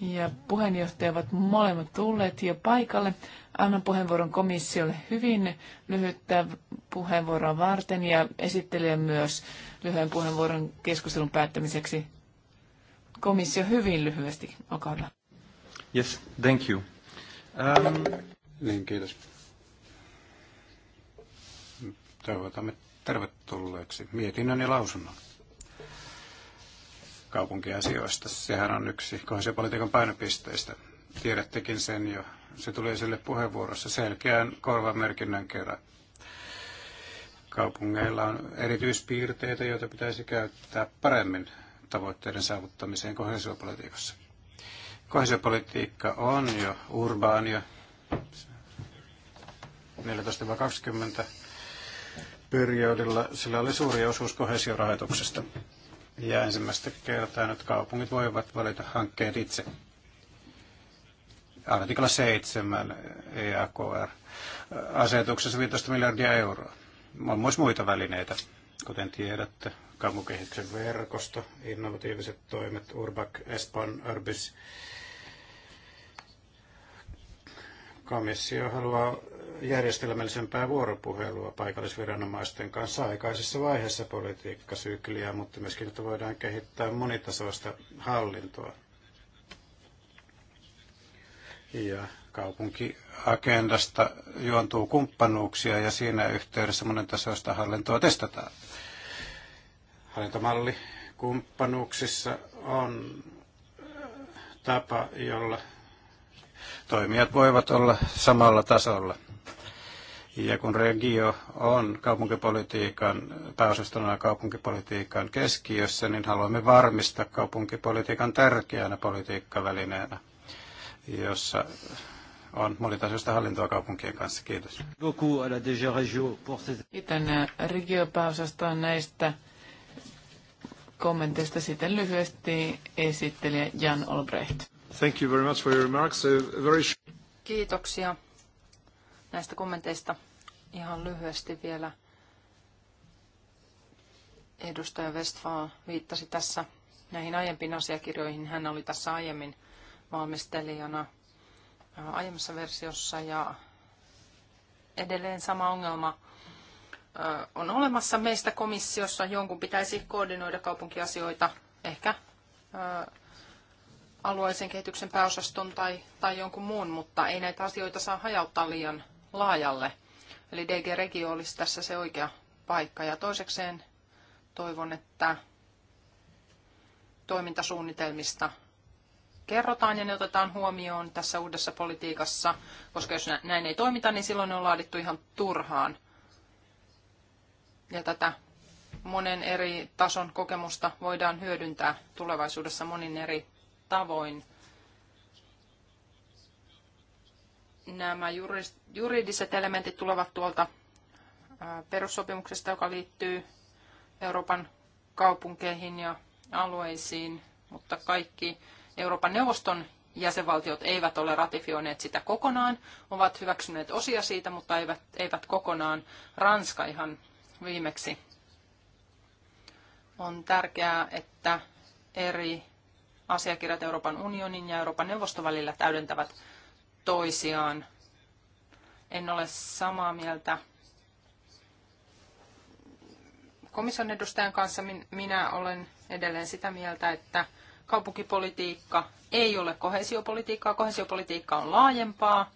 ja puheenjohtaja ovat molemmat tulleet jo paikalle. Annan puheenvuoron komissiolle hyvin lyhyttä puheenvuoroa varten ja esittelijä myös lyhyen puheenvuoron keskustelun päättämiseksi. Komissio hyvin lyhyesti, olkaa hyvä. Yes, thank you. Um... Niin, kiitos. Toivotamme tervetulleeksi mietinnön ja lausunnon kaupunkiasioista. Sehän on yksi kohdallisen painopisteistä. Tiedättekin sen jo. Se tuli esille puheenvuorossa selkeän korvamerkinnän kerran. Kaupungeilla on erityispiirteitä, joita pitäisi käyttää paremmin tavoitteiden saavuttamiseen kohesiopolitiikassa. Kohesiopolitiikka on jo urbaania 14-20 periodilla. Sillä oli suuri osuus kohesiorahoituksesta. Ja ensimmäistä kertaa nyt kaupungit voivat valita hankkeet itse. Artikla 7 EAKR-asetuksessa 15 miljardia euroa. On myös muita välineitä, kuten tiedätte. Kaupunkikehityksen verkosto, innovatiiviset toimet, Urbac, Espan, Urbis. Komissio haluaa järjestelmällisempää vuoropuhelua paikallisviranomaisten kanssa aikaisessa vaiheessa politiikkasykliä, mutta myöskin, että voidaan kehittää monitasoista hallintoa. Ja kaupunkiagendasta juontuu kumppanuuksia ja siinä yhteydessä monentasoista hallintoa testataan. Hallintomalli kumppanuuksissa on äh, tapa, jolla toimijat voivat olla samalla tasolla. Ja kun regio on kaupunkipolitiikan, pääosastona kaupunkipolitiikan keskiössä, niin haluamme varmistaa kaupunkipolitiikan tärkeänä politiikkavälineenä, jossa on monitasoista hallintoa kaupunkien kanssa. Kiitos. Kiitän regiopääosasta näistä kommenteista sitten lyhyesti esittelijä Jan Olbrecht. Thank you very much for your remarks. Very... Kiitoksia näistä kommenteista. Ihan lyhyesti vielä. Edustaja Westfall viittasi tässä näihin aiempiin asiakirjoihin. Hän oli tässä aiemmin valmistelijana aiemmassa versiossa ja edelleen sama ongelma on olemassa meistä komissiossa. Jonkun pitäisi koordinoida kaupunkiasioita ehkä alueellisen kehityksen pääosaston tai, tai jonkun muun, mutta ei näitä asioita saa hajauttaa liian laajalle – Eli DG Regio olisi tässä se oikea paikka. Ja toisekseen toivon, että toimintasuunnitelmista kerrotaan ja ne otetaan huomioon tässä uudessa politiikassa, koska jos näin ei toimita, niin silloin ne on laadittu ihan turhaan. Ja tätä monen eri tason kokemusta voidaan hyödyntää tulevaisuudessa monin eri tavoin. nämä juridiset elementit tulevat tuolta perussopimuksesta, joka liittyy Euroopan kaupunkeihin ja alueisiin, mutta kaikki Euroopan neuvoston jäsenvaltiot eivät ole ratifioineet sitä kokonaan, ovat hyväksyneet osia siitä, mutta eivät, eivät kokonaan. Ranska ihan viimeksi. On tärkeää, että eri asiakirjat Euroopan unionin ja Euroopan neuvoston välillä täydentävät toisiaan. En ole samaa mieltä komission edustajan kanssa. Minä olen edelleen sitä mieltä, että kaupunkipolitiikka ei ole kohesiopolitiikkaa. Kohesiopolitiikka on laajempaa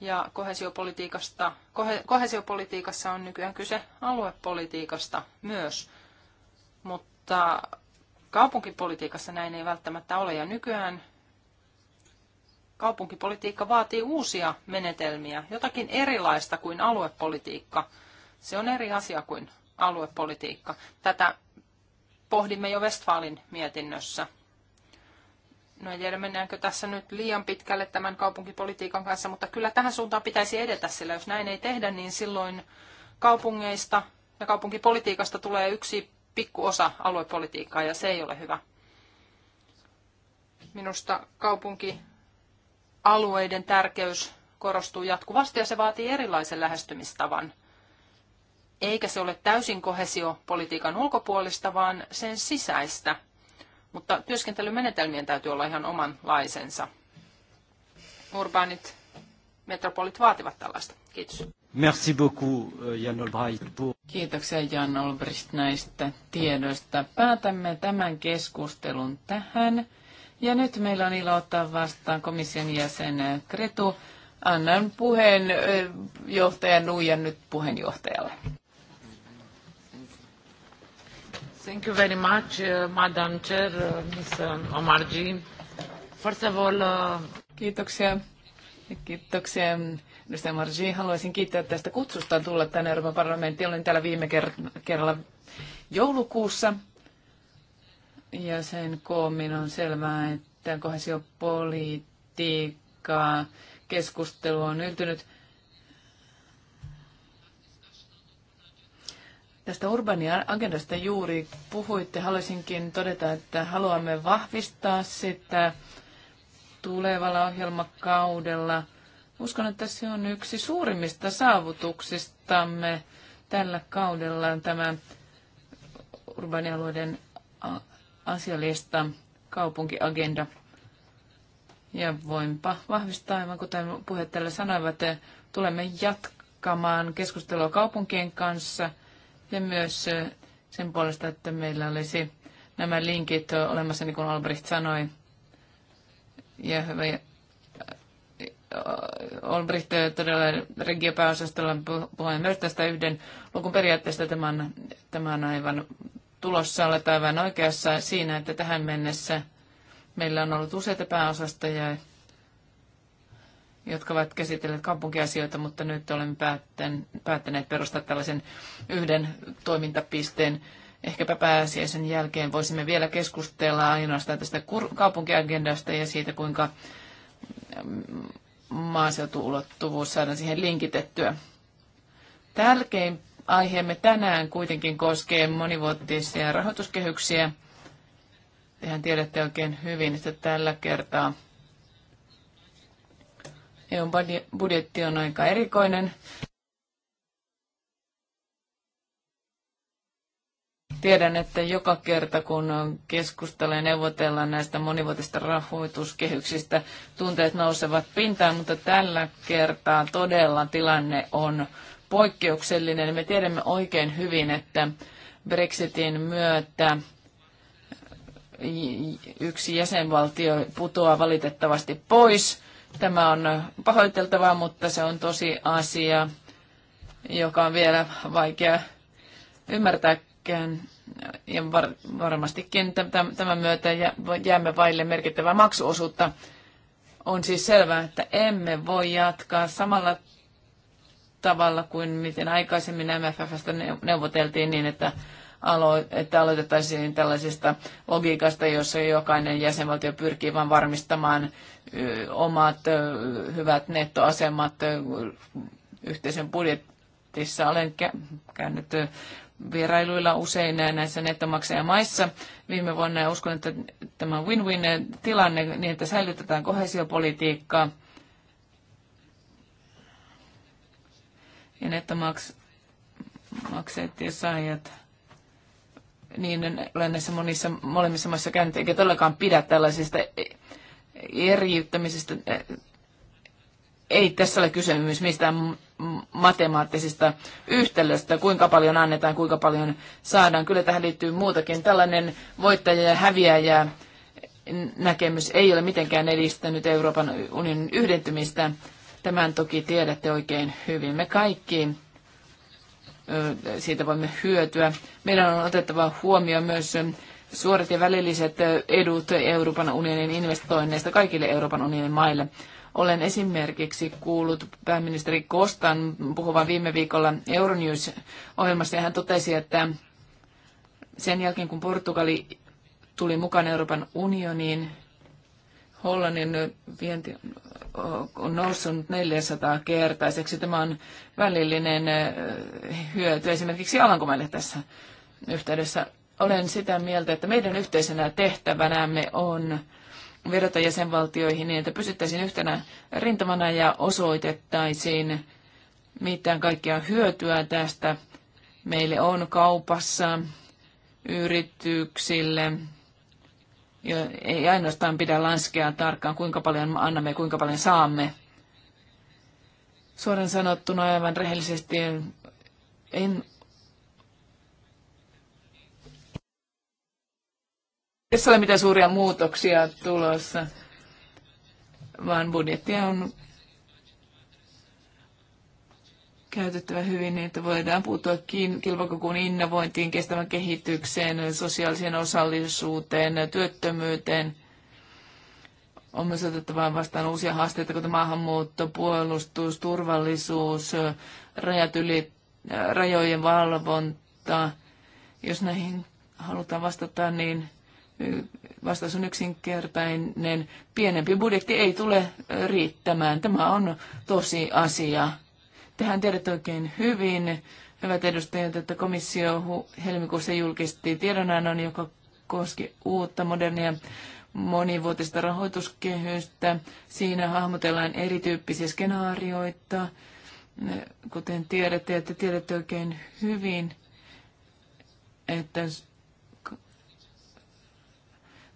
ja kohesiopolitiikasta, kohe, kohesiopolitiikassa on nykyään kyse aluepolitiikasta myös. Mutta kaupunkipolitiikassa näin ei välttämättä ole ja nykyään Kaupunkipolitiikka vaatii uusia menetelmiä, jotakin erilaista kuin aluepolitiikka. Se on eri asia kuin aluepolitiikka. Tätä pohdimme jo Westfalin mietinnössä. No en tiedä, mennäänkö tässä nyt liian pitkälle tämän kaupunkipolitiikan kanssa, mutta kyllä tähän suuntaan pitäisi edetä, sillä jos näin ei tehdä, niin silloin kaupungeista ja kaupunkipolitiikasta tulee yksi pikkuosa aluepolitiikkaa ja se ei ole hyvä. Minusta kaupunki alueiden tärkeys korostuu jatkuvasti ja se vaatii erilaisen lähestymistavan. Eikä se ole täysin kohesiopolitiikan ulkopuolista, vaan sen sisäistä. Mutta työskentelymenetelmien täytyy olla ihan omanlaisensa. Urbaanit metropolit vaativat tällaista. Kiitos. Merci beaucoup, euh, Jan Olbricht. Kiitoksia Jan Olbrist näistä tiedoista. Päätämme tämän keskustelun tähän. Ja nyt meillä on ilo ottaa vastaan komission jäsen Kretu. Annan puheenjohtajan Nuijan nyt puheenjohtajalle. Thank you very much, uh, Madam Chair, uh, Miss um, Omarji. First of all, uh... Kiitoksia. Kiitoksia. Ms. O'Marji haluaisin kiittää tästä kutsusta tulla tänne Euroopan parlamenttiin. Olin täällä viime kerralla joulukuussa ja sen koomin on selvää, että kohesiopolitiikkaa keskustelu on yltynyt Tästä urbania agendasta juuri puhuitte. Haluaisinkin todeta, että haluamme vahvistaa sitä tulevalla ohjelmakaudella. Uskon, että se on yksi suurimmista saavutuksistamme tällä kaudella tämä urbanialueiden asialista kaupunkiagenda. Ja voinpa vahvistaa, aivan kuten puheet täällä sanoivat, tulemme jatkamaan keskustelua kaupunkien kanssa ja myös sen puolesta, että meillä olisi nämä linkit olemassa, niin kuin Albrecht sanoi. Ja hyvä, Olbricht äh, äh, todella regiopääosastolla puhuen myös tästä yhden lukun periaatteesta. Tämä on, tämä on aivan tulossa olet aivan oikeassa siinä, että tähän mennessä meillä on ollut useita pääosastajia, jotka ovat käsitelleet kaupunkiasioita, mutta nyt olemme päättäneet perustaa tällaisen yhden toimintapisteen. Ehkäpä pääsiäisen jälkeen voisimme vielä keskustella ainoastaan tästä kaupunkiagendasta ja siitä, kuinka mm, maaseutuulottuvuus saadaan siihen linkitettyä. Tärkein Aiheemme tänään kuitenkin koskee monivuotisia rahoituskehyksiä. Tehän tiedätte oikein hyvin, että tällä kertaa EUn budjetti on aika erikoinen. Tiedän, että joka kerta kun keskustellaan ja neuvotellaan näistä monivuotista rahoituskehyksistä, tunteet nousevat pintaan, mutta tällä kertaa todella tilanne on poikkeuksellinen. Me tiedämme oikein hyvin, että Brexitin myötä yksi jäsenvaltio putoaa valitettavasti pois. Tämä on pahoiteltavaa, mutta se on tosi asia, joka on vielä vaikea ymmärtääkään. Ja var, varmastikin tämän myötä jäämme vaille merkittävää maksuosuutta. On siis selvää, että emme voi jatkaa samalla tavalla kuin miten aikaisemmin MFFstä neuvoteltiin niin, että alo- että aloitettaisiin tällaisesta logiikasta, jossa jokainen jäsenvaltio pyrkii vain varmistamaan omat hyvät nettoasemat yhteisen budjetissa. Olen käynyt vierailuilla usein näissä nettomaksajamaissa viime vuonna ja uskon, että tämä win-win tilanne niin, että säilytetään kohesiopolitiikkaa – ja nettomaksajat ja saajat, niin olen näissä monissa, molemmissa maissa käynyt, eikä todellakaan pidä tällaisista eriyttämisestä. Ei tässä ole kysymys mistään matemaattisista yhtälöstä, kuinka paljon annetaan, kuinka paljon saadaan. Kyllä tähän liittyy muutakin. Tällainen voittaja ja häviäjä näkemys ei ole mitenkään edistänyt Euroopan unionin yhdentymistä. Tämän toki tiedätte oikein hyvin. Me kaikki siitä voimme hyötyä. Meidän on otettava huomioon myös suorat ja välilliset edut Euroopan unionin investoinneista kaikille Euroopan unionin maille. Olen esimerkiksi kuullut pääministeri Kostan puhuvan viime viikolla Euronews-ohjelmassa ja hän totesi, että sen jälkeen kun Portugali tuli mukaan Euroopan unioniin, Hollannin vienti on noussut 400 kertaiseksi. Tämä on välillinen hyöty esimerkiksi Alankomaille tässä yhteydessä. Olen sitä mieltä, että meidän yhteisenä tehtävänämme on vedota jäsenvaltioihin niin, että pysyttäisiin yhtenä rintamana ja osoitettaisiin, mitä kaikkea hyötyä tästä meille on kaupassa, yrityksille, ei ainoastaan pidä laskea tarkkaan, kuinka paljon annamme ja kuinka paljon saamme. Suoran sanottuna aivan rehellisesti en Tässä ole mitään suuria muutoksia tulossa, vaan budjettia on käytettävä hyvin niin, että voidaan puuttua kilpakokuun innovointiin, kestävän kehitykseen, sosiaaliseen osallisuuteen, työttömyyteen. On myös otettava vastaan uusia haasteita, kuten maahanmuutto, puolustus, turvallisuus, rajat yli, rajojen valvonta. Jos näihin halutaan vastata, niin vastaus on yksinkertainen. Pienempi budjetti ei tule riittämään. Tämä on tosi asia. Tehän tiedät oikein hyvin, hyvät edustajat, että komissio helmikuussa julkisti tiedonannon, joka koski uutta modernia monivuotista rahoituskehystä. Siinä hahmotellaan erityyppisiä skenaarioita, kuten tiedätte, että tiedätte oikein hyvin, että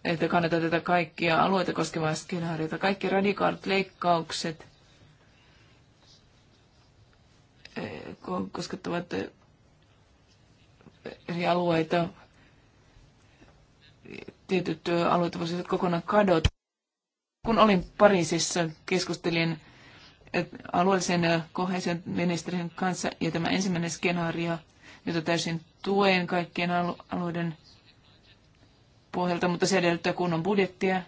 että kannata tätä kaikkia alueita koskevaa skenaariota. Kaikki radikaalit leikkaukset koskettavat eh, eri alueita. Tietyt eh, alueet voisivat kokonaan kadota. Kun olin Pariisissa, keskustelin eh, alueellisen koheisen ministerin kanssa, ja tämä ensimmäinen skenaario, jota täysin tuen kaikkien alueiden pohjalta, mutta se edellyttää kunnon budjettia.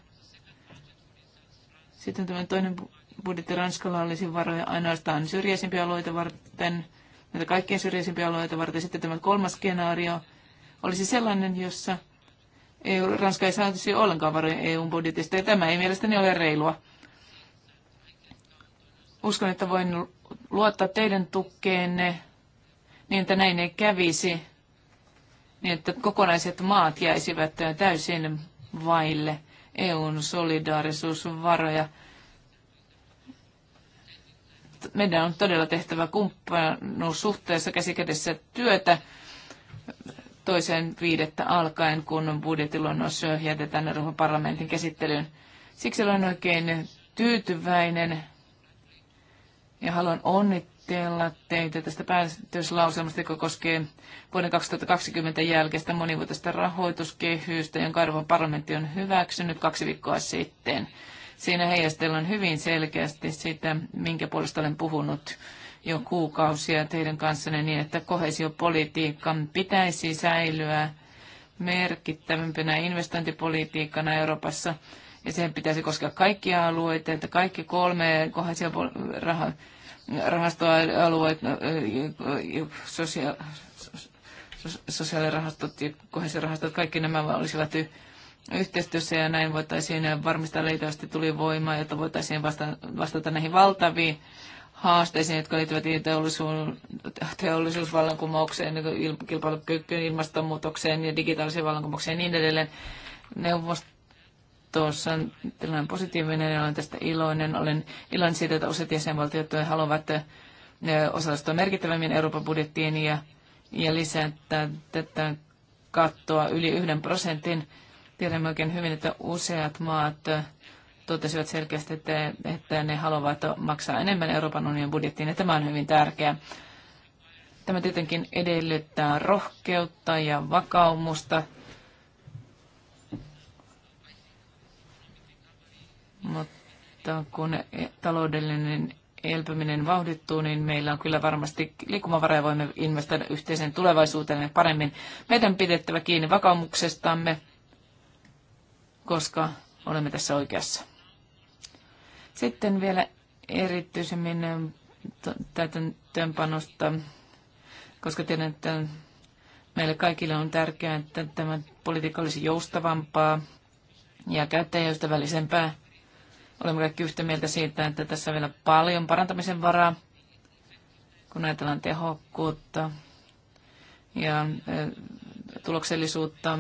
Sitten tämä toinen budjetti Ranskalla olisi varoja ainoastaan syrjäisimpiä alueita varten, näitä kaikkien syrjäisimpiä alueita varten. Sitten tämä kolmas skenaario olisi sellainen, jossa EU, Ranska ei saisi ollenkaan varoja EU-budjetista, ja tämä ei mielestäni ole reilua. Uskon, että voin luottaa teidän tukeenne niin, että näin ei kävisi, niin että kokonaiset maat jäisivät täysin vaille EUn solidaarisuusvaroja meidän on todella tehtävä suhteessa käsikädessä työtä toisen viidettä alkaen, kun budjetiluonnos jätetään Euroopan parlamentin käsittelyyn. Siksi olen oikein tyytyväinen ja haluan onnitella teitä tästä päätöslauselmasta, joka koskee vuoden 2020 jälkeistä monivuotista rahoituskehystä, jonka Euroopan parlamentti on hyväksynyt kaksi viikkoa sitten. Siinä heijastellaan hyvin selkeästi sitä, minkä puolesta olen puhunut jo kuukausia teidän kanssanne niin, että kohesiopolitiikan pitäisi säilyä merkittävimpänä investointipolitiikkana Euroopassa. Ja sen pitäisi koskea kaikkia alueita, että kaikki kolme kohesiorahastoalueet, sosiaalirahastot ja kohesiorahastot, kaikki nämä olisivat yhteistyössä ja näin voitaisiin varmistaa leitävästi tuli voimaa, jotta voitaisiin vasta- vastata näihin valtaviin haasteisiin, jotka liittyvät teollisuusvallankumoukseen, niin kilpailukykyyn, ilmastonmuutokseen ja digitaaliseen vallankumoukseen ja niin edelleen. Neuvostossa on tilanne positiivinen ja olen tästä iloinen. Olen iloinen siitä, että useat jäsenvaltiot haluavat osallistua merkittävämmin Euroopan budjettiin ja, ja lisätä tätä kattoa yli yhden prosentin Tiedämme oikein hyvin, että useat maat totesivat selkeästi, että, että ne haluavat maksaa enemmän Euroopan unionin budjettiin, ja tämä on hyvin tärkeää. Tämä tietenkin edellyttää rohkeutta ja vakaumusta, mutta kun taloudellinen elpyminen vauhdittuu, niin meillä on kyllä varmasti liikkumavaraa ja voimme investoida yhteiseen tulevaisuuteen paremmin. Meidän pidettävä kiinni vakaumuksestamme koska olemme tässä oikeassa. Sitten vielä erityisemmin panosta, koska tiedän, että meille kaikille on tärkeää, että tämä politiikka olisi joustavampaa ja käyttäjäystävällisempää. Olemme kaikki yhtä mieltä siitä, että tässä on vielä paljon parantamisen varaa, kun ajatellaan tehokkuutta ja tuloksellisuutta,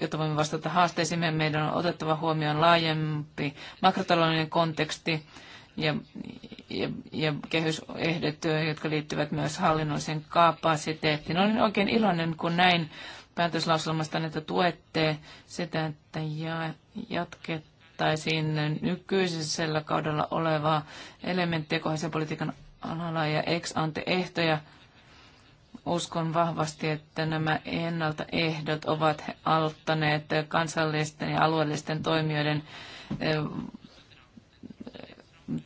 jotta voimme vastata haasteisiimme, meidän on otettava huomioon laajempi makrotaloudellinen konteksti ja, ja, ja kehysehdot, jotka liittyvät myös hallinnolliseen kapasiteettiin. Olen oikein iloinen, kun näin päätöslauselmasta, että tuette sitä, että ja, jatkettaisiin nykyisellä kaudella olevaa elementtiä kohdallisen politiikan alalla ja ex ante ehtoja – Uskon vahvasti, että nämä ennaltaehdot ovat auttaneet kansallisten ja alueellisten toimijoiden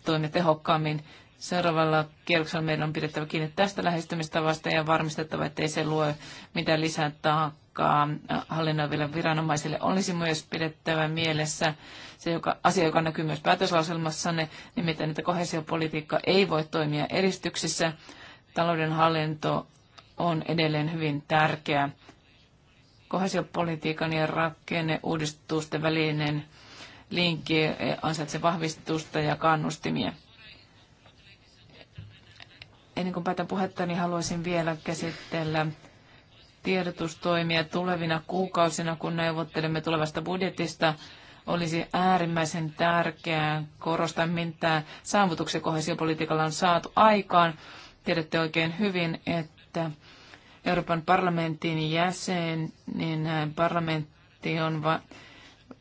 toimia tehokkaammin. Seuraavalla kierroksella meidän on pidettävä kiinni tästä lähestymistavasta ja varmistettava, ei se luo mitään lisää taakkaa hallinnoiville viranomaisille. Olisi myös pidettävä mielessä se joka, asia, joka näkyy myös päätöslauselmassanne, nimittäin, että kohesiopolitiikka ei voi toimia eristyksissä. Talouden hallinto on edelleen hyvin tärkeä. Kohesiopolitiikan ja rakenneuudistusten välinen linkki ansaitsee vahvistusta ja kannustimia. Ennen kuin päätän puhetta, niin haluaisin vielä käsitellä tiedotustoimia tulevina kuukausina, kun neuvottelemme tulevasta budjetista olisi äärimmäisen tärkeää korostaa, mitä saavutuksia kohesiopolitiikalla on saatu aikaan. Tiedätte oikein hyvin, että Euroopan parlamentin jäsen, niin äh, parlamentti on, va-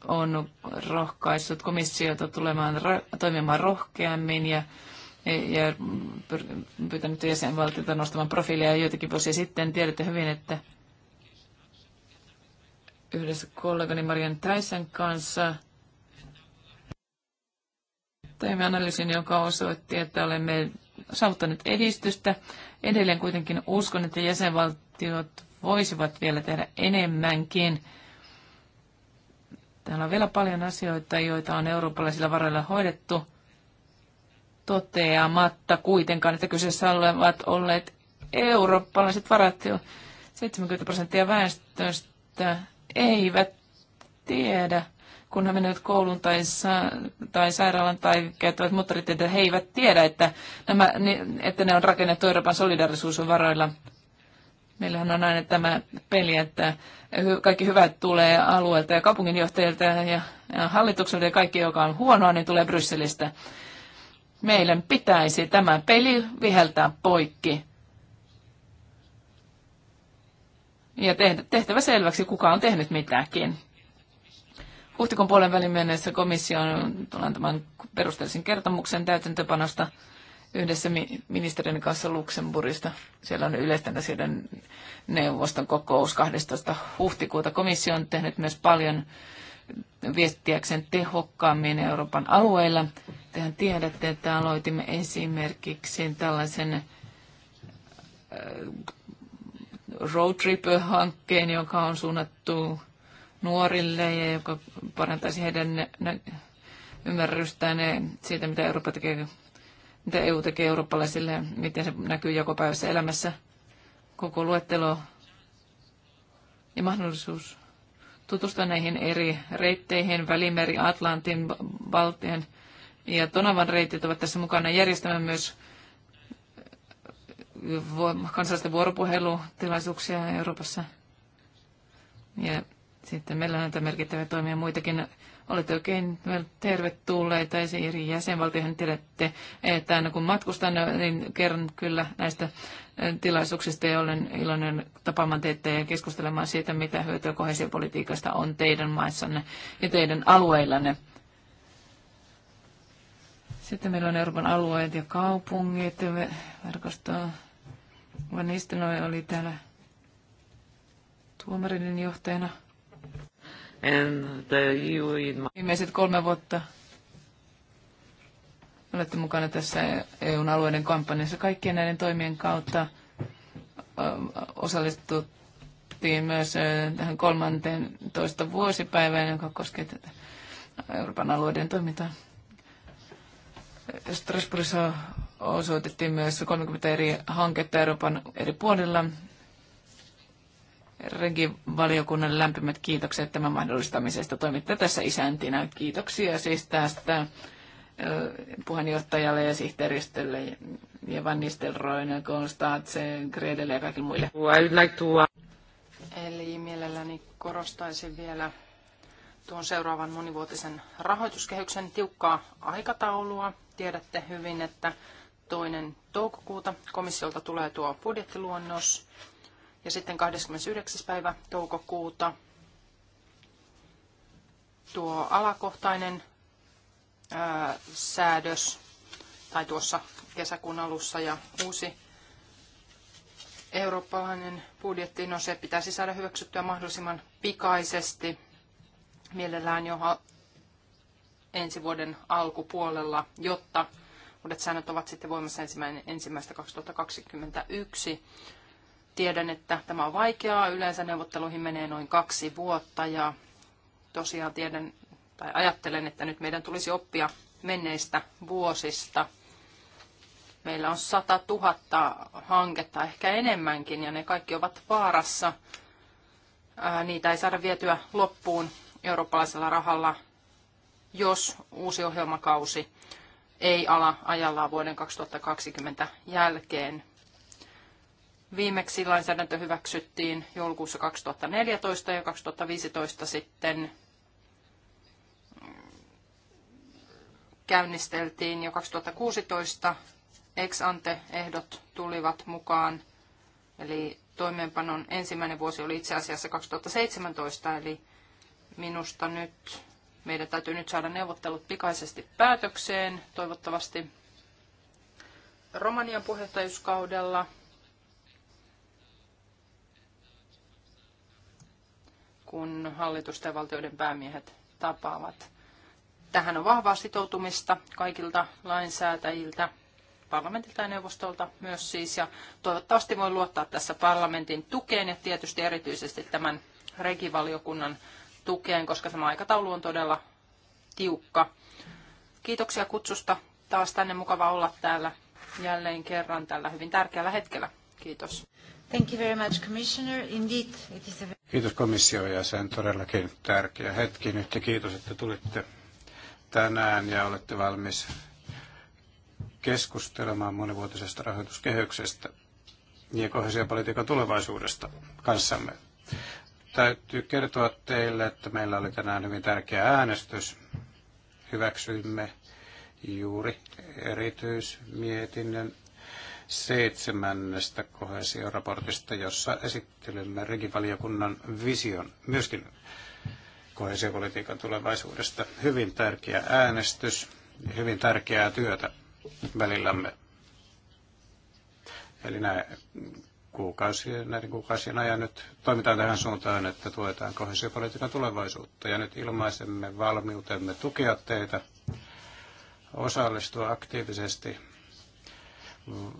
on rohkaissut komissiota tulemaan ra- toimimaan rohkeammin ja ja pyytänyt jäsenvaltiota nostamaan profiilia joitakin vuosia sitten. Tiedätte hyvin, että yhdessä kollegani Marian Täisen kanssa teimme analyysin, joka osoitti, että olemme saavuttanut edistystä. Edelleen kuitenkin uskon, että jäsenvaltiot voisivat vielä tehdä enemmänkin. Täällä on vielä paljon asioita, joita on eurooppalaisilla varoilla hoidettu toteamatta kuitenkaan, että kyseessä olevat olleet eurooppalaiset varat jo 70 prosenttia väestöstä eivät tiedä kun he menevät koulun tai, sa- tai sairaalan tai käyttävät moottoriteitä, he eivät tiedä, että, nämä, että ne on rakennettu Euroopan solidarisuusvaroilla. Meillähän on aina tämä peli, että kaikki hyvät tulee alueelta ja kaupunginjohtajilta ja, ja hallitukselta ja kaikki, joka on huonoa, niin tulee Brysselistä. Meidän pitäisi tämä peli viheltää poikki. Ja tehtävä selväksi, kuka on tehnyt mitäkin. Huhtikuun puolen välin mennessä komissio on antamaan perusteellisen kertomuksen täytäntöpanosta yhdessä ministerin kanssa Luxemburgista. Siellä on yleisten asioiden neuvoston kokous 12. huhtikuuta. Komissio on tehnyt myös paljon viestiäkseen tehokkaammin Euroopan alueilla. Tehän tiedätte, että aloitimme esimerkiksi tällaisen äh, trip hankkeen joka on suunnattu nuorille ja joka parantaisi heidän ymmärrystään siitä, mitä Eurooppa tekee, mitä EU tekee eurooppalaisille, miten se näkyy päivässä elämässä. Koko luettelo ja mahdollisuus tutustua näihin eri reitteihin, Välimeri, Atlantin, Baltian ja Tonavan reitit ovat tässä mukana. Järjestämme myös eh, kansallisten vuoropuhelutilaisuuksia Euroopassa. Ja sitten meillä on näitä merkittäviä toimia muitakin. Olette oikein tervetulleita eri jäsenvaltioihin. Tiedätte, että aina kun matkustan, niin kerron kyllä näistä eh, tilaisuuksista ja olen iloinen tapaamaan teitä ja keskustelemaan siitä, mitä hyötyä kohesiopolitiikasta on teidän maissanne ja teidän alueillanne. Sitten meillä on Euroopan alueet ja kaupungit, verkosto. Van Nistelrooy oli täällä tuomarinen johtajana. Viimeiset kolme vuotta olette mukana tässä EUn alueiden kampanjassa. Kaikkien näiden toimien kautta osallistuttiin myös tähän kolmanteen toista vuosipäivään, joka koskee tätä Euroopan alueiden toimintaa. Strasbourgissa osoitettiin myös 30 eri hanketta Euroopan eri puolilla regivaliokunnan lämpimät kiitokset tämän mahdollistamisesta. Toimitte tässä isäntinä. Kiitoksia siis tästä puheenjohtajalle ja sihteeristölle ja Van Nistelrooyn, Konstantse, Gredelle ja kaikille muille. Uh, Eli mielelläni korostaisin vielä tuon seuraavan monivuotisen rahoituskehyksen tiukkaa aikataulua. Tiedätte hyvin, että toinen toukokuuta komissiolta tulee tuo budjettiluonnos ja sitten 29. päivä toukokuuta tuo alakohtainen ää, säädös tai tuossa kesäkuun alussa ja uusi eurooppalainen budjetti, no se pitäisi saada hyväksyttyä mahdollisimman pikaisesti, mielellään jo ensi vuoden alkupuolella, jotta uudet säännöt ovat sitten voimassa ensimmäinen ensimmäistä 2021. Tiedän, että tämä on vaikeaa. Yleensä neuvotteluihin menee noin kaksi vuotta ja tosiaan tiedän tai ajattelen, että nyt meidän tulisi oppia menneistä vuosista. Meillä on 100 000 hanketta, ehkä enemmänkin, ja ne kaikki ovat vaarassa. Ää, niitä ei saada vietyä loppuun eurooppalaisella rahalla, jos uusi ohjelmakausi ei ala ajallaan vuoden 2020 jälkeen. Viimeksi lainsäädäntö hyväksyttiin joulukuussa 2014 ja 2015 sitten mm, käynnisteltiin jo 2016. Ex-ante-ehdot tulivat mukaan, eli toimeenpanon ensimmäinen vuosi oli itse asiassa 2017, eli minusta nyt meidän täytyy nyt saada neuvottelut pikaisesti päätökseen, toivottavasti Romanian puheenjohtajuuskaudella. kun hallitusten ja valtioiden päämiehet tapaavat. Tähän on vahvaa sitoutumista kaikilta lainsäätäjiltä, parlamentilta ja neuvostolta myös siis. Ja toivottavasti voi luottaa tässä parlamentin tukeen ja tietysti erityisesti tämän regivaliokunnan tukeen, koska tämä aikataulu on todella tiukka. Kiitoksia kutsusta taas tänne. Mukava olla täällä jälleen kerran tällä hyvin tärkeällä hetkellä. Kiitos. Thank you very much, Commissioner. Indeed, it is a... Kiitos komissio ja sen todellakin tärkeä hetki nyt ja kiitos, että tulitte tänään ja olette valmis keskustelemaan monivuotisesta rahoituskehyksestä ja kohesiopolitiikan tulevaisuudesta kanssamme. Täytyy kertoa teille, että meillä oli tänään hyvin tärkeä äänestys. Hyväksyimme juuri erityismietinnön seitsemännestä kohesioraportista, jossa esittelemme regivaliokunnan vision myöskin kohesiopolitiikan tulevaisuudesta. Hyvin tärkeä äänestys, hyvin tärkeää työtä välillämme. Eli näin kuukausien, näiden kuukausien ajan nyt toimitaan tähän suuntaan, että tuetaan kohesiopolitiikan tulevaisuutta. Ja nyt ilmaisemme valmiutemme tukea teitä, osallistua aktiivisesti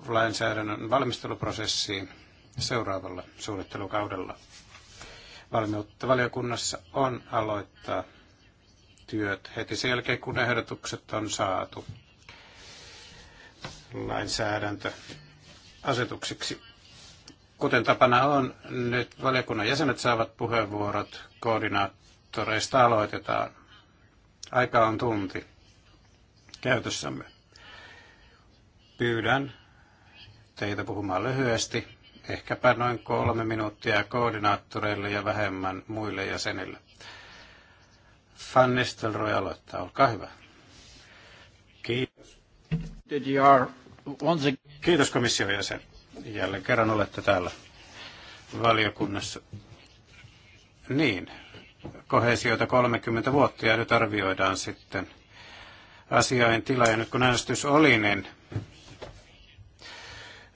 lainsäädännön valmisteluprosessiin seuraavalla suunnittelukaudella. Valmiutta valiokunnassa on aloittaa työt heti sen jälkeen, kun ehdotukset on saatu lainsäädäntöasetuksiksi. Kuten tapana on, nyt valiokunnan jäsenet saavat puheenvuorot, koordinaattoreista aloitetaan. Aika on tunti käytössämme. Pyydän teitä puhumaan lyhyesti, ehkäpä noin kolme minuuttia koordinaattoreille ja vähemmän muille jäsenille. Van Nistelrooy aloittaa, olkaa hyvä. Kiitos. Kiitos komission jäsen. Jälleen kerran olette täällä valiokunnassa. Niin, kohesioita 30 vuotta ja nyt arvioidaan sitten asiain tila. Ja nyt kun äänestys oli, niin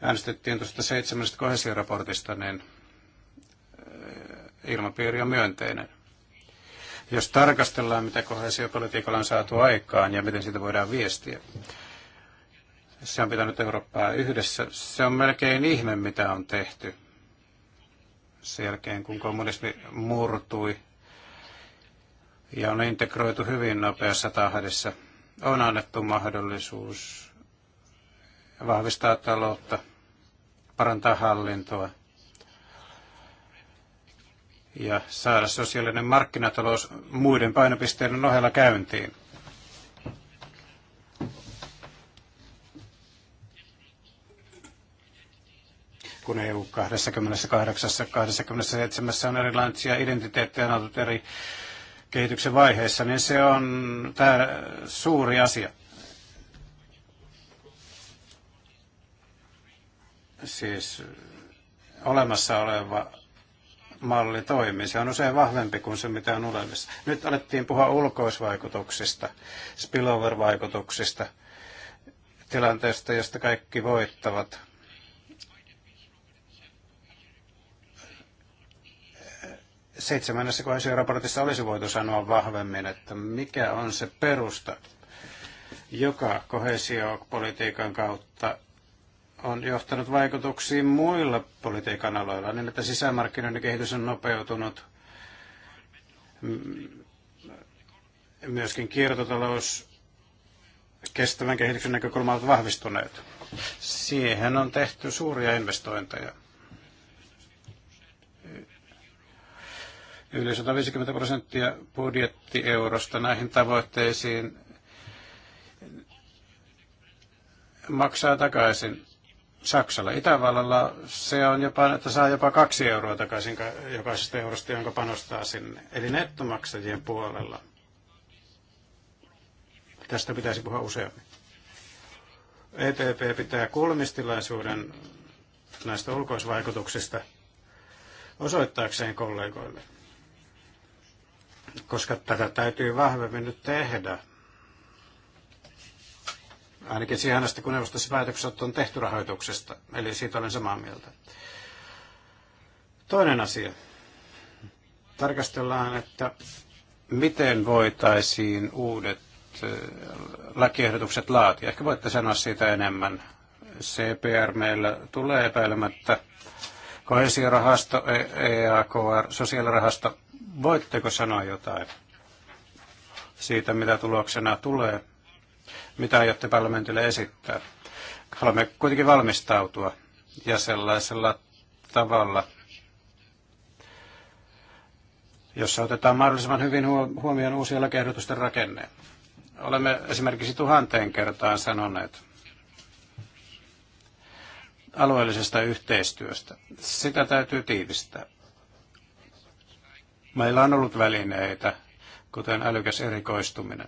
äänestettiin tuosta seitsemästä kohesioraportista, niin eh, ilmapiiri on myönteinen. Jos tarkastellaan, mitä kohesiopolitiikalla on saatu aikaan ja miten siitä voidaan viestiä, se on pitänyt Eurooppaa yhdessä. Se on melkein ihme, mitä on tehty sen jälkeen, kun kommunismi murtui ja on integroitu hyvin nopeassa tahdissa. On annettu mahdollisuus vahvistaa taloutta, parantaa hallintoa ja saada sosiaalinen markkinatalous muiden painopisteiden ohella käyntiin. kun EU 28 27 on erilaisia identiteettejä on ollut eri kehityksen vaiheessa, niin se on tämä suuri asia. siis olemassa oleva malli toimii. Se on usein vahvempi kuin se, mitä on olemassa. Nyt alettiin puhua ulkoisvaikutuksista, spillover-vaikutuksista, tilanteesta, josta kaikki voittavat. Seitsemännessä raportissa olisi voitu sanoa vahvemmin, että mikä on se perusta, joka kohesiopolitiikan kautta on johtanut vaikutuksiin muilla politiikan aloilla, niin että sisämarkkinoiden kehitys on nopeutunut. Mm, myöskin kiertotalous kestävän kehityksen näkökulma ovat vahvistuneet. Siihen on tehty suuria investointeja. Yli 150 prosenttia budjettieurosta näihin tavoitteisiin maksaa takaisin. Saksalla, Itävallalla se on jopa, että saa jopa kaksi euroa takaisin jokaisesta eurosta, jonka panostaa sinne. Eli nettomaksajien puolella. Tästä pitäisi puhua useammin. ETP pitää kulmistilaisuuden näistä ulkoisvaikutuksista osoittaakseen kollegoille, koska tätä täytyy vahvemmin nyt tehdä ainakin siihen asti, kun neuvostossa päätökset on tehty rahoituksesta. Eli siitä olen samaa mieltä. Toinen asia. Tarkastellaan, että miten voitaisiin uudet eh, lakiehdotukset laatia. Ehkä voitte sanoa siitä enemmän. CPR meillä tulee epäilemättä. Kohesiorahasto, EAKR, e sosiaalirahasto. Voitteko sanoa jotain siitä, mitä tuloksena tulee mitä aiotte parlamentille esittää? Haluamme kuitenkin valmistautua ja sellaisella tavalla, jossa otetaan mahdollisimman hyvin huomioon uusia lakiehdotusten rakenne. Olemme esimerkiksi tuhanteen kertaan sanoneet alueellisesta yhteistyöstä. Sitä täytyy tiivistää. Meillä on ollut välineitä, kuten älykäs erikoistuminen.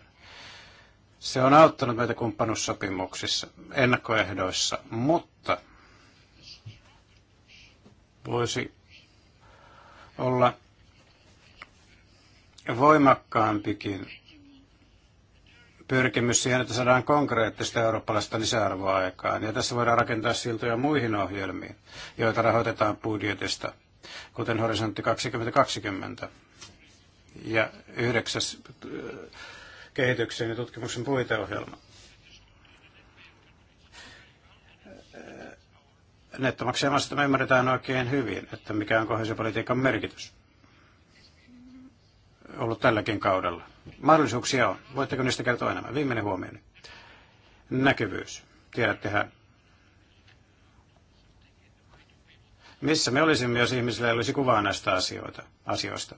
Se on auttanut meitä kumppanuussopimuksissa, ennakkoehdoissa, mutta voisi olla voimakkaampikin pyrkimys siihen, että saadaan konkreettista eurooppalaista lisäarvoa aikaan. Ja tässä voidaan rakentaa siltoja muihin ohjelmiin, joita rahoitetaan budjetista, kuten Horisontti 2020. Ja yhdeksäs kehityksen ja tutkimuksen puiteohjelma. Nettomaksajamasta me ymmärretään oikein hyvin, että mikä on kohesiopolitiikan merkitys ollut tälläkin kaudella. Mahdollisuuksia on. Voitteko niistä kertoa enemmän? Viimeinen huomio. Näkyvyys. Tiedättehän, missä me olisimme, jos ihmisillä ei olisi kuvaa näistä asioita, asioista.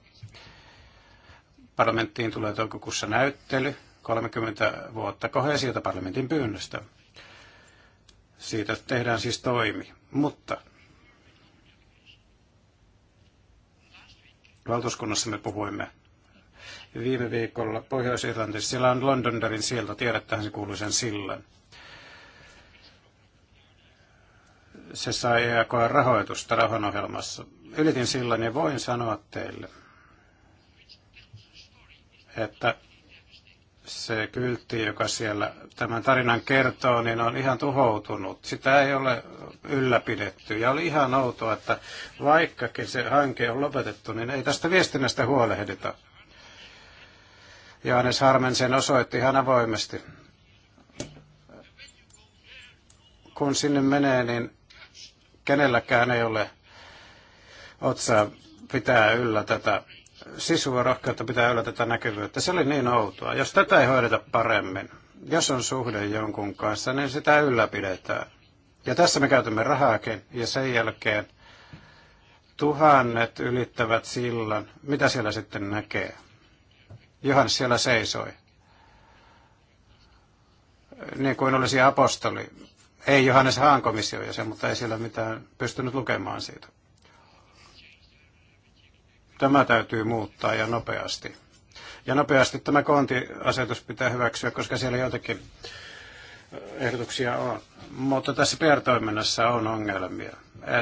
Parlamenttiin tulee toukokuussa näyttely 30 vuotta kohesiota parlamentin pyynnöstä. Siitä tehdään siis toimi. Mutta valtuuskunnassa me puhuimme viime viikolla Pohjois-Irlantissa. Siellä on Londonderin silta, tiedättehän se kuuluisen sillan. Se sai EAKR rahoitusta rahanohjelmassa. Ylitin sillan ja voin sanoa teille – että se kyltti, joka siellä tämän tarinan kertoo, niin on ihan tuhoutunut. Sitä ei ole ylläpidetty. Ja oli ihan outoa, että vaikkakin se hanke on lopetettu, niin ei tästä viestinnästä huolehdita. Johannes Harmen sen osoitti ihan avoimesti. Kun sinne menee, niin kenelläkään ei ole otsaa pitää yllä tätä sisuvan rohkeutta pitää yllä tätä näkyvyyttä. Se oli niin outoa. Jos tätä ei hoideta paremmin, jos on suhde jonkun kanssa, niin sitä ylläpidetään. Ja tässä me käytämme rahaakin, ja sen jälkeen tuhannet ylittävät sillan. Mitä siellä sitten näkee? Johannes siellä seisoi. Niin kuin olisi apostoli. Ei Johannes Haankomissio ja se, mutta ei siellä mitään pystynyt lukemaan siitä. Tämä täytyy muuttaa ja nopeasti. Ja nopeasti tämä koontiasetus pitää hyväksyä, koska siellä joitakin äh, ehdotuksia on. Mutta tässä PR-toiminnassa on ongelmia,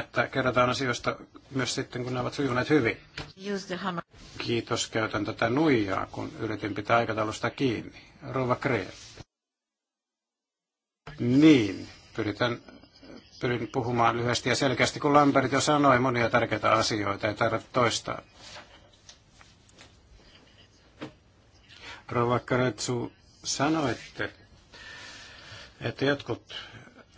että kerrotaan asioista myös sitten, kun ne ovat sujuneet hyvin. Kiitos, käytän tätä nuijaa, kun yritin pitää aikataulusta kiinni. Rova Kree. Niin, pyritän, pyrin puhumaan lyhyesti ja selkeästi, kun Lambert jo sanoi monia tärkeitä asioita, ei tarvitse toistaa. Rova Karetsu, sanoitte, että jotkut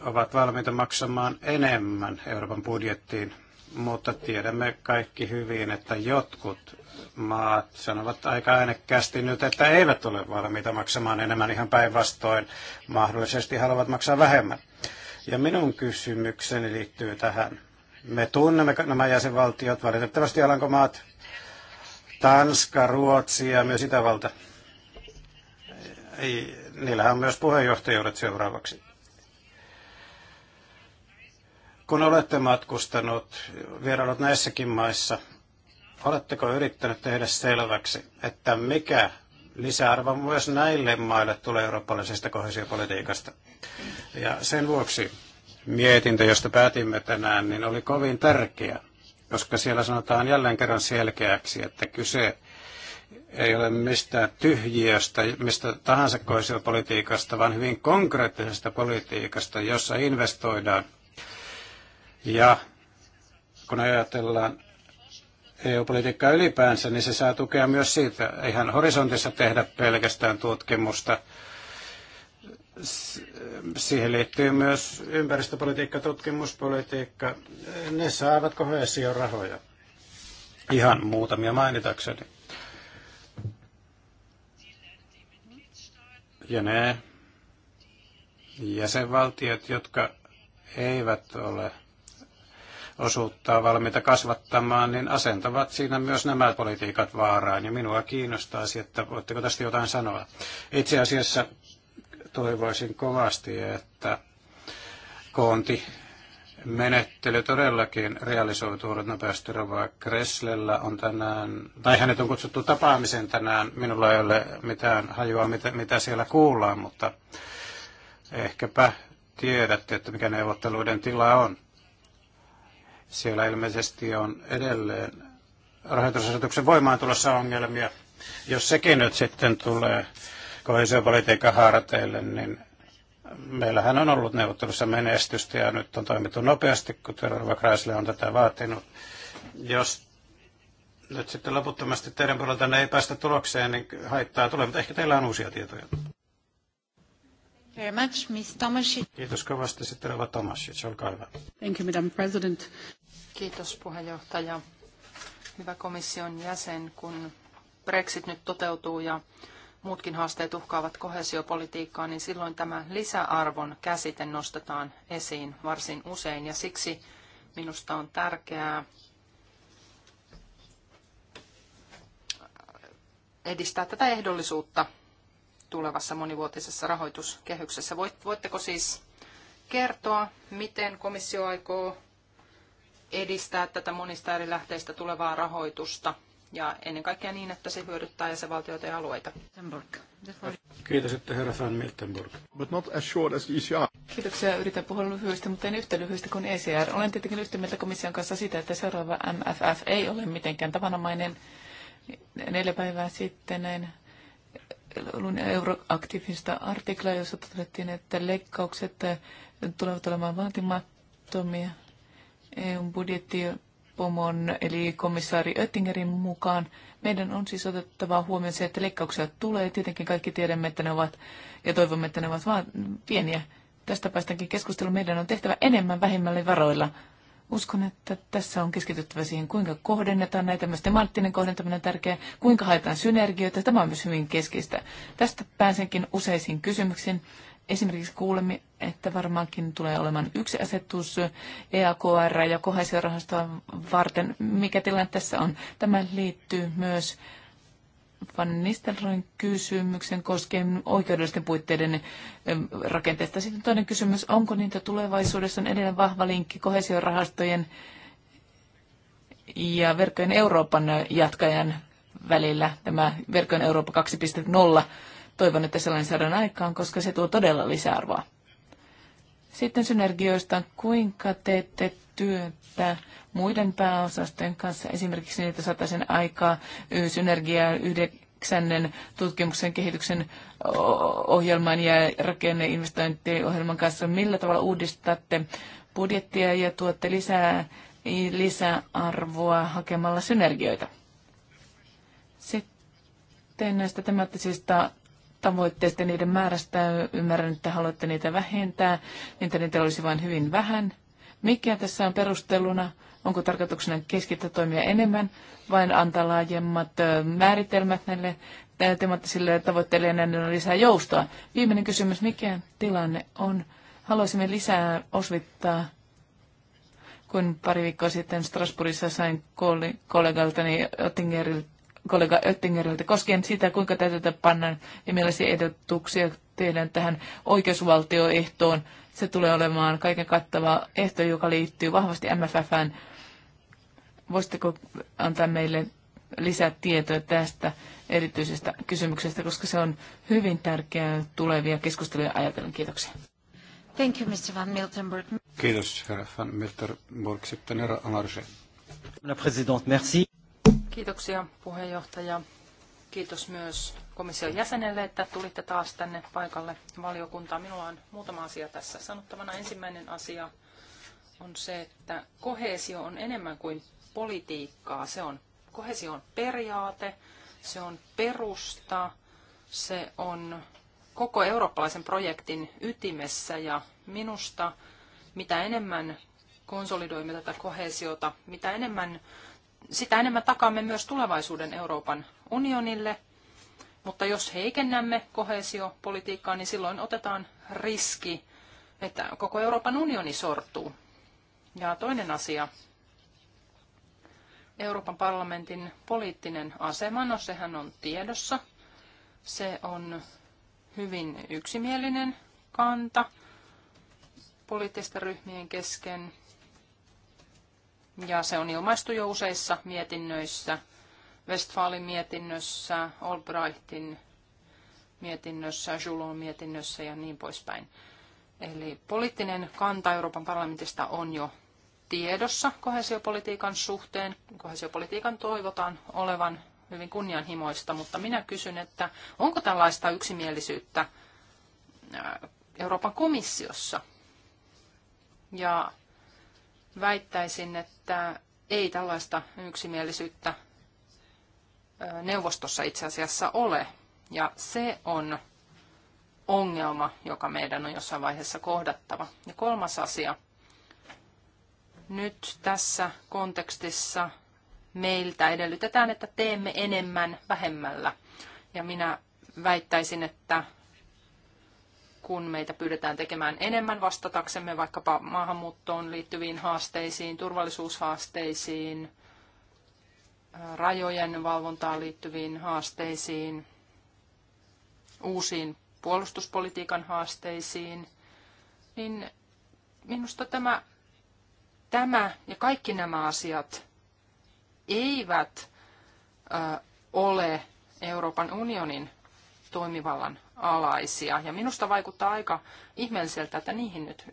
ovat valmiita maksamaan enemmän Euroopan budjettiin, mutta tiedämme kaikki hyvin, että jotkut maat sanovat aika äänekkäästi nyt, että eivät ole valmiita maksamaan enemmän ihan päinvastoin, mahdollisesti haluavat maksaa vähemmän. Ja minun kysymykseni liittyy tähän. Me tunnemme nämä jäsenvaltiot, valitettavasti Alankomaat, Tanska, Ruotsi ja myös Itävalta. Ei, niillähän on myös puheenjohtajuudet seuraavaksi. Kun olette matkustanut, vierailut näissäkin maissa, oletteko yrittänyt tehdä selväksi, että mikä lisäarvo myös näille maille tulee eurooppalaisesta kohesiopolitiikasta? Ja sen vuoksi mietintö, josta päätimme tänään, niin oli kovin tärkeä, koska siellä sanotaan jälleen kerran selkeäksi, että kyse ei ole mistään tyhjiöstä, mistä tahansa koesiopolitiikasta, vaan hyvin konkreettisesta politiikasta, jossa investoidaan. Ja kun ajatellaan EU-politiikkaa ylipäänsä, niin se saa tukea myös siitä. Eihän horisontissa tehdä pelkästään tutkimusta. Siihen liittyy myös ympäristöpolitiikka, tutkimuspolitiikka. Ne saavat kohesion rahoja. Ihan muutamia mainitakseni. Ja ne jäsenvaltiot, jotka eivät ole osuuttaa valmiita kasvattamaan, niin asentavat siinä myös nämä politiikat vaaraan. Ja minua kiinnostaisi, että voitteko tästä jotain sanoa. Itse asiassa toivoisin kovasti, että koonti menettely todellakin realisoituu nopeasti. Rova Kresslellä on tänään, tai hänet on kutsuttu tapaamiseen tänään. Minulla ei ole mitään hajua, mitä, mitä siellä kuullaan, mutta ehkäpä tiedätte, että mikä neuvotteluiden tila on. Siellä ilmeisesti on edelleen rahoitusasetuksen voimaan tulossa ongelmia. Jos sekin nyt sitten tulee kohesiopolitiikan harteille, niin Meillähän on ollut neuvottelussa menestystä ja nyt on toimittu nopeasti, kun Rova Kreisle on tätä vaatinut. Jos nyt sitten loputtomasti teidän puoleltanne ei päästä tulokseen, niin haittaa tulee, mutta ehkä teillä on uusia tietoja. Very much, Miss Kiitos kovasti. Sitten Rova Tomasic, olkaa hyvä. Thank you, Madam President. Kiitos puheenjohtaja. Hyvä komission jäsen, kun Brexit nyt toteutuu ja muutkin haasteet uhkaavat kohesiopolitiikkaa, niin silloin tämä lisäarvon käsite nostetaan esiin varsin usein. Ja siksi minusta on tärkeää edistää tätä ehdollisuutta tulevassa monivuotisessa rahoituskehyksessä. Voitteko siis kertoa, miten komissio aikoo edistää tätä monista eri lähteistä tulevaa rahoitusta – ja ennen kaikkea niin, että se hyödyttää jäsenvaltioita ja alueita. Kiitos, että herra Van Miltenburg. But not as short as ECR. Kiitoksia. Yritän puhua lyhyesti, mutta en yhtä lyhyesti kuin ECR. Olen tietenkin yhtä mieltä komission kanssa sitä, että seuraava MFF ei ole mitenkään tavanomainen. Neljä päivää sitten näin luin euroaktiivista artiklaa, jossa todettiin, että leikkaukset tulevat olemaan vaatimattomia. eu budjetti pomon eli komissaari Oettingerin mukaan meidän on siis otettava huomioon se, että leikkauksia tulee. Tietenkin kaikki tiedämme, että ne ovat, ja toivomme, että ne ovat vain pieniä. Tästä päästäänkin keskusteluun. Meidän on tehtävä enemmän vähemmälle varoilla. Uskon, että tässä on keskityttävä siihen, kuinka kohdennetaan näitä. Myös temaattinen kohdentaminen on tärkeää, kuinka haetaan synergioita. Tämä on myös hyvin keskeistä. Tästä pääsenkin useisiin kysymyksiin. Esimerkiksi kuulemme, että varmaankin tulee olemaan yksi asetus EAKR ja kohesiorahastoa varten. Mikä tilanne tässä on? Tämä liittyy myös Van Nistelroin kysymyksen koskien oikeudellisten puitteiden rakenteesta. Sitten toinen kysymys, onko niitä tulevaisuudessa on edelleen vahva linkki kohesiorahastojen ja verkkojen Euroopan jatkajan välillä, tämä verkkojen Eurooppa 2.0 Toivon, että sellainen saadaan aikaan, koska se tuo todella lisäarvoa. Sitten synergioista, kuinka teette työtä muiden pääosasten kanssa, esimerkiksi niitä saataisiin aikaa synergiaa yhdeksännen tutkimuksen kehityksen ohjelman ja ohjelman kanssa. Millä tavalla uudistatte budjettia ja tuotte lisää lisäarvoa hakemalla synergioita? Sitten näistä temaattisista tavoitteista niiden määrästä. Ymmärrän, että haluatte niitä vähentää, niitä niitä olisi vain hyvin vähän. Mikä tässä on perusteluna? Onko tarkoituksena keskittää toimia enemmän vai antaa laajemmat määritelmät näille temaattisille tavoitteille ja näin lisää joustoa? Viimeinen kysymys, mikä tilanne on? Haluaisimme lisää osvittaa kun pari viikkoa sitten Strasbourgissa sain kollegaltani Ottingerilta kollega Oettingeriltä koskien sitä, kuinka tätä pannaan ja millaisia ehdotuksia tehdään tähän oikeusvaltioehtoon. Se tulee olemaan kaiken kattava ehto, joka liittyy vahvasti MFFään. Voisitteko antaa meille lisää tietoa tästä erityisestä kysymyksestä, koska se on hyvin tärkeää tulevia keskusteluja ajatellen. Kiitoksia. Thank you, Mr. Van Miltenburg. Kiitos, herra Van Miltenburg. Sitten herra Alarge. Herra la Présidente, merci. Kiitoksia puheenjohtaja. Kiitos myös komission jäsenelle, että tulitte taas tänne paikalle valiokuntaan. Minulla on muutama asia tässä sanottavana. Ensimmäinen asia on se, että kohesio on enemmän kuin politiikkaa. Se on, kohesio on periaate, se on perusta, se on koko eurooppalaisen projektin ytimessä ja minusta mitä enemmän konsolidoimme tätä kohesiota, mitä enemmän sitä enemmän takaamme myös tulevaisuuden Euroopan unionille. Mutta jos heikennämme kohesiopolitiikkaa, niin silloin otetaan riski, että koko Euroopan unioni sortuu. Ja toinen asia, Euroopan parlamentin poliittinen asema, no sehän on tiedossa. Se on hyvin yksimielinen kanta poliittisten ryhmien kesken ja se on ilmaistu jo useissa mietinnöissä, Westfalin mietinnössä, Albrightin mietinnössä, Julon mietinnössä ja niin poispäin. Eli poliittinen kanta Euroopan parlamentista on jo tiedossa kohesiopolitiikan suhteen. Kohesiopolitiikan toivotaan olevan hyvin kunnianhimoista, mutta minä kysyn, että onko tällaista yksimielisyyttä Euroopan komissiossa? Ja väittäisin, että ei tällaista yksimielisyyttä neuvostossa itse asiassa ole. Ja se on ongelma, joka meidän on jossain vaiheessa kohdattava. Ja kolmas asia. Nyt tässä kontekstissa meiltä edellytetään, että teemme enemmän vähemmällä. Ja minä väittäisin, että kun meitä pyydetään tekemään enemmän vastataksemme vaikkapa maahanmuuttoon liittyviin haasteisiin, turvallisuushaasteisiin, rajojen valvontaan liittyviin haasteisiin, uusiin puolustuspolitiikan haasteisiin, niin minusta tämä, tämä ja kaikki nämä asiat eivät ole Euroopan unionin toimivallan alaisia. Ja minusta vaikuttaa aika ihmeelliseltä, että niihin nyt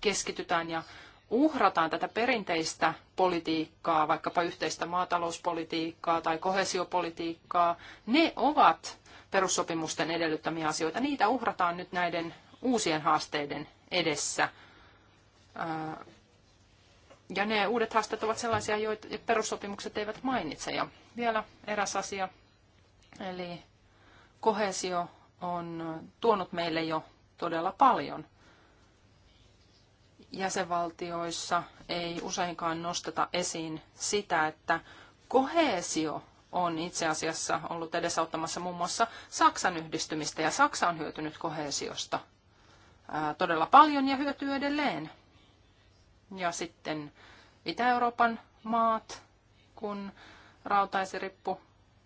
keskitytään ja uhrataan tätä perinteistä politiikkaa, vaikkapa yhteistä maatalouspolitiikkaa tai kohesiopolitiikkaa. Ne ovat perussopimusten edellyttämiä asioita. Niitä uhrataan nyt näiden uusien haasteiden edessä. Ja ne uudet haasteet ovat sellaisia, joita perussopimukset eivät mainitse. Ja vielä eräs asia, eli kohesio on tuonut meille jo todella paljon. Jäsenvaltioissa ei useinkaan nosteta esiin sitä, että kohesio on itse asiassa ollut edesauttamassa muun muassa Saksan yhdistymistä, ja Saksa on hyötynyt kohesiosta todella paljon ja hyötyy edelleen. Ja sitten Itä-Euroopan maat, kun rautaisirippu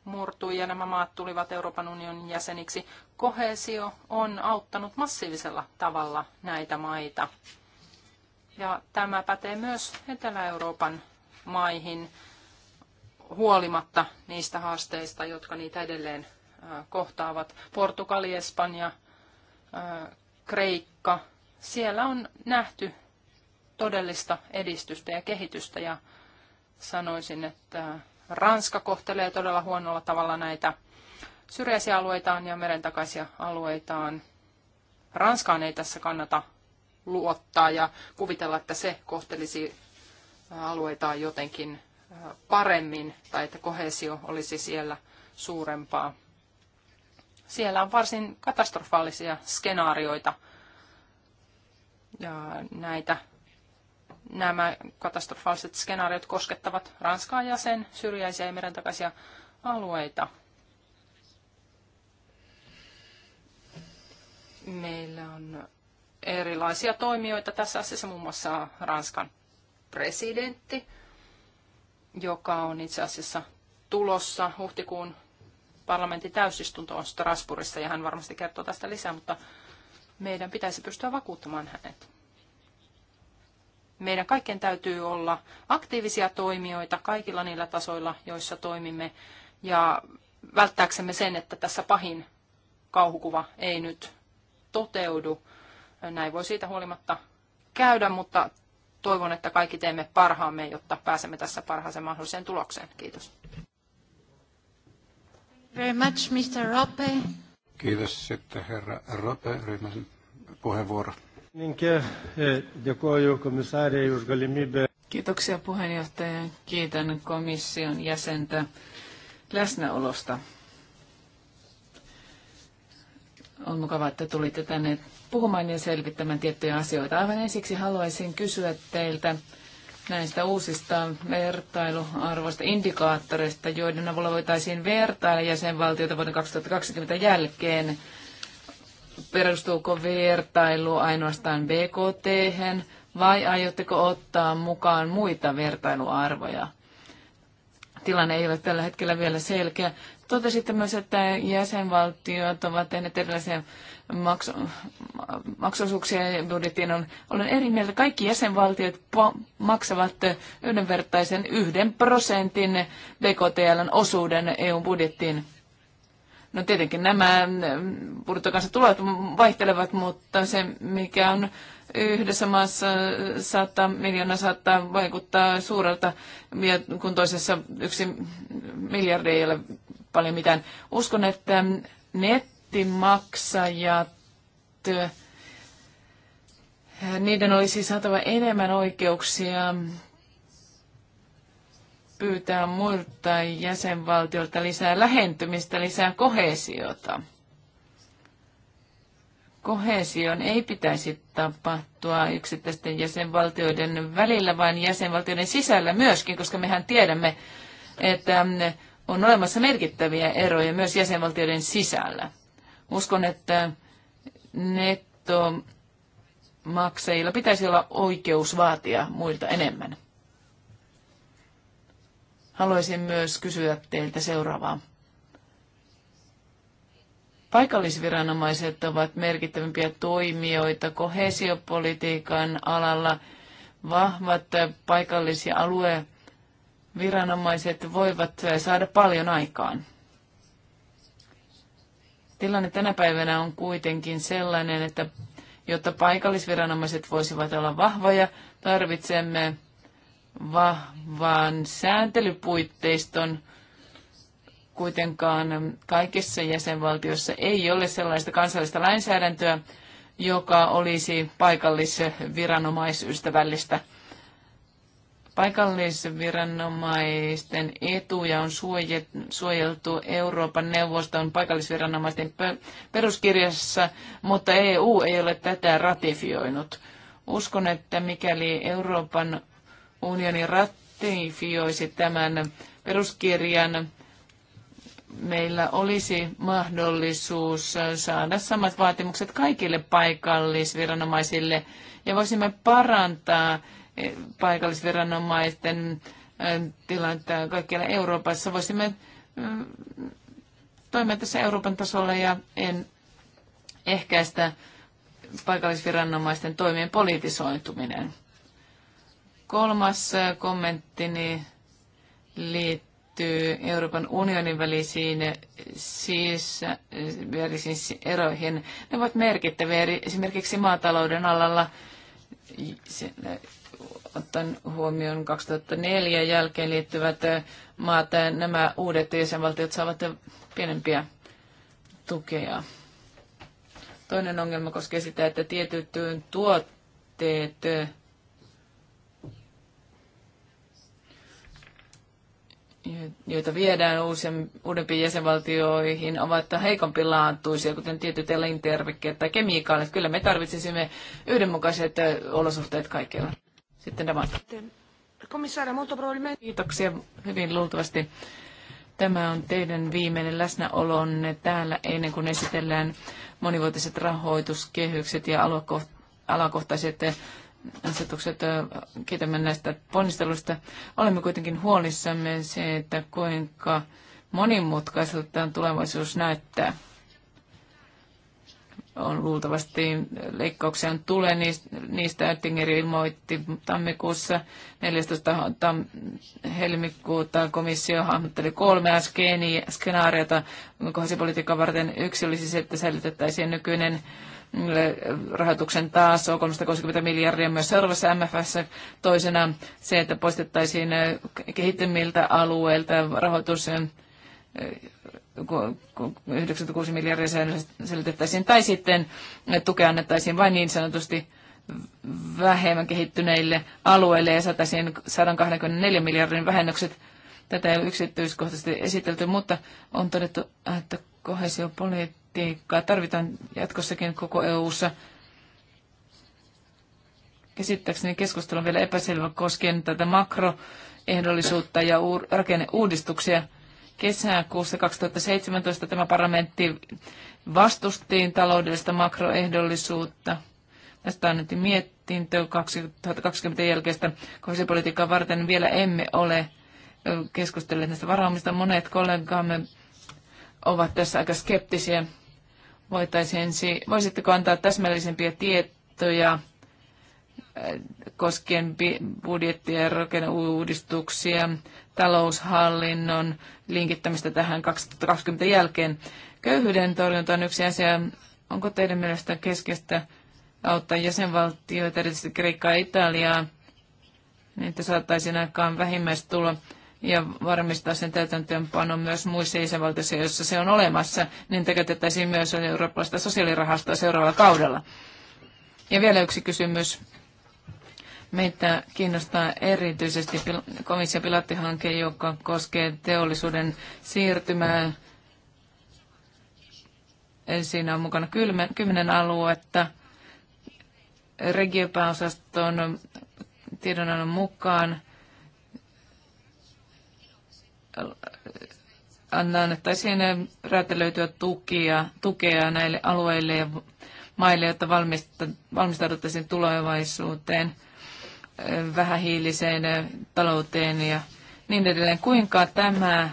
murtui ja nämä maat tulivat Euroopan unionin jäseniksi. Kohesio on auttanut massiivisella tavalla näitä maita. Ja tämä pätee myös Etelä-Euroopan maihin huolimatta niistä haasteista, jotka niitä edelleen kohtaavat. Portugali, Espanja, Kreikka. Siellä on nähty todellista edistystä ja kehitystä ja sanoisin, että Ranska kohtelee todella huonolla tavalla näitä syrjäisiä alueitaan ja merentakaisia alueitaan. Ranskaan ei tässä kannata luottaa ja kuvitella, että se kohtelisi alueitaan jotenkin paremmin tai että kohesio olisi siellä suurempaa. Siellä on varsin katastrofaalisia skenaarioita ja näitä nämä katastrofaaliset skenaariot koskettavat Ranskaa ja sen syrjäisiä ja meren takaisia alueita. Meillä on erilaisia toimijoita tässä asiassa, muun muassa Ranskan presidentti, joka on itse asiassa tulossa huhtikuun parlamentin täysistuntoon Strasbourgissa, ja hän varmasti kertoo tästä lisää, mutta meidän pitäisi pystyä vakuuttamaan hänet meidän kaikkien täytyy olla aktiivisia toimijoita kaikilla niillä tasoilla, joissa toimimme, ja välttääksemme sen, että tässä pahin kauhukuva ei nyt toteudu. Näin voi siitä huolimatta käydä, mutta toivon, että kaikki teemme parhaamme, jotta pääsemme tässä parhaaseen mahdolliseen tulokseen. Kiitos. Very much, Mr. Rope. Kiitos sitten herra Rope, ryhmän puheenvuoro. E, Kiitoksia puheenjohtaja. Kiitän komission jäsentä läsnäolosta. On mukavaa, että tulitte tänne puhumaan ja selvittämään tiettyjä asioita. Aivan ensiksi haluaisin kysyä teiltä näistä uusista vertailuarvoista, indikaattoreista, joiden avulla voitaisiin vertailla jäsenvaltioita vuoden 2020 jälkeen Perustuuko vertailu ainoastaan BKT vai aiotteko ottaa mukaan muita vertailuarvoja? Tilanne ei ole tällä hetkellä vielä selkeä. Totesitte myös, että jäsenvaltiot ovat tehneet erilaisia maksu, maksuosuuksia budjettiin. On, olen eri mieltä. Kaikki jäsenvaltiot maksavat yhdenvertaisen yhden prosentin bktl osuuden EU-budjettiin. No tietenkin nämä bruttokansantulot mm, vaihtelevat, mutta se mikä on yhdessä maassa äh, saattaa, miljoona saattaa vaikuttaa suurelta, kun toisessa yksi miljardi ei ole paljon mitään. Uskon, että nettimaksajat, äh, niiden olisi saatava enemmän oikeuksia pyytää muilta jäsenvaltioilta lisää lähentymistä, lisää kohesiota. Kohesion ei pitäisi tapahtua yksittäisten jäsenvaltioiden välillä, vaan jäsenvaltioiden sisällä myöskin, koska mehän tiedämme, että mm, on olemassa merkittäviä eroja myös jäsenvaltioiden sisällä. Uskon, että maksajilla pitäisi olla oikeus vaatia muilta enemmän. Haluaisin myös kysyä teiltä seuraavaa. Paikallisviranomaiset ovat merkittävimpiä toimijoita kohesiopolitiikan alalla. Vahvat paikallis- ja alueviranomaiset voivat saada paljon aikaan. Tilanne tänä päivänä on kuitenkin sellainen, että jotta paikallisviranomaiset voisivat olla vahvoja, tarvitsemme vahvan sääntelypuitteiston. Kuitenkaan kaikissa jäsenvaltioissa ei ole sellaista kansallista lainsäädäntöä, joka olisi paikallisviranomaisystävällistä. Paikallisviranomaisten etuja on suojeltu Euroopan neuvoston paikallisviranomaisten peruskirjassa, mutta EU ei ole tätä ratifioinut. Uskon, että mikäli Euroopan unioni ratifioisi tämän peruskirjan, meillä olisi mahdollisuus saada samat vaatimukset kaikille paikallisviranomaisille ja voisimme parantaa eh, paikallisviranomaisten eh, tilannetta kaikkialla Euroopassa. Voisimme eh, toimia tässä Euroopan tasolla ja en ehkäistä paikallisviranomaisten toimien politisoituminen. Kolmas äh, kommenttini liittyy Euroopan unionin välisiin äh, siis, äh, välisiin eroihin. Ne ovat merkittäviä esimerkiksi maatalouden alalla ottaen huomioon 2004 jälkeen liittyvät maat, nämä uudet jäsenvaltiot saavat pienempiä tukea. Toinen ongelma koskee sitä, että tietyt tuotteet joita viedään uusien, uudempiin jäsenvaltioihin, ovat laatuisia, kuten tietyt elintervikkeet tai kemikaalit. Kyllä me tarvitsisimme yhdenmukaiset olosuhteet kaikilla. Sitten tämä. Komissaari, Kiitoksia hyvin luultavasti. Tämä on teidän viimeinen läsnäolonne täällä ennen kuin esitellään monivuotiset rahoituskehykset ja alakohtaiset asetukset. Kiitämme näistä ponnisteluista. Olemme kuitenkin huolissamme se, että kuinka monimutkaiselta tulevaisuus näyttää. On luultavasti leikkauksia on tulee, niistä Ettinger ilmoitti tammikuussa 14. Tam- helmikuuta komissio hahmotteli kolme skenaariota politiikan varten. Yksi olisi se, että säilytettäisiin nykyinen rahoituksen on 330 miljardia myös seuraavassa MFS. Toisena se, että poistettaisiin kehittymiltä alueilta rahoitus 96 miljardia selitettäisiin, tai sitten tukea annettaisiin vain niin sanotusti vähemmän kehittyneille alueille ja saataisiin 124 miljardin vähennykset. Tätä ei ole yksityiskohtaisesti esitelty, mutta on todettu, että kohesiopolitiikka politiikkaa tarvitaan jatkossakin koko EU-ssa. Käsittääkseni keskustelu on vielä epäselvä koskien tätä makroehdollisuutta ja rakenneuudistuksia. Kesäkuussa 2017 tämä parlamentti vastusti taloudellista makroehdollisuutta. Tästä annettiin mietintö 2020 jälkeistä kohdistopolitiikkaa varten. Vielä emme ole keskustelleet näistä varaumista. Monet kollegamme ovat tässä aika skeptisiä voitaisiin, voisitteko antaa täsmällisempiä tietoja äh, koskien budjettia ja rakenneuudistuksia, taloushallinnon linkittämistä tähän 2020 jälkeen. Köyhyyden torjunta on yksi asia. Onko teidän mielestä keskeistä auttaa jäsenvaltioita, erityisesti Kreikkaa ja Italiaa, niin että saataisiin aikaan vähimmäistulo? ja varmistaa sen täytäntöönpano myös muissa isävaltioissa, joissa se on olemassa, niin teketettäisiin myös eurooppalaista sosiaalirahastoa seuraavalla kaudella. Ja vielä yksi kysymys. Meitä kiinnostaa erityisesti komission pilottihanke, joka koskee teollisuuden siirtymää. Siinä on mukana kymmenen aluetta. Regiopääosaston tiedonannon mukaan annettaisiin räätälöityä tukia, tukea näille alueille ja maille, jotta valmistauduttaisiin tulevaisuuteen, vähähiiliseen talouteen ja niin edelleen. Kuinka tämä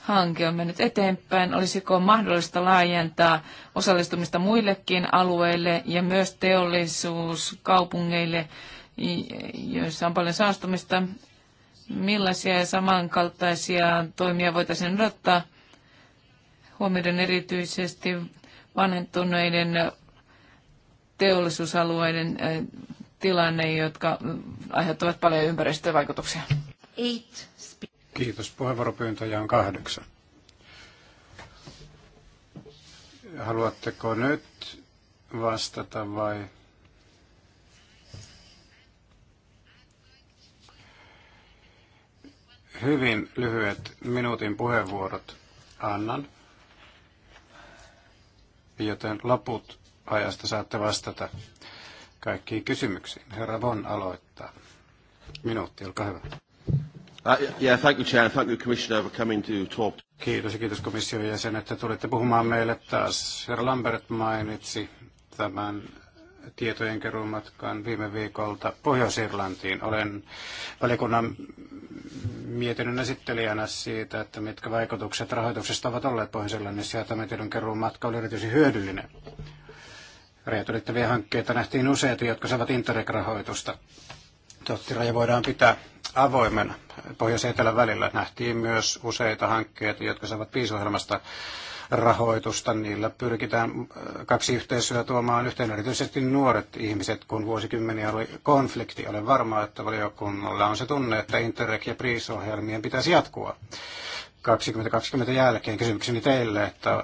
hanke on mennyt eteenpäin? Olisiko mahdollista laajentaa osallistumista muillekin alueille ja myös teollisuuskaupungeille, joissa on paljon saastumista, millaisia ja samankaltaisia toimia voitaisiin odottaa huomioiden erityisesti vanhentuneiden teollisuusalueiden tilanne, jotka aiheuttavat paljon ympäristövaikutuksia. Kiitos. Puheenvuoropyyntöjä on kahdeksan. Haluatteko nyt vastata vai hyvin lyhyet minuutin puheenvuorot annan, joten loput ajasta saatte vastata kaikkiin kysymyksiin. Herra Von aloittaa. Minuutti, olkaa hyvä. Kiitos ja kiitos komission jäsen, että tulitte puhumaan meille taas. Herra Lambert mainitsi tämän tietojenkeruun matkaan viime viikolta Pohjois-Irlantiin. Olen valiokunnan mietinnön esittelijänä siitä, että mitkä vaikutukset rahoituksesta ovat olleet Pohjois-Irlannissa ja tämä tiedonkeruun matka oli erityisen hyödyllinen. Rajatulittavia hankkeita nähtiin useita, jotka saavat Interreg-rahoitusta. Tottiraja voidaan pitää avoimena pohjois etelän välillä. Nähtiin myös useita hankkeita, jotka saavat piisohjelmasta rahoitusta. Niillä pyrkitään äh, kaksi yhteisöä tuomaan yhteen, erityisesti nuoret ihmiset, kun vuosikymmeniä oli konflikti. Olen varma, että valiokunnalla on se tunne, että Interreg ja PRIS-ohjelmien pitäisi jatkua. 2020 jälkeen kysymykseni teille, että äh,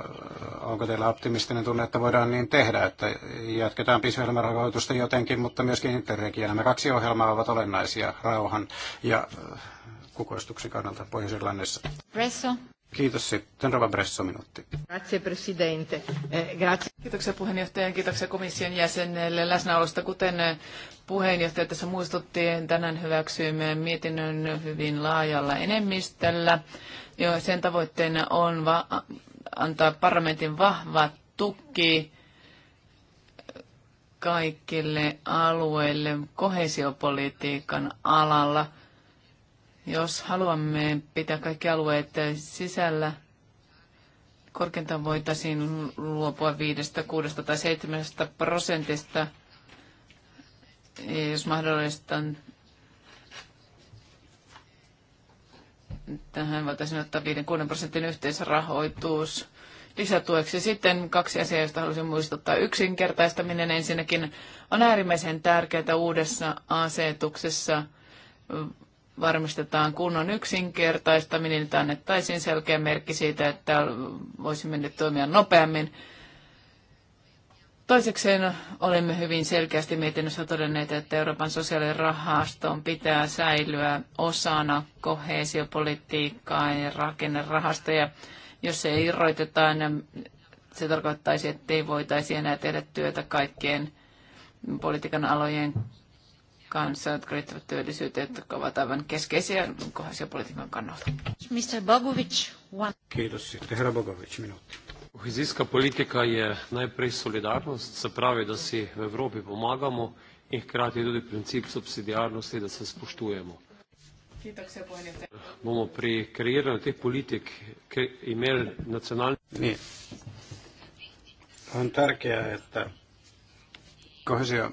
onko teillä optimistinen tunne, että voidaan niin tehdä, että jatketaan pis rahoitusta jotenkin, mutta myöskin Interregia. ja nämä kaksi ohjelmaa ovat olennaisia rauhan ja äh, kukoistuksen kannalta Pohjois-Irlannissa. Kiitos sitten, Rova Bresso, minuutti. Grazie, presidente. Eh, grazie. Kiitoksia puheenjohtajan, kiitoksia komission jäsenelle läsnäolosta. Kuten puheenjohtaja tässä muistutti, tänään hyväksyimme mietinnön hyvin laajalla enemmistöllä. Jo sen tavoitteena on antaa parlamentin vahva tuki kaikille alueille kohesiopolitiikan alalla – jos haluamme pitää kaikki alueet sisällä, korkeintaan voitaisiin luopua 5, 6 tai 7 prosentista, jos mahdollista. Tähän voitaisiin ottaa 5-6 prosentin yhteisrahoitus lisätueksi. Sitten kaksi asiaa, joista haluaisin muistuttaa. Yksinkertaistaminen ensinnäkin on äärimmäisen tärkeää uudessa asetuksessa varmistetaan kunnon yksinkertaistaminen, että annettaisiin selkeä merkki siitä, että voisimme mennä toimia nopeammin. Toisekseen olemme hyvin selkeästi mietinnössä todenneet, että Euroopan sosiaalirahaston pitää säilyä osana kohesiopolitiikkaa ja rakennerahastoja. Jos se irroitetaan, se tarkoittaisi, että ei voitaisi enää tehdä työtä kaikkien politiikan alojen kanssa, jotka liittyvät työllisyyteen, jotka ovat aivan keskeisiä politiikan kannalta. Mr. Bogovic, one. Kiitos. Sitten herra Bogovic, minuutti. Kohezijska politika je najprej solidarnost, se pravi, da si v Evropi pomagamo in hkrati tudi princip subsidiarnosti, da se spoštujemo. Bomo pri kreiranju teh politik imeli nacionalni. Niin. On tärkeää, että kohesio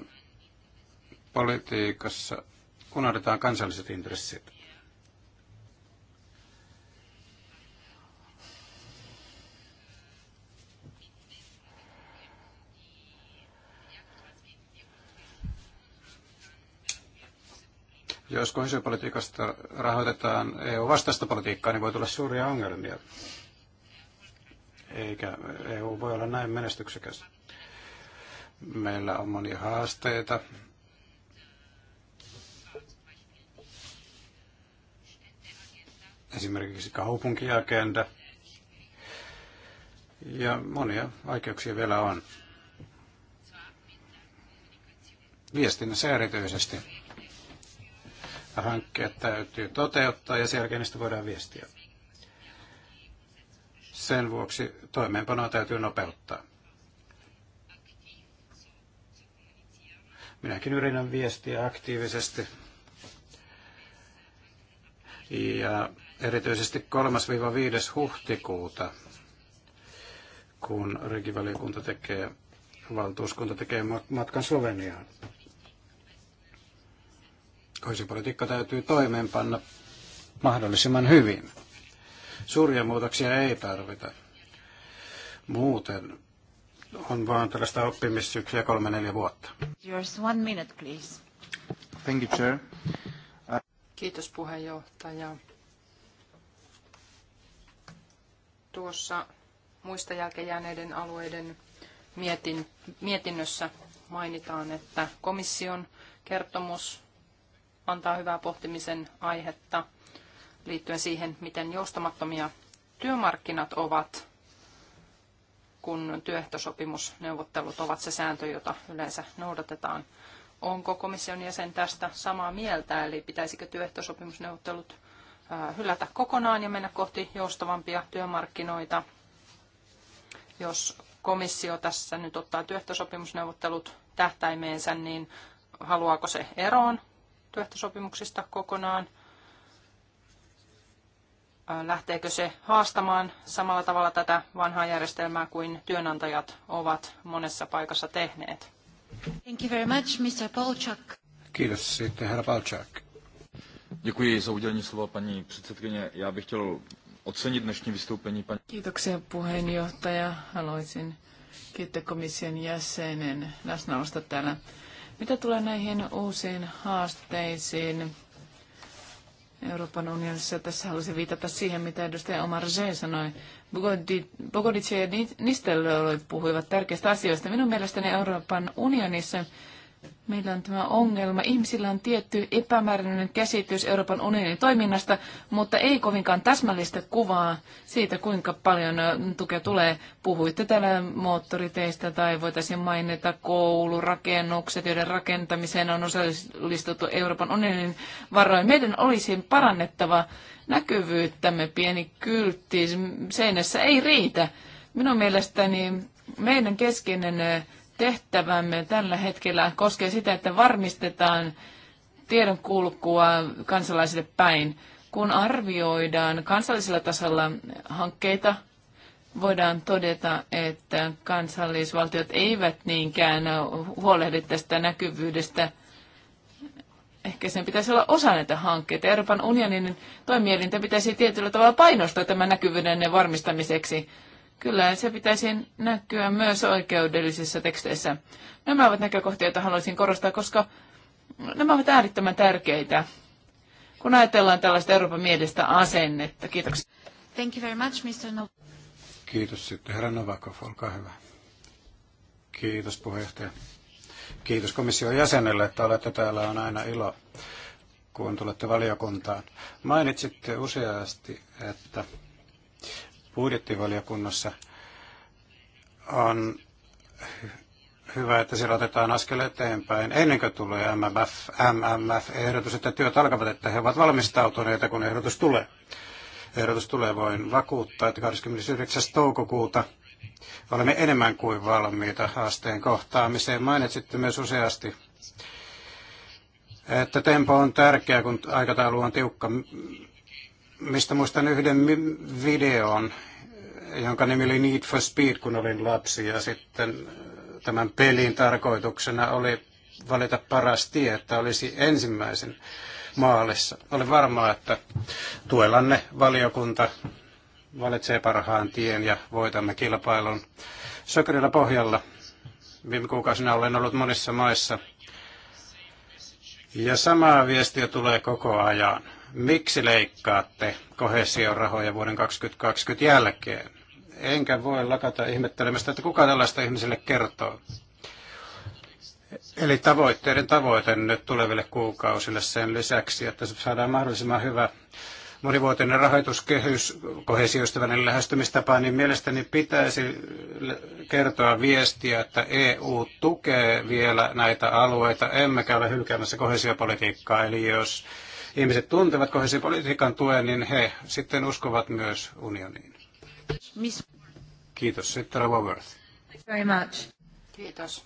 politiikassa unohdetaan kansalliset intressit. jos kohesiopolitiikasta rahoitetaan EU-vastaista politiikkaa, niin voi tulla suuria ongelmia. Eikä EU voi olla näin menestyksekäs. Meillä on monia haasteita esimerkiksi kaupunkiagenda. Ja monia vaikeuksia vielä on. Viestinnässä erityisesti. Hankkeet täytyy toteuttaa ja sen jälkeen niistä voidaan viestiä. Sen vuoksi toimeenpanoa täytyy nopeuttaa. Minäkin yritän viestiä aktiivisesti ja erityisesti 3-5. huhtikuuta, kun regivaliokunta tekee, valtuuskunta tekee matkan Sloveniaan. Koisipolitiikka täytyy toimeenpanna mahdollisimman hyvin. Suuria muutoksia ei tarvita. Muuten on vaan tällaista oppimissyksyä kolme neljä vuotta. Yours one minute, please. Thank you, Chair. Kiitos puheenjohtaja. tuossa muista jälkeenjääneiden alueiden mietin, mietinnössä mainitaan, että komission kertomus antaa hyvää pohtimisen aihetta liittyen siihen, miten joustamattomia työmarkkinat ovat, kun työehtosopimusneuvottelut ovat se sääntö, jota yleensä noudatetaan. Onko komission jäsen tästä samaa mieltä, eli pitäisikö työehtosopimusneuvottelut hylätä kokonaan ja mennä kohti joustavampia työmarkkinoita. Jos komissio tässä nyt ottaa työehtosopimusneuvottelut tähtäimeensä, niin haluaako se eroon työehtosopimuksista kokonaan? Lähteekö se haastamaan samalla tavalla tätä vanhaa järjestelmää kuin työnantajat ovat monessa paikassa tehneet? Thank you very much, Mr. Polchak. Kiitos sitten, herra Polchak. Děkuji za udělení paní předsedkyně. Já bych chtěl ocenit dnešní vystoupení. Paní... Kiitoksia puheenjohtaja. Haluaisin kiittää komission jäsenen läsnäolosta täällä. Mitä tulee näihin uusiin haasteisiin Euroopan unionissa, tässä haluaisin viitata siihen, mitä edustaja Omar J. sanoi. Bogodice ja Nistelö puhuivat tärkeistä asioista. Minun mielestäni Euroopan unionissa meillä on tämä ongelma. Ihmisillä on tietty epämääräinen käsitys Euroopan unionin toiminnasta, mutta ei kovinkaan täsmällistä kuvaa siitä, kuinka paljon tukea tulee. Puhuitte täällä moottoriteistä tai voitaisiin mainita koulurakennukset, joiden rakentamiseen on osallistuttu Euroopan unionin varoin. Meidän olisi parannettava näkyvyyttämme pieni kyltti seinässä ei riitä. Minun mielestäni meidän keskeinen tehtävämme tällä hetkellä koskee sitä, että varmistetaan tiedon kulkua kansalaisille päin. Kun arvioidaan kansallisella tasolla hankkeita, voidaan todeta, että kansallisvaltiot eivät niinkään huolehdi tästä näkyvyydestä. Ehkä sen pitäisi olla osa näitä hankkeita. Euroopan unionin toimielintä pitäisi tietyllä tavalla painostaa tämän näkyvyyden varmistamiseksi. Kyllä, se pitäisi näkyä myös oikeudellisissa teksteissä. Nämä ovat näkökohtia, joita haluaisin korostaa, koska nämä ovat äärettömän tärkeitä, kun ajatellaan tällaista Euroopan mielestä asennetta. Kiitoksia. Thank you very much, Mr. No- Kiitos sitten. Herra Novakov, olkaa hyvä. Kiitos puheenjohtaja. Kiitos komission jäsenelle, että olette täällä. On aina ilo, kun tulette valiokuntaan. Mainitsitte useasti, että budjettivaliokunnassa on hyvä, että siellä otetaan askel eteenpäin ennen kuin tulee MMF, MMF-ehdotus, että työt alkavat, että he ovat valmistautuneita, kun ehdotus tulee. Ehdotus tulee, voin vakuuttaa, että 29. toukokuuta olemme enemmän kuin valmiita haasteen kohtaamiseen. Mainitsitte myös useasti, että tempo on tärkeä, kun aikataulu on tiukka mistä muistan yhden videon, jonka nimi oli Need for Speed, kun olin lapsi, ja sitten äh, tämän pelin tarkoituksena oli valita paras tie, että olisi ensimmäisen maalissa. Olen varma, että tuellanne valiokunta valitsee parhaan tien ja voitamme kilpailun sokerilla pohjalla. Viime kuukausina olen ollut monissa maissa ja samaa viestiä tulee koko ajan miksi leikkaatte kohesion rahoja vuoden 2020 jälkeen? Enkä voi lakata ihmettelemästä, että kuka tällaista ihmisille kertoo. Eli tavoitteiden tavoite nyt tuleville kuukausille sen lisäksi, että saadaan mahdollisimman hyvä monivuotinen rahoituskehys, kohesioystävällinen lähestymistapa, niin mielestäni pitäisi kertoa viestiä, että EU tukee vielä näitä alueita, emmekä ole hylkäämässä kohesiopolitiikkaa. Eli jos ihmiset tuntevat kohesiopolitiikan tuen, niin he sitten uskovat myös unioniin. Kiitos. Sitten Very much. Kiitos.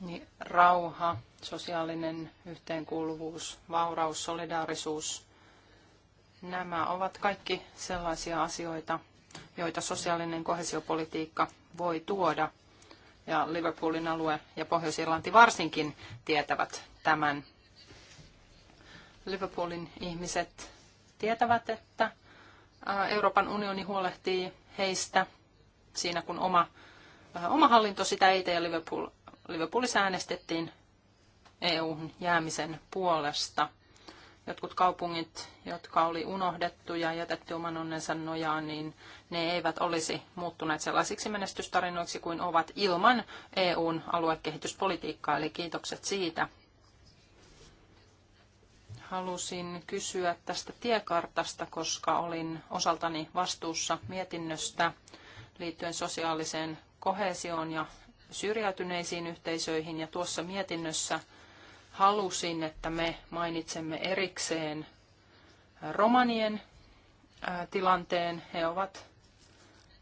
Niin, rauha, sosiaalinen yhteenkuuluvuus, vauraus, solidaarisuus. Nämä ovat kaikki sellaisia asioita, joita sosiaalinen kohesiopolitiikka voi tuoda. Ja Liverpoolin alue ja Pohjois-Irlanti varsinkin tietävät tämän. Liverpoolin ihmiset tietävät, että Euroopan unioni huolehtii heistä siinä, kun oma, oma hallinto sitä ei tee ja Liverpool, Liverpoolissa äänestettiin EUn jäämisen puolesta. Jotkut kaupungit, jotka oli unohdettu ja jätetty oman onnensa nojaan, niin ne eivät olisi muuttuneet sellaisiksi menestystarinoiksi kuin ovat ilman EUn aluekehityspolitiikkaa, eli kiitokset siitä halusin kysyä tästä tiekartasta, koska olin osaltani vastuussa mietinnöstä liittyen sosiaaliseen kohesioon ja syrjäytyneisiin yhteisöihin. Ja tuossa mietinnössä halusin, että me mainitsemme erikseen romanien tilanteen. He ovat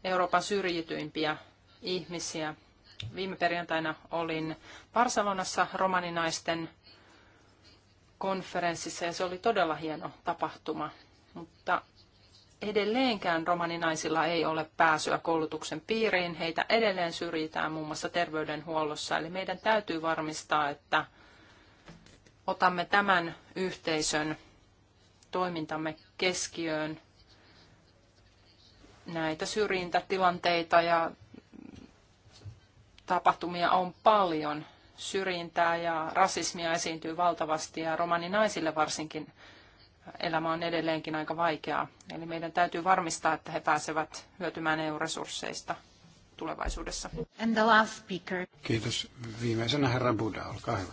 Euroopan syrjityimpiä ihmisiä. Viime perjantaina olin Barcelonassa romaninaisten konferenssissa ja se oli todella hieno tapahtuma. Mutta edelleenkään romaninaisilla ei ole pääsyä koulutuksen piiriin. Heitä edelleen syrjitään muun muassa terveydenhuollossa. Eli meidän täytyy varmistaa, että otamme tämän yhteisön toimintamme keskiöön näitä syrjintätilanteita ja tapahtumia on paljon syrjintää ja rasismia esiintyy valtavasti ja romaninaisille varsinkin elämä on edelleenkin aika vaikeaa. Eli meidän täytyy varmistaa, että he pääsevät hyötymään EU-resursseista tulevaisuudessa. And the last speaker. Kiitos. Viimeisenä herra Buda, olkaa hyvä.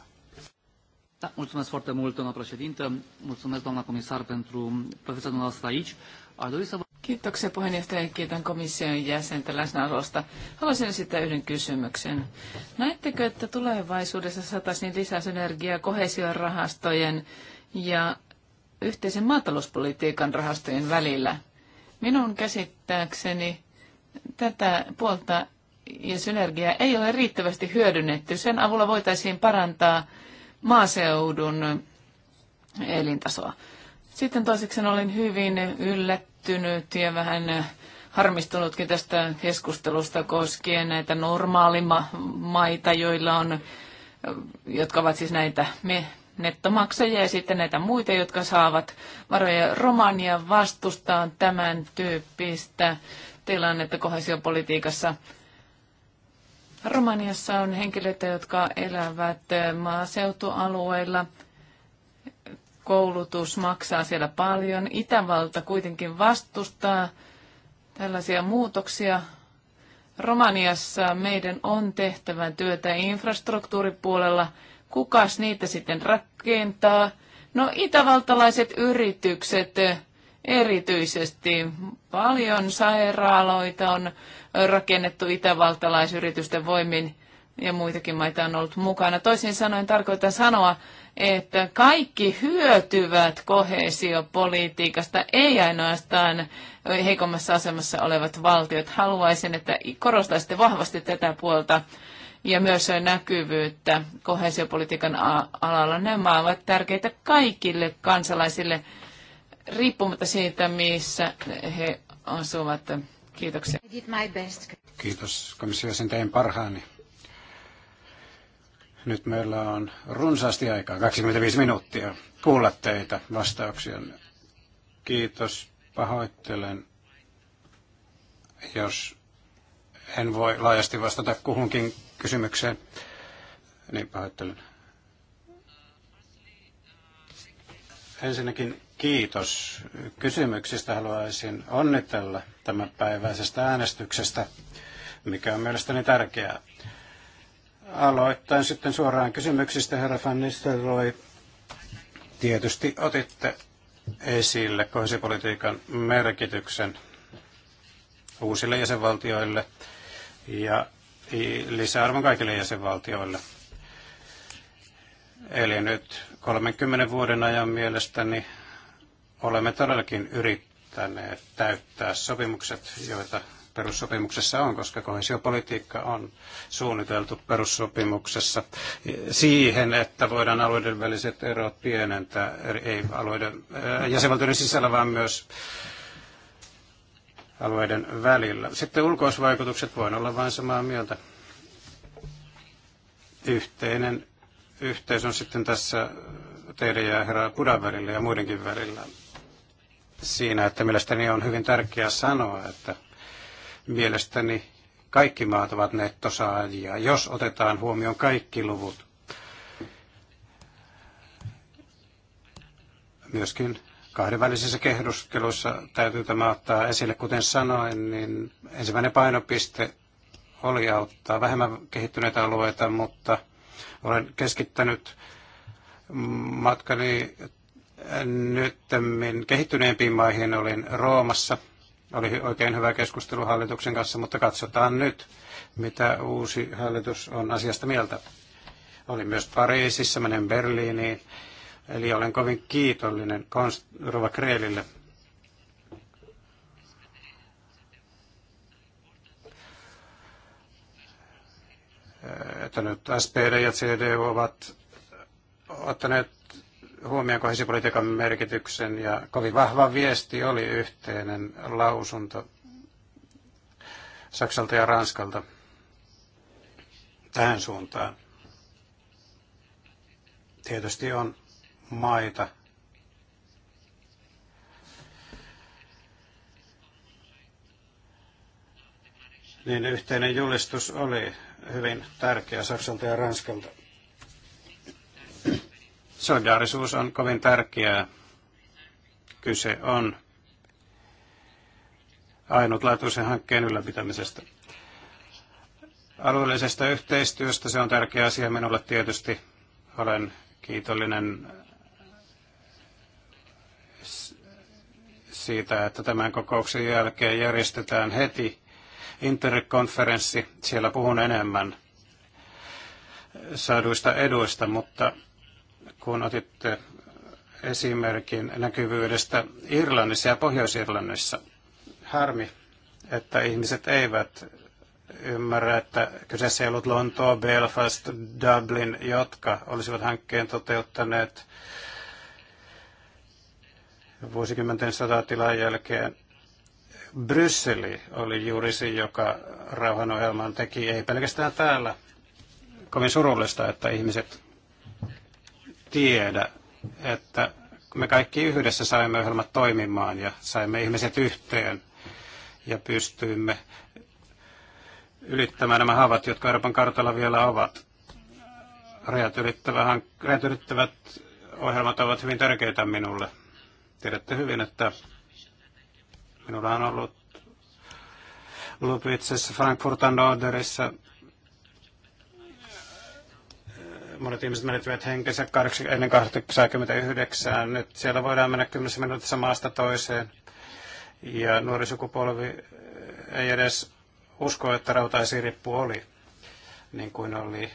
Da, mulțumesc foarte mult, doamna președintă. Mulțumesc, doamna comisar, pentru prezența noastră aici. Aș dori să vă... Kiitoksia puheenjohtaja ja kiitän komission jäsentä läsnäolosta. Haluaisin esittää yhden kysymyksen. Näettekö, että tulevaisuudessa saataisiin lisää synergiaa rahastojen ja yhteisen maatalouspolitiikan rahastojen välillä? Minun käsittääkseni tätä puolta ja synergiaa ei ole riittävästi hyödynnetty. Sen avulla voitaisiin parantaa maaseudun elintasoa. Sitten toiseksi olin hyvin yllättynyt pettynyt ja vähän harmistunutkin tästä keskustelusta koskien näitä normaalimaita, joilla on, jotka ovat siis näitä me, nettomaksajia ja sitten näitä muita, jotka saavat varoja. Romania vastustaa tämän tyyppistä tilannetta kohesiopolitiikassa. Romaniassa on henkilöitä, jotka elävät maaseutualueilla – koulutus maksaa siellä paljon. Itävalta kuitenkin vastustaa tällaisia muutoksia. Romaniassa meidän on tehtävä työtä infrastruktuuripuolella. Kukas niitä sitten rakentaa? No itävaltalaiset yritykset erityisesti. Paljon sairaaloita on rakennettu itävaltalaisyritysten voimin ja muitakin maita on ollut mukana. Toisin sanoen tarkoittaa sanoa, että kaikki hyötyvät kohesiopolitiikasta, ei ainoastaan heikommassa asemassa olevat valtiot. Haluaisin, että korostaisitte vahvasti tätä puolta ja myös näkyvyyttä kohesiopolitiikan alalla. Nämä ovat tärkeitä kaikille kansalaisille, riippumatta siitä, missä he asuvat. Kiitoksia. Kiitos komission tein parhaani. Nyt meillä on runsaasti aikaa, 25 minuuttia, kuulla teitä vastauksia. Kiitos, pahoittelen, jos en voi laajasti vastata kuhunkin kysymykseen, niin pahoittelen. Ensinnäkin kiitos kysymyksistä. Haluaisin onnitella tämänpäiväisestä äänestyksestä, mikä on mielestäni tärkeää. Aloittain sitten suoraan kysymyksistä, herra Van Nistelrooy. Tietysti otitte esille kohesipolitiikan merkityksen uusille jäsenvaltioille ja lisäarvon kaikille jäsenvaltioille. Eli nyt 30 vuoden ajan mielestäni olemme todellakin yrittäneet täyttää sopimukset, joita perussopimuksessa on, koska kohesiopolitiikka on suunniteltu perussopimuksessa siihen, että voidaan alueiden väliset erot pienentää, ei alueiden, jäsenvaltioiden sisällä, vaan myös alueiden välillä. Sitten ulkoisvaikutukset, voin olla vain samaa mieltä. Yhteinen yhteys on sitten tässä teidän ja herra Pudan välillä ja muidenkin välillä siinä, että mielestäni on hyvin tärkeää sanoa, että Mielestäni kaikki maat ovat nettosaajia, jos otetaan huomioon kaikki luvut. Myöskin kahdenvälisissä kehdosteluissa täytyy tämä ottaa esille. Kuten sanoin, niin ensimmäinen painopiste oli auttaa vähemmän kehittyneitä alueita, mutta olen keskittänyt matkani nyttemmin kehittyneempiin maihin. Olin Roomassa – oli oikein hyvä keskustelu hallituksen kanssa, mutta katsotaan nyt, mitä uusi hallitus on asiasta mieltä. Oli myös Pariisissa, menen Berliiniin. Eli olen kovin kiitollinen Konst- Rova Kreelille että nyt SPD ja CDU ovat ottaneet huomioon kohesipolitiikan merkityksen ja kovin vahva viesti oli yhteinen lausunto Saksalta ja Ranskalta tähän suuntaan. Tietysti on maita, niin yhteinen julistus oli hyvin tärkeä Saksalta ja Ranskalta. Solidaarisuus on kovin tärkeää. Kyse on ainutlaatuisen hankkeen ylläpitämisestä. Alueellisesta yhteistyöstä se on tärkeä asia minulle tietysti. Olen kiitollinen siitä, että tämän kokouksen jälkeen järjestetään heti interkonferenssi. Siellä puhun enemmän saaduista eduista, mutta kun otitte esimerkin näkyvyydestä Irlannissa ja Pohjois-Irlannissa. Harmi, että ihmiset eivät ymmärrä, että kyseessä ei ollut Lontoa, Belfast, Dublin, jotka olisivat hankkeen toteuttaneet vuosikymmenten sotatilan jälkeen. Brysseli oli juuri se, joka rauhanohjelman teki, ei pelkästään täällä. Kovin surullista, että ihmiset tiedä, että me kaikki yhdessä saimme ohjelmat toimimaan ja saimme ihmiset yhteen ja pystyimme ylittämään nämä haavat, jotka Euroopan kartalla vielä ovat. Rajat, rajat ylittävät ohjelmat ovat hyvin tärkeitä minulle. Tiedätte hyvin, että minulla on ollut Lupitzessa Frankfurt an monet ihmiset menettivät henkensä ennen 89. Nyt siellä voidaan mennä kymmenessä minuutissa maasta toiseen. Ja nuori sukupolvi ei edes usko, että rautaisirippu oli, niin kuin oli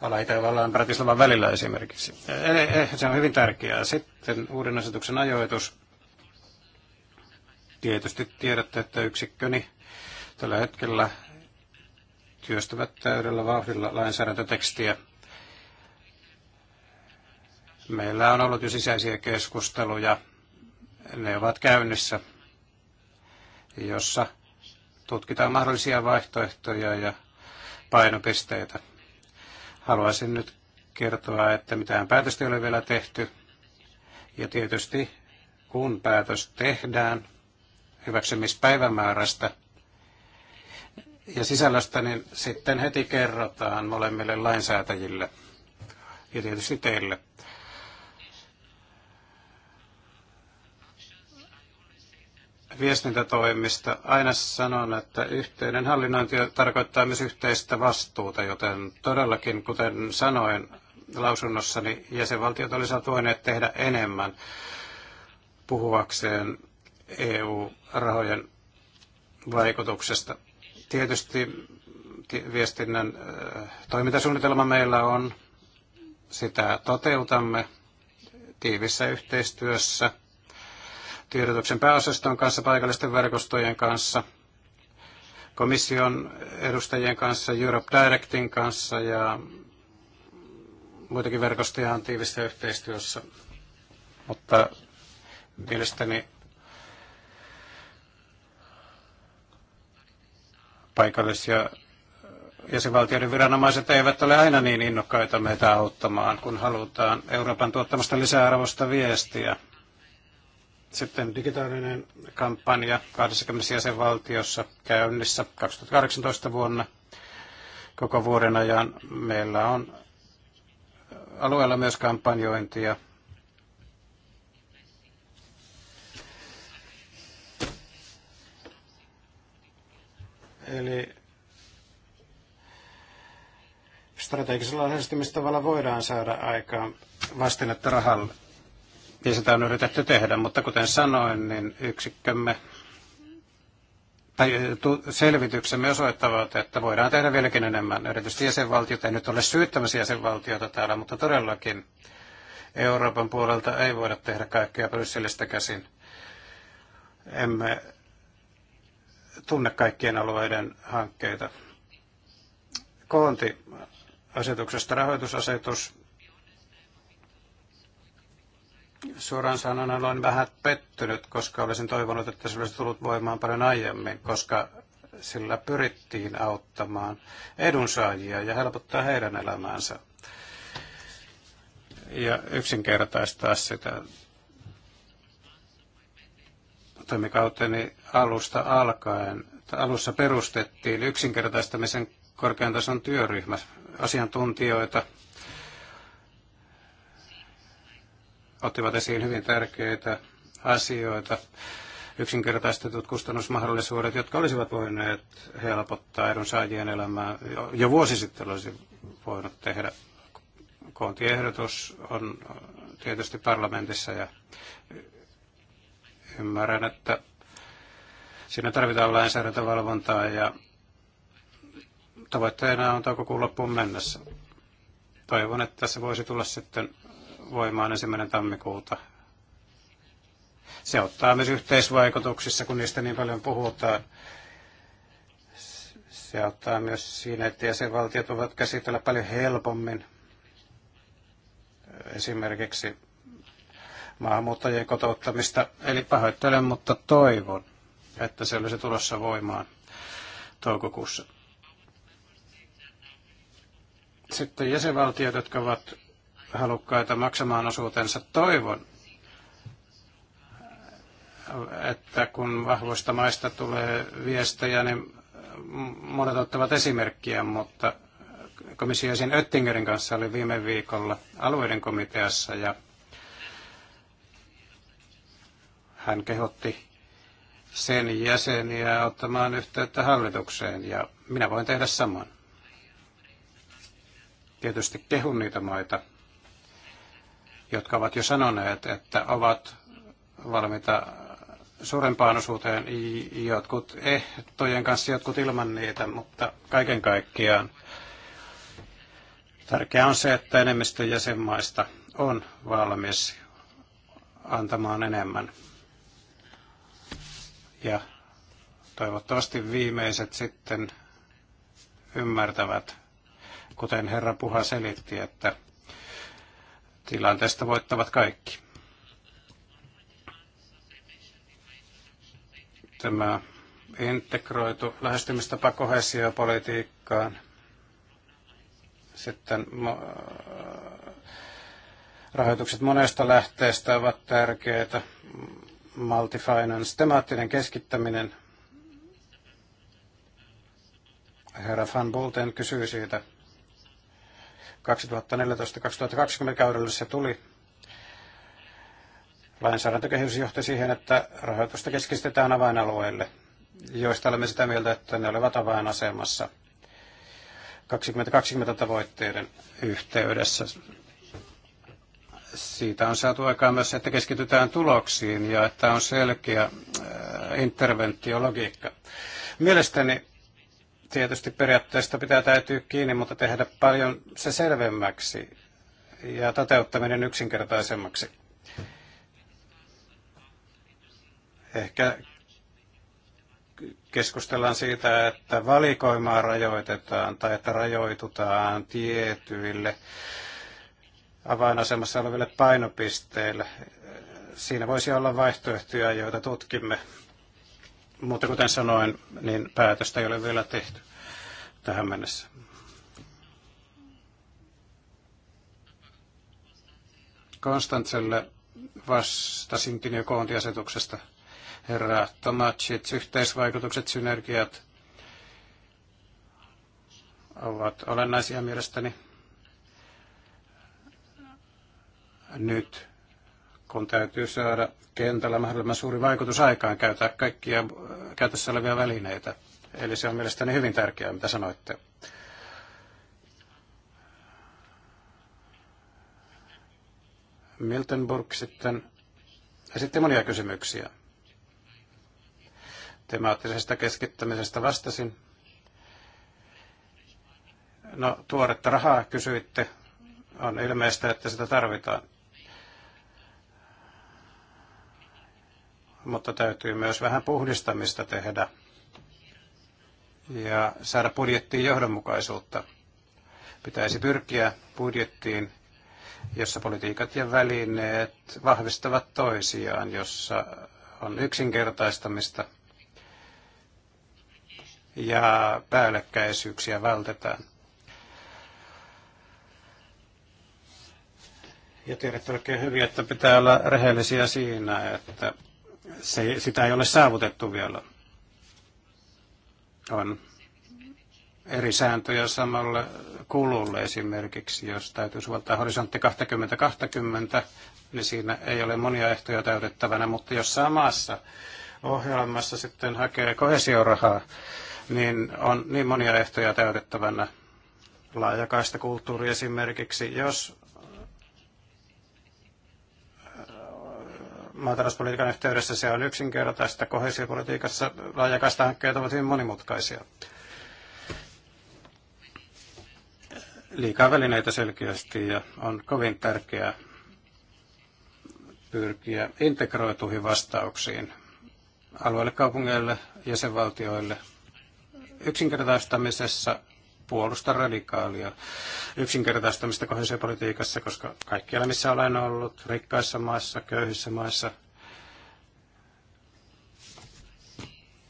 Ala-Itävallan Bratislavan välillä esimerkiksi. Eh, eh, eh, se on hyvin tärkeää. Sitten uuden asetuksen ajoitus. Tietysti tiedätte, että yksikköni tällä hetkellä työstävät täydellä vauhdilla lainsäädäntötekstiä. Meillä on ollut jo sisäisiä keskusteluja, ne ovat käynnissä, jossa tutkitaan mahdollisia vaihtoehtoja ja painopisteitä. Haluaisin nyt kertoa, että mitään päätöstä ei ole vielä tehty. Ja tietysti kun päätös tehdään hyväksymispäivämäärästä, ja sisällöstä, niin sitten heti kerrotaan molemmille lainsäätäjille ja tietysti teille. viestintätoimista. Aina sanon, että yhteinen hallinnointi tarkoittaa myös yhteistä vastuuta, joten todellakin, kuten sanoin lausunnossani, jäsenvaltiot olisivat voineet tehdä enemmän puhuakseen EU-rahojen vaikutuksesta. Tietysti viestinnän toimintasuunnitelma meillä on. Sitä toteutamme tiivissä yhteistyössä tiedotuksen pääosaston kanssa, paikallisten verkostojen kanssa, komission edustajien kanssa, Europe Directin kanssa ja muitakin verkostoja on tiivissä yhteistyössä. Mutta mielestäni paikallis- ja äh, jäsenvaltioiden viranomaiset eivät ole aina niin innokkaita meitä auttamaan, kun halutaan Euroopan tuottamasta lisäarvosta viestiä. Sitten digitaalinen kampanja 20 jäsenvaltiossa käynnissä 2018 vuonna. Koko vuoden ajan meillä on alueella myös kampanjointia Eli strategisella lähestymistavalla voidaan saada aikaan vastinetta rahalle. Ja sitä on yritetty tehdä, mutta kuten sanoin, niin yksikkömme tai eh, selvityksemme osoittavat, että voidaan tehdä vieläkin enemmän. Erityisesti jäsenvaltiot, ei nyt ole syyttämässä jäsenvaltiota täällä, mutta todellakin Euroopan puolelta ei voida tehdä kaikkea Brysselistä käsin. Emme tunne kaikkien alueiden hankkeita. asetuksesta rahoitusasetus. Suoraan sanon, olen vähän pettynyt, koska olisin toivonut, että se olisi tullut voimaan paljon aiemmin, koska sillä pyrittiin auttamaan edunsaajia ja helpottaa heidän elämäänsä ja yksinkertaistaa sitä toimikauteni alusta alkaen, alussa perustettiin yksinkertaistamisen korkean tason työryhmä asiantuntijoita, ottivat esiin hyvin tärkeitä asioita, yksinkertaistetut kustannusmahdollisuudet, jotka olisivat voineet helpottaa edunsaajien elämää. Jo, jo vuosi sitten olisi voinut tehdä. Koontiehdotus on tietysti parlamentissa ja Ymmärrän, että siinä tarvitaan lainsäädäntövalvontaa ja tavoitteena on toukokuun loppuun mennessä. Toivon, että se voisi tulla sitten voimaan ensimmäinen tammikuuta. Se ottaa myös yhteisvaikutuksissa, kun niistä niin paljon puhutaan. Se auttaa myös siinä, että jäsenvaltiot voivat käsitellä paljon helpommin esimerkiksi maahanmuuttajien kotouttamista. Eli pahoittelen, mutta toivon, että se olisi tulossa voimaan toukokuussa. Sitten jäsenvaltiot, jotka ovat halukkaita maksamaan osuutensa, toivon, että kun vahvoista maista tulee viestejä, niin monet ottavat esimerkkiä, mutta komissio Oettingerin kanssa oli viime viikolla alueiden komiteassa ja Hän kehotti sen jäseniä ottamaan yhteyttä hallitukseen ja minä voin tehdä saman. Tietysti kehun niitä maita, jotka ovat jo sanoneet, että ovat valmiita suurempaan osuuteen jotkut ehtojen kanssa, jotkut ilman niitä, mutta kaiken kaikkiaan tärkeää on se, että enemmistö jäsenmaista on valmis antamaan enemmän ja toivottavasti viimeiset sitten ymmärtävät, kuten herra Puha selitti, että tilanteesta voittavat kaikki. Tämä integroitu lähestymistapa kohesiopolitiikkaan, sitten rahoitukset monesta lähteestä ovat tärkeitä, multifinance, temaattinen keskittäminen. Herra Van Bulten kysyi siitä. 2014-2020 kaudella se tuli. Lainsäädäntökehys johti siihen, että rahoitusta keskistetään avainalueille, joista olemme sitä mieltä, että ne olivat avainasemassa 2020 tavoitteiden yhteydessä siitä on saatu aikaan myös, että keskitytään tuloksiin ja että on selkeä äh, interventiologiikka. Mielestäni tietysti periaatteesta pitää täytyy kiinni, mutta tehdä paljon se selvemmäksi ja toteuttaminen yksinkertaisemmaksi. Ehkä keskustellaan siitä, että valikoimaa rajoitetaan tai että rajoitutaan tietyille avainasemassa oleville painopisteille. Siinä voisi olla vaihtoehtoja, joita tutkimme. Mutta kuten sanoin, niin päätöstä ei ole vielä tehty tähän mennessä. Konstantselle vastasinkin jo koontiasetuksesta. Herra Tomacic, yhteisvaikutukset, synergiat ovat olennaisia mielestäni. nyt, kun täytyy saada kentällä mahdollisimman suuri vaikutus aikaan käyttää kaikkia käytössä olevia välineitä. Eli se on mielestäni hyvin tärkeää, mitä sanoitte. Miltenburg sitten esitti monia kysymyksiä. Temaattisesta keskittämisestä vastasin. No, tuoretta rahaa kysyitte. On ilmeistä, että sitä tarvitaan. mutta täytyy myös vähän puhdistamista tehdä ja saada budjettiin johdonmukaisuutta. Pitäisi pyrkiä budjettiin, jossa politiikat ja välineet vahvistavat toisiaan, jossa on yksinkertaistamista ja päällekkäisyyksiä vältetään. Ja tiedätte oikein hyvin, että pitää olla rehellisiä siinä, että se, sitä ei ole saavutettu vielä. On eri sääntöjä samalle kululle esimerkiksi, jos täytyy suoltaa horisontti 2020, niin siinä ei ole monia ehtoja täytettävänä, mutta jos samassa ohjelmassa sitten hakee kohesiorahaa, niin on niin monia ehtoja täytettävänä, laajakaista kulttuuri esimerkiksi, jos maatalouspolitiikan yhteydessä. Se on yksinkertaista. Kohesiopolitiikassa laajakasta hankkeet ovat hyvin monimutkaisia. Liikaa välineitä selkeästi ja on kovin tärkeää pyrkiä integroituihin vastauksiin alueille, kaupungeille, jäsenvaltioille. Yksinkertaistamisessa puolusta radikaalia yksinkertaistamista kohdallisuuspolitiikassa, koska kaikkialla missä olen ollut, rikkaissa maissa, köyhissä maissa,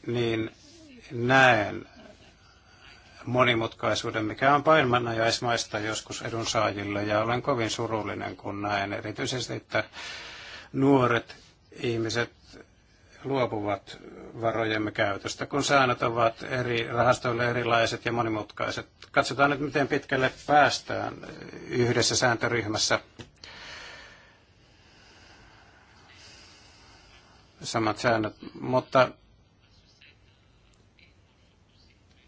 niin näen monimutkaisuuden, mikä on esmaista joskus edunsaajille, ja olen kovin surullinen, kun näen erityisesti, että nuoret ihmiset luopuvat varojemme käytöstä, kun säännöt ovat eri rahastoille erilaiset ja monimutkaiset. Katsotaan nyt, miten pitkälle päästään yhdessä sääntöryhmässä. Samat säännöt, mutta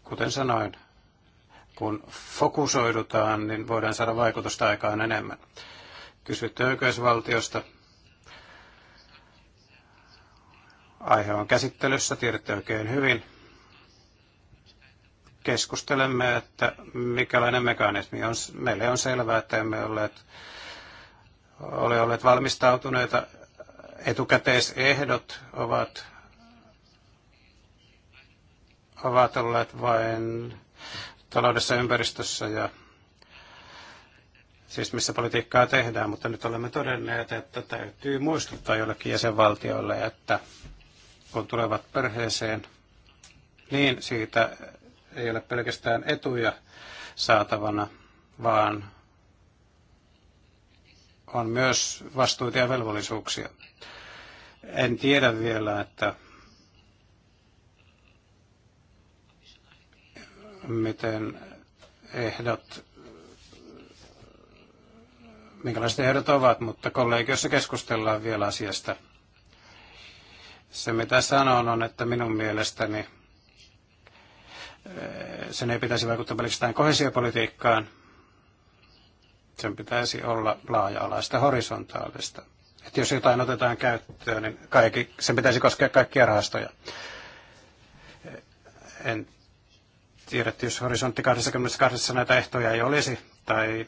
kuten sanoin, kun fokusoidutaan, niin voidaan saada vaikutusta aikaan enemmän. Kysyt oikeusvaltiosta. Aihe on käsittelyssä, tiedätte oikein hyvin. Keskustelemme, että mikälainen mekanismi on. Meille on selvää, että emme olleet, ole olleet valmistautuneita. Etukäteisehdot ovat, ovat olleet vain taloudessa, ympäristössä ja siis missä politiikkaa tehdään, mutta nyt olemme todenneet, että täytyy muistuttaa jollekin jäsenvaltiolle, että kun tulevat perheeseen, niin siitä ei ole pelkästään etuja saatavana, vaan on myös vastuita ja velvollisuuksia. En tiedä vielä, että miten ehdot, minkälaiset ehdot ovat, mutta kollegiossa keskustellaan vielä asiasta. Se mitä sanon on, että minun mielestäni eh, sen ei pitäisi vaikuttaa pelkästään kohesiopolitiikkaan. Sen pitäisi olla laaja-alaista horisontaalista. Että jos jotain otetaan käyttöön, niin kaikki, sen pitäisi koskea kaikkia rahastoja. En tiedä, että jos horisontti 22 näitä ehtoja ei olisi, tai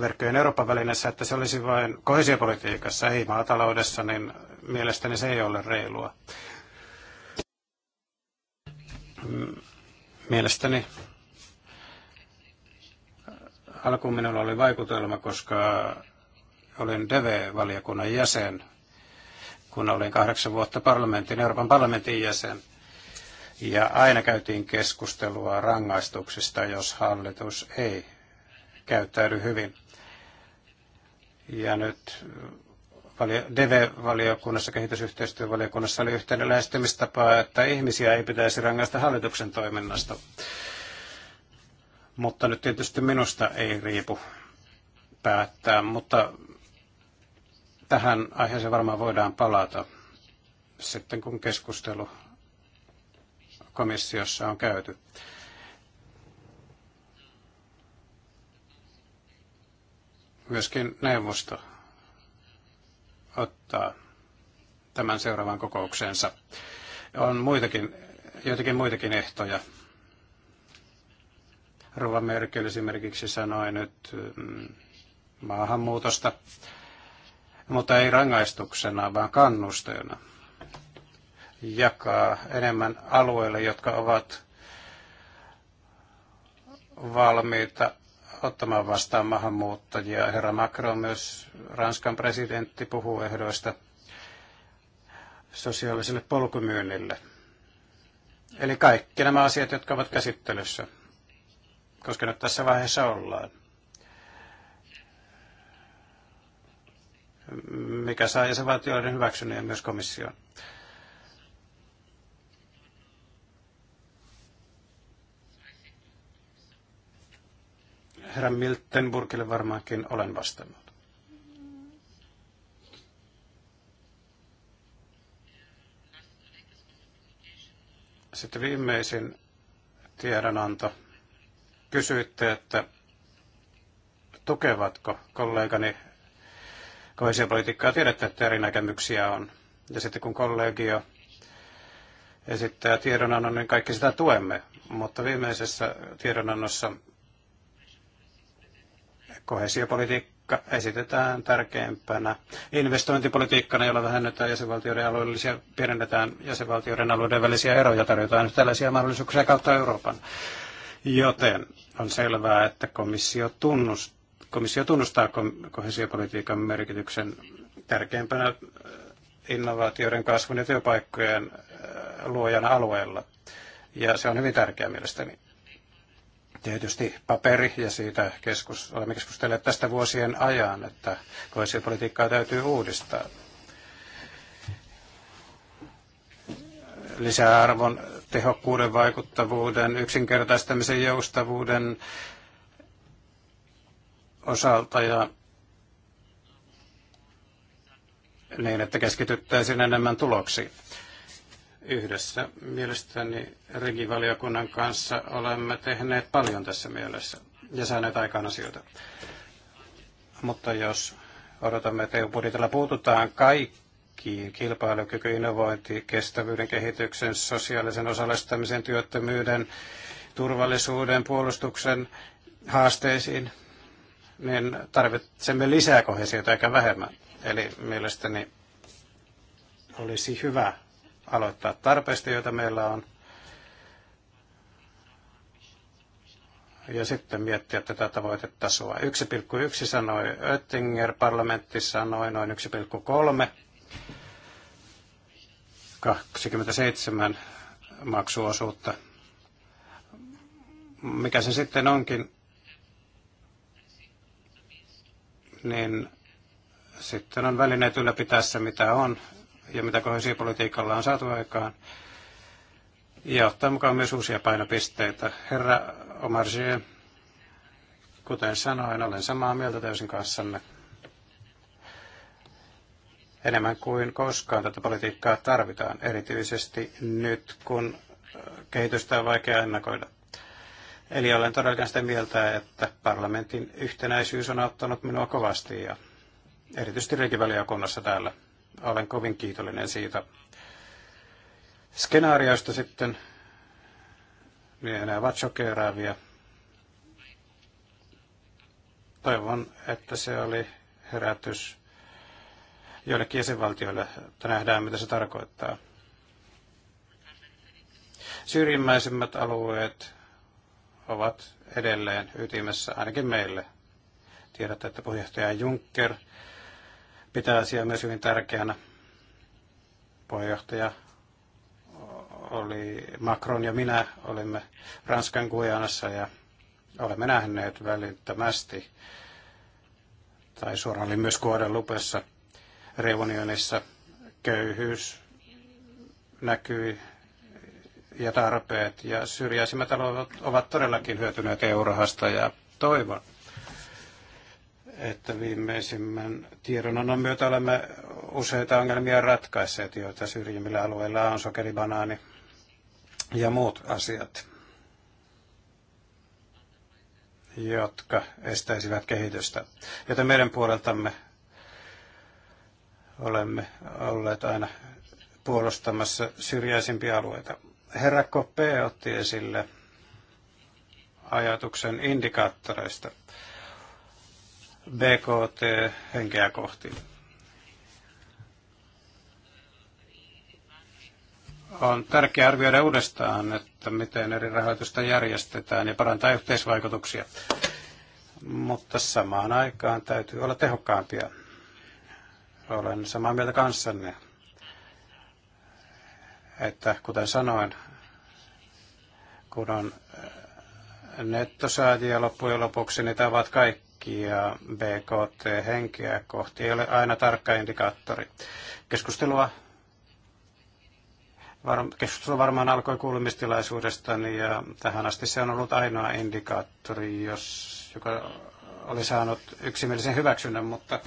verkkojen Euroopan välineessä, että se olisi vain kohesiopolitiikassa, ei maataloudessa, niin mielestäni se ei ole reilua. Mm, mielestäni alkuun minulla oli vaikutelma, koska olin dv valiokunnan jäsen, kun olin kahdeksan vuotta parlamentin, Euroopan parlamentin jäsen. Ja aina käytiin keskustelua rangaistuksista, jos hallitus ei käyttäydy hyvin. Ja nyt äh, DV-valiokunnassa, kehitysyhteistyövaliokunnassa oli yhteinen lähestymistapa, että ihmisiä ei pitäisi rangaista hallituksen toiminnasta. Mutta nyt tietysti minusta ei riipu päättää, mutta tähän aiheeseen varmaan voidaan palata sitten, kun keskustelu komissiossa on käyty. myöskin neuvosto ottaa tämän seuraavaan kokoukseensa. On muitakin, joitakin muitakin ehtoja. Rova Merkel esimerkiksi sanoi nyt mm, maahanmuutosta, mutta ei rangaistuksena, vaan kannusteena jakaa enemmän alueille, jotka ovat valmiita ottamaan vastaan maahanmuuttajia. Herra Macron, myös Ranskan presidentti, puhuu ehdoista sosiaaliselle polkumyynnille. Eli kaikki nämä asiat, jotka ovat käsittelyssä, koska nyt tässä vaiheessa ollaan. Mikä saa jäsenvaltioiden hyväksynnän ja myös komission. herra Miltenburgille varmaankin olen vastannut. Sitten viimeisin tiedonanto. Kysyitte, että tukevatko kollegani kohesiopolitiikkaa. Tiedätte, että eri näkemyksiä on. Ja sitten kun kollegio esittää tiedonannon, niin kaikki sitä tuemme. Mutta viimeisessä tiedonannossa Kohesiopolitiikka esitetään tärkeimpänä investointipolitiikkana, jolla vähennetään jäsenvaltioiden alueellisia, pienennetään jäsenvaltioiden alueiden välisiä eroja, tarjotaan tällaisia mahdollisuuksia kautta Euroopan. Joten on selvää, että komissio, tunnust, komissio tunnustaa kohesiopolitiikan merkityksen tärkeimpänä äh, innovaatioiden kasvun ja työpaikkojen äh, luojana alueella. Ja se on hyvin tärkeää mielestäni tietysti paperi, ja siitä keskus, olemme keskustelleet tästä vuosien ajan, että koesiopolitiikkaa täytyy uudistaa. Lisäarvon tehokkuuden, vaikuttavuuden, yksinkertaistamisen, joustavuuden osalta ja niin, että keskityttäisiin enemmän tuloksiin. Yhdessä mielestäni regivaliokunnan kanssa olemme tehneet paljon tässä mielessä ja saaneet aikaan asioita. Mutta jos odotamme, että EU-budjetilla puututaan kaikkiin kilpailukyky, innovointi, kestävyyden kehityksen, sosiaalisen osallistamisen, työttömyyden, turvallisuuden, puolustuksen haasteisiin, niin tarvitsemme lisää kohesiota eikä vähemmän. Eli mielestäni olisi hyvä aloittaa tarpeista, joita meillä on, ja sitten miettiä tätä tavoitetasoa. 1,1 sanoi Oettinger, parlamentti sanoi noin 1,3. 27 maksuosuutta. Mikä se sitten onkin, niin sitten on välineet ylläpitää se, mitä on, ja mitä kohesiopolitiikalla on saatu aikaan, ja ottaa mukaan myös uusia painopisteitä. Herra O'Marsie, kuten sanoin, olen samaa mieltä täysin kanssanne. Enemmän kuin koskaan tätä politiikkaa tarvitaan, erityisesti nyt, kun äh, kehitystä on vaikea ennakoida. Eli olen todellakin sitä mieltä, että parlamentin yhtenäisyys on auttanut minua kovasti ja erityisesti rikivaliokunnassa täällä. Olen kovin kiitollinen siitä. Skenaarioista sitten niin ne ovat shokeeraavia. Toivon, että se oli herätys joillekin jäsenvaltioille, että nähdään, mitä se tarkoittaa. Syrjimmäisimmät alueet ovat edelleen ytimessä ainakin meille. Tiedätte, että puheenjohtaja Juncker – pitää asiaa myös hyvin tärkeänä. Puheenjohtaja oli Macron ja minä olimme Ranskan Guianassa ja olemme nähneet välittömästi, tai suoraan oli myös lupessa reunionissa köyhyys näkyi ja tarpeet. Ja syrjäisimmät alueet ovat todellakin hyötyneet EU-rahasta ja toivon, että viimeisimmän tiedonannon myötä olemme useita ongelmia ratkaisseet, joita syrjimmillä alueilla on sokeribanaani ja muut asiat, jotka estäisivät kehitystä. Joten meidän puoleltamme olemme olleet aina puolustamassa syrjäisimpiä alueita. Herra Koppe otti esille ajatuksen indikaattoreista. BKT henkeä kohti. On tärkeää arvioida uudestaan, että miten eri rahoitusta järjestetään ja parantaa yhteisvaikutuksia. Mutta samaan aikaan täytyy olla tehokkaampia. Olen samaa mieltä kanssanne, että kuten sanoin, kun on nettosaajia loppujen lopuksi, niin tämä ovat kaikki takia BKT-henkeä kohti ei ole aina tarkka indikaattori. Keskustelua Keskustelu varmaan alkoi niin ja tähän asti se on ollut ainoa indikaattori, jos, joka oli saanut yksimielisen hyväksynnän, mutta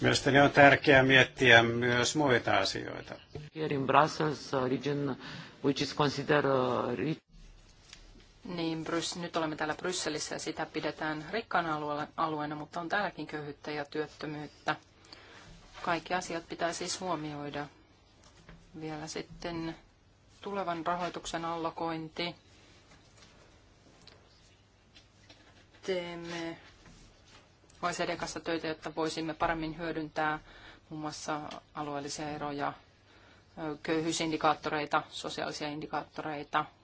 mielestäni on tärkeää miettiä myös muita asioita. Here in Brussels, region which is considered niin Brys- nyt olemme täällä Brysselissä ja sitä pidetään rikkaana alueena, mutta on täälläkin köyhyyttä ja työttömyyttä. Kaikki asiat pitää siis huomioida. Vielä sitten tulevan rahoituksen allokointi. Teemme OECD kanssa töitä, jotta voisimme paremmin hyödyntää muun mm. muassa alueellisia eroja, köyhyysindikaattoreita, sosiaalisia indikaattoreita –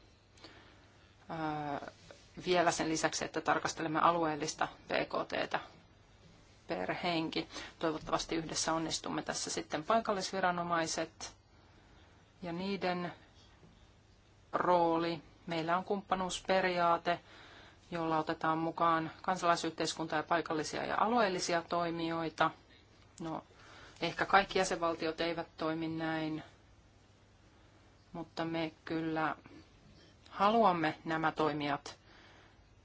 vielä sen lisäksi, että tarkastelemme alueellista PKT per henki. Toivottavasti yhdessä onnistumme tässä sitten paikallisviranomaiset ja niiden rooli. Meillä on kumppanuusperiaate, jolla otetaan mukaan kansalaisyhteiskuntaa ja paikallisia ja alueellisia toimijoita. No, ehkä kaikki jäsenvaltiot eivät toimi näin, mutta me kyllä haluamme nämä toimijat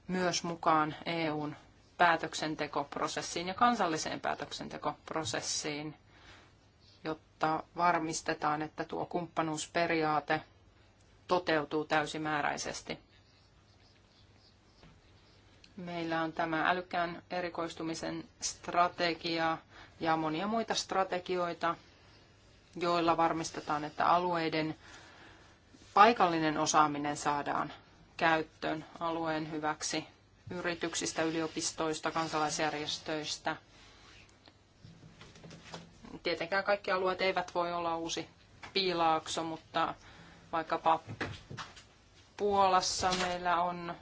myös mukaan EUn päätöksentekoprosessiin ja kansalliseen päätöksentekoprosessiin, jotta varmistetaan, että tuo kumppanuusperiaate toteutuu täysimääräisesti. Meillä on tämä älykkään erikoistumisen strategia ja monia muita strategioita, joilla varmistetaan, että alueiden paikallinen osaaminen saadaan käyttöön alueen hyväksi yrityksistä, yliopistoista, kansalaisjärjestöistä. Tietenkään kaikki alueet eivät voi olla uusi piilaakso, mutta vaikkapa Puolassa meillä on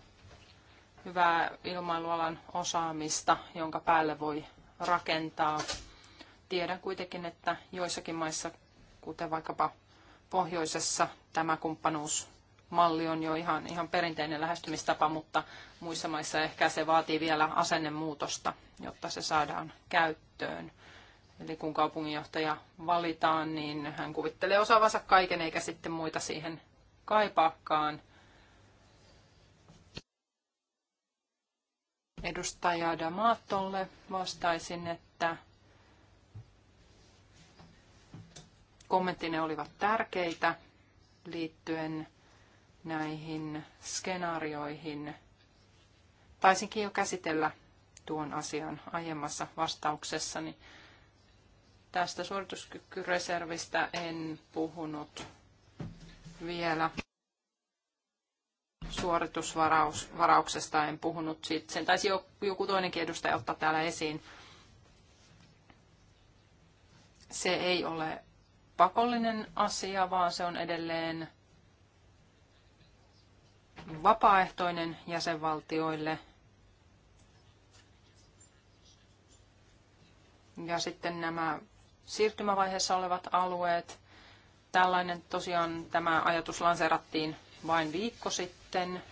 hyvää ilmailualan osaamista, jonka päälle voi rakentaa. Tiedän kuitenkin, että joissakin maissa, kuten vaikkapa pohjoisessa tämä kumppanuusmalli on jo ihan, ihan perinteinen lähestymistapa, mutta muissa maissa ehkä se vaatii vielä asennemuutosta, jotta se saadaan käyttöön. Eli kun kaupunginjohtaja valitaan, niin hän kuvittelee osaavansa kaiken eikä sitten muita siihen kaipaakaan. Edustaja Damatolle vastaisin, että kommenttine olivat tärkeitä liittyen näihin skenaarioihin. Taisinkin jo käsitellä tuon asian aiemmassa vastauksessani. Tästä suorituskykyreservistä en puhunut vielä. Suoritusvarauksesta en puhunut. Siitä. Sen taisi joku toinenkin edustaja ottaa täällä esiin. Se ei ole pakollinen asia, vaan se on edelleen vapaaehtoinen jäsenvaltioille. Ja sitten nämä siirtymävaiheessa olevat alueet. Tällainen tosiaan tämä ajatus lanseerattiin vain viikko sitten.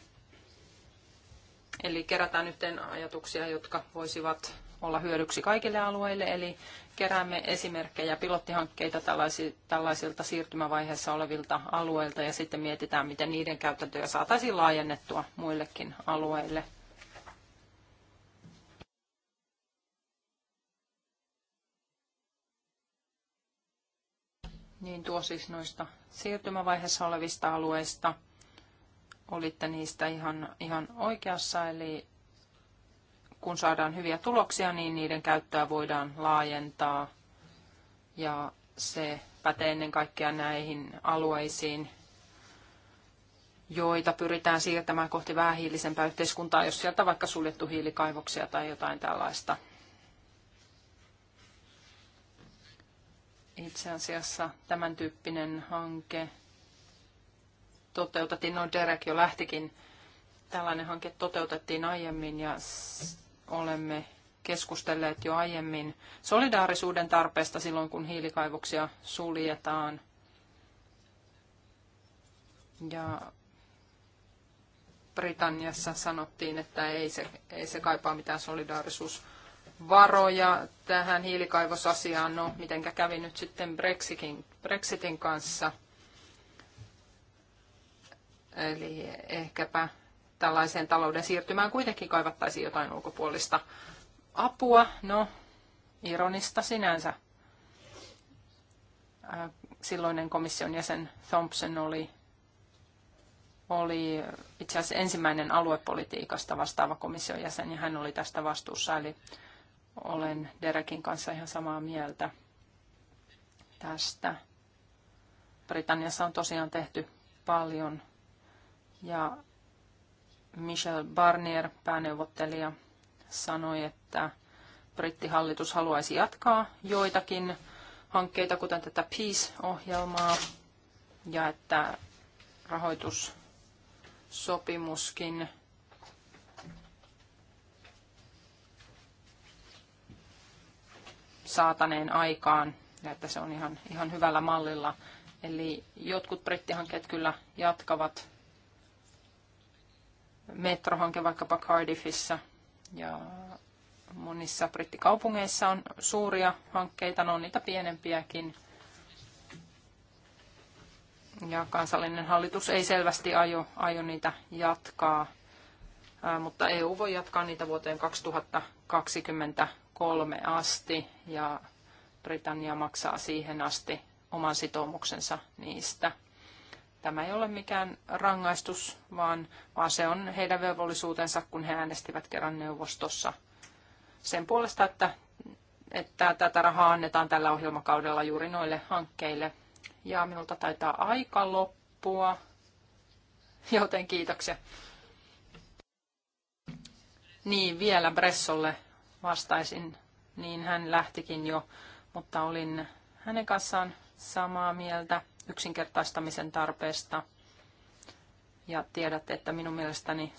Eli kerätään yhteen ajatuksia, jotka voisivat olla hyödyksi kaikille alueille, eli keräämme esimerkkejä, pilottihankkeita tällaisilta siirtymävaiheessa olevilta alueilta ja sitten mietitään, miten niiden käytäntöjä saataisiin laajennettua muillekin alueille. Niin tuo siis noista siirtymävaiheessa olevista alueista. Olitte niistä ihan, ihan oikeassa, eli kun saadaan hyviä tuloksia, niin niiden käyttöä voidaan laajentaa. Ja se pätee ennen kaikkea näihin alueisiin, joita pyritään siirtämään kohti vähähiilisempää yhteiskuntaa, jos sieltä vaikka suljettu hiilikaivoksia tai jotain tällaista. Itse asiassa tämän tyyppinen hanke toteutettiin, no Derek jo lähtikin, tällainen hanke toteutettiin aiemmin ja olemme keskustelleet jo aiemmin solidaarisuuden tarpeesta silloin, kun hiilikaivoksia suljetaan. Ja Britanniassa sanottiin, että ei se, ei se kaipaa mitään solidaarisuusvaroja tähän hiilikaivosasiaan. No, mitenkä kävi nyt sitten Brexitin, Brexitin kanssa? Eli ehkäpä tällaiseen talouden siirtymään kuitenkin kaivattaisiin jotain ulkopuolista apua. No, ironista sinänsä. Äh, silloinen komission jäsen Thompson oli, oli itse asiassa ensimmäinen aluepolitiikasta vastaava komission jäsen ja hän oli tästä vastuussa. Eli olen Derekin kanssa ihan samaa mieltä tästä. Britanniassa on tosiaan tehty paljon ja Michel Barnier, pääneuvottelija, sanoi, että brittihallitus haluaisi jatkaa joitakin hankkeita, kuten tätä Peace-ohjelmaa, ja että rahoitussopimuskin saataneen aikaan, ja että se on ihan, ihan hyvällä mallilla. Eli jotkut brittihankkeet kyllä jatkavat metrohanke vaikkapa Cardiffissa ja monissa brittikaupungeissa on suuria hankkeita, no on niitä pienempiäkin. Ja kansallinen hallitus ei selvästi aio, aio niitä jatkaa, mutta EU voi jatkaa niitä vuoteen 2023 asti ja Britannia maksaa siihen asti oman sitoumuksensa niistä. Tämä ei ole mikään rangaistus, vaan, vaan se on heidän velvollisuutensa, kun he äänestivät kerran neuvostossa sen puolesta, että, että tätä rahaa annetaan tällä ohjelmakaudella juuri noille hankkeille. Ja minulta taitaa aika loppua, joten kiitoksia. Niin, vielä Bressolle vastaisin, niin hän lähtikin jo, mutta olin hänen kanssaan samaa mieltä yksinkertaistamisen tarpeesta. Ja tiedätte, että minun mielestäni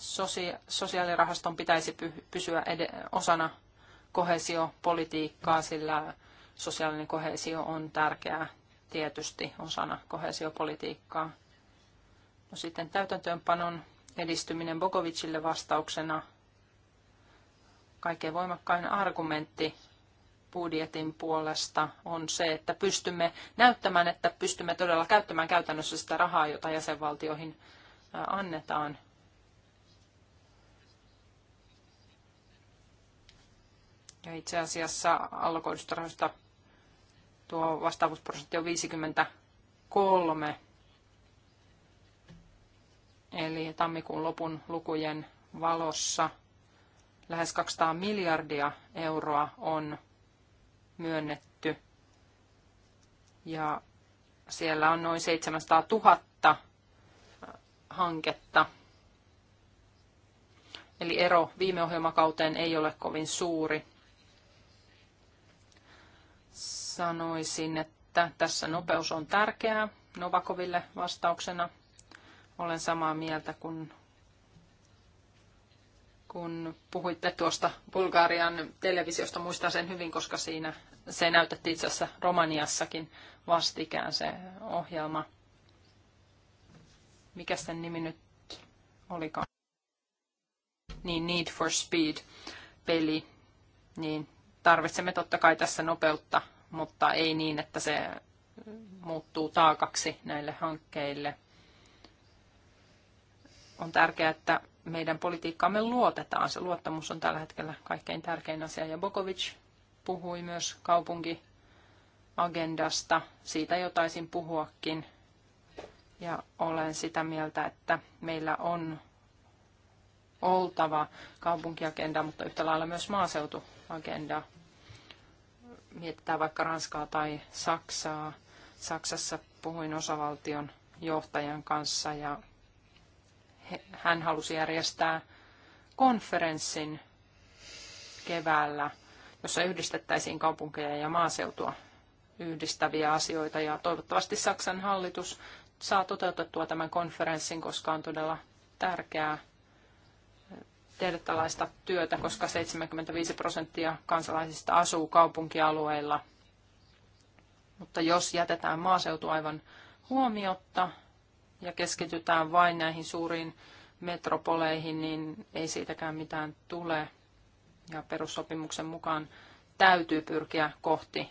sosiaalirahaston pitäisi pysyä osana kohesiopolitiikkaa, sillä sosiaalinen kohesio on tärkeää tietysti osana kohesiopolitiikkaa. No sitten täytäntöönpanon edistyminen Bogovicille vastauksena. Kaikkein voimakkain argumentti budjetin puolesta on se, että pystymme näyttämään, että pystymme todella käyttämään käytännössä sitä rahaa, jota jäsenvaltioihin annetaan. Ja itse asiassa allokoidusta rahoista tuo vastaavuusprosentti on 53. Eli tammikuun lopun lukujen valossa lähes 200 miljardia euroa on myönnetty. Ja siellä on noin 700 000 äh, hanketta. Eli ero viime ohjelmakauteen ei ole kovin suuri. Sanoisin, että tässä nopeus on tärkeää Novakoville vastauksena. Olen samaa mieltä kuin kun puhuitte tuosta Bulgarian televisiosta, muistan sen hyvin, koska siinä se näytettiin itse asiassa Romaniassakin vastikään se ohjelma. Mikä sen nimi nyt olikaan? Niin Need for Speed-peli. Niin tarvitsemme totta kai tässä nopeutta, mutta ei niin, että se muuttuu taakaksi näille hankkeille. On tärkeää, että meidän politiikkaamme luotetaan. Se luottamus on tällä hetkellä kaikkein tärkein asia. Ja Bokovic puhui myös kaupunkiagendasta. Siitä jotaisin puhuakin. Ja olen sitä mieltä, että meillä on oltava kaupunkiagenda, mutta yhtä lailla myös maaseutuagenda. Mietitään vaikka Ranskaa tai Saksaa. Saksassa puhuin osavaltion johtajan kanssa ja hän halusi järjestää konferenssin keväällä, jossa yhdistettäisiin kaupunkeja ja maaseutua yhdistäviä asioita. Ja toivottavasti Saksan hallitus saa toteutettua tämän konferenssin, koska on todella tärkeää tehdä tällaista työtä, koska 75 prosenttia kansalaisista asuu kaupunkialueilla. Mutta jos jätetään maaseutu aivan huomiotta, ja keskitytään vain näihin suuriin metropoleihin, niin ei siitäkään mitään tule. Ja perussopimuksen mukaan täytyy pyrkiä kohti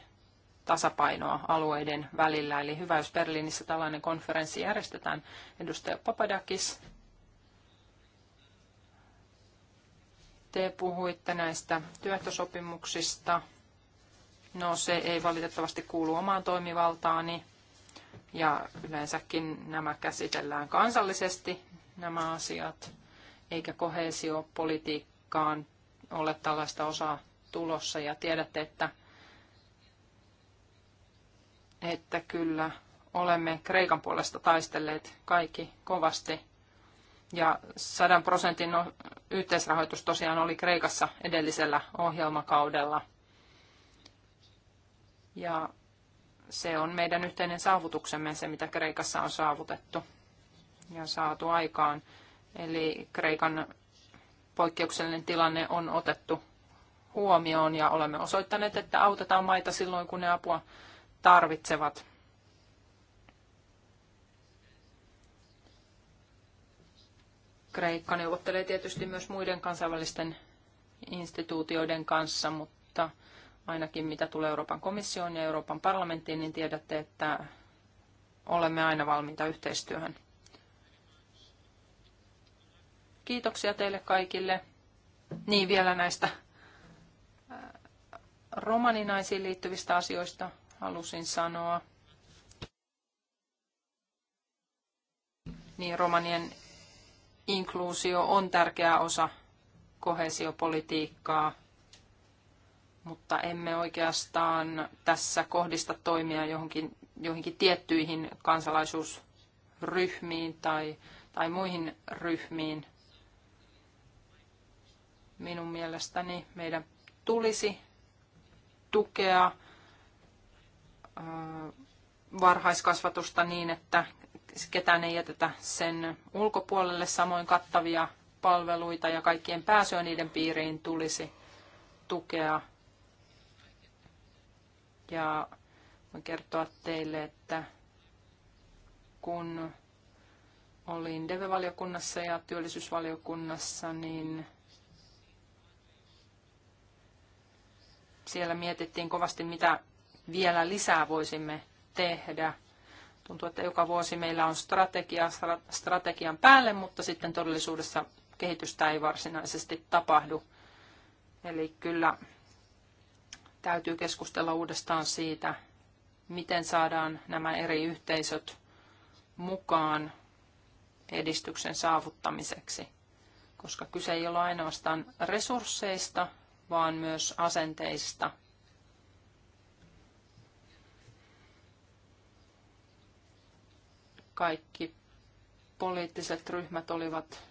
tasapainoa alueiden välillä. Eli hyvä, jos Berliinissä tällainen konferenssi järjestetään. Edustaja Papadakis, te puhuitte näistä työehtosopimuksista. No se ei valitettavasti kuulu omaan toimivaltaani. Ja yleensäkin nämä käsitellään kansallisesti, nämä asiat, eikä kohesiopolitiikkaan ole tällaista osaa tulossa. Ja tiedätte, että, että kyllä olemme Kreikan puolesta taistelleet kaikki kovasti. Ja sadan prosentin yhteisrahoitus tosiaan oli Kreikassa edellisellä ohjelmakaudella. Ja se on meidän yhteinen saavutuksemme, se mitä Kreikassa on saavutettu ja saatu aikaan. Eli Kreikan poikkeuksellinen tilanne on otettu huomioon ja olemme osoittaneet, että autetaan maita silloin, kun ne apua tarvitsevat. Kreikka neuvottelee tietysti myös muiden kansainvälisten instituutioiden kanssa, mutta ainakin mitä tulee Euroopan komissioon ja Euroopan parlamenttiin, niin tiedätte, että olemme aina valmiita yhteistyöhön. Kiitoksia teille kaikille. Niin vielä näistä äh, romaninaisiin liittyvistä asioista halusin sanoa. Niin romanien inkluusio on tärkeä osa kohesiopolitiikkaa mutta emme oikeastaan tässä kohdista toimia johonkin, johonkin tiettyihin kansalaisuusryhmiin tai, tai muihin ryhmiin. Minun mielestäni meidän tulisi tukea varhaiskasvatusta niin, että ketään ei jätetä sen ulkopuolelle. Samoin kattavia palveluita ja kaikkien pääsyä niiden piiriin tulisi tukea ja voin kertoa teille, että kun olin DEVE-valiokunnassa ja työllisyysvaliokunnassa, niin siellä mietittiin kovasti, mitä vielä lisää voisimme tehdä. Tuntuu, että joka vuosi meillä on strategia strategian päälle, mutta sitten todellisuudessa kehitystä ei varsinaisesti tapahdu. Eli kyllä täytyy keskustella uudestaan siitä, miten saadaan nämä eri yhteisöt mukaan edistyksen saavuttamiseksi, koska kyse ei ole ainoastaan resursseista, vaan myös asenteista. Kaikki poliittiset ryhmät olivat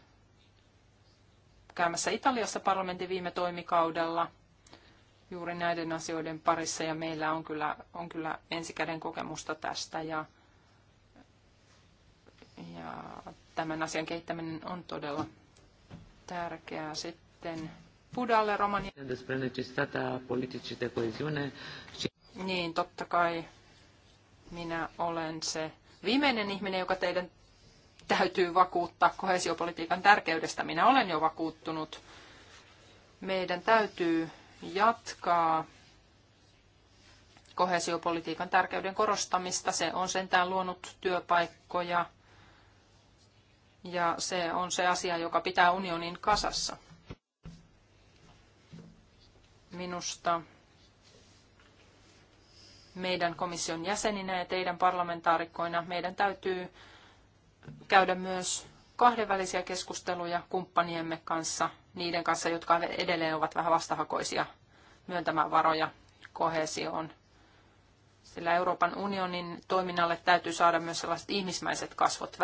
käymässä Italiassa parlamentin viime toimikaudella – juuri näiden asioiden parissa ja meillä on kyllä, on kyllä ensikäden kokemusta tästä ja, ja tämän asian kehittäminen on todella tärkeää sitten pudalle Romania. Niin, totta kai minä olen se viimeinen ihminen, joka teidän täytyy vakuuttaa kohesiopolitiikan tärkeydestä. Minä olen jo vakuuttunut. Meidän täytyy jatkaa kohesiopolitiikan tärkeyden korostamista. Se on sentään luonut työpaikkoja ja se on se asia, joka pitää unionin kasassa. Minusta meidän komission jäseninä ja teidän parlamentaarikkoina meidän täytyy käydä myös kahdenvälisiä keskusteluja kumppaniemme kanssa, niiden kanssa, jotka edelleen ovat vähän vastahakoisia myöntämään varoja kohesioon. Sillä Euroopan unionin toiminnalle täytyy saada myös sellaiset ihmismäiset kasvot,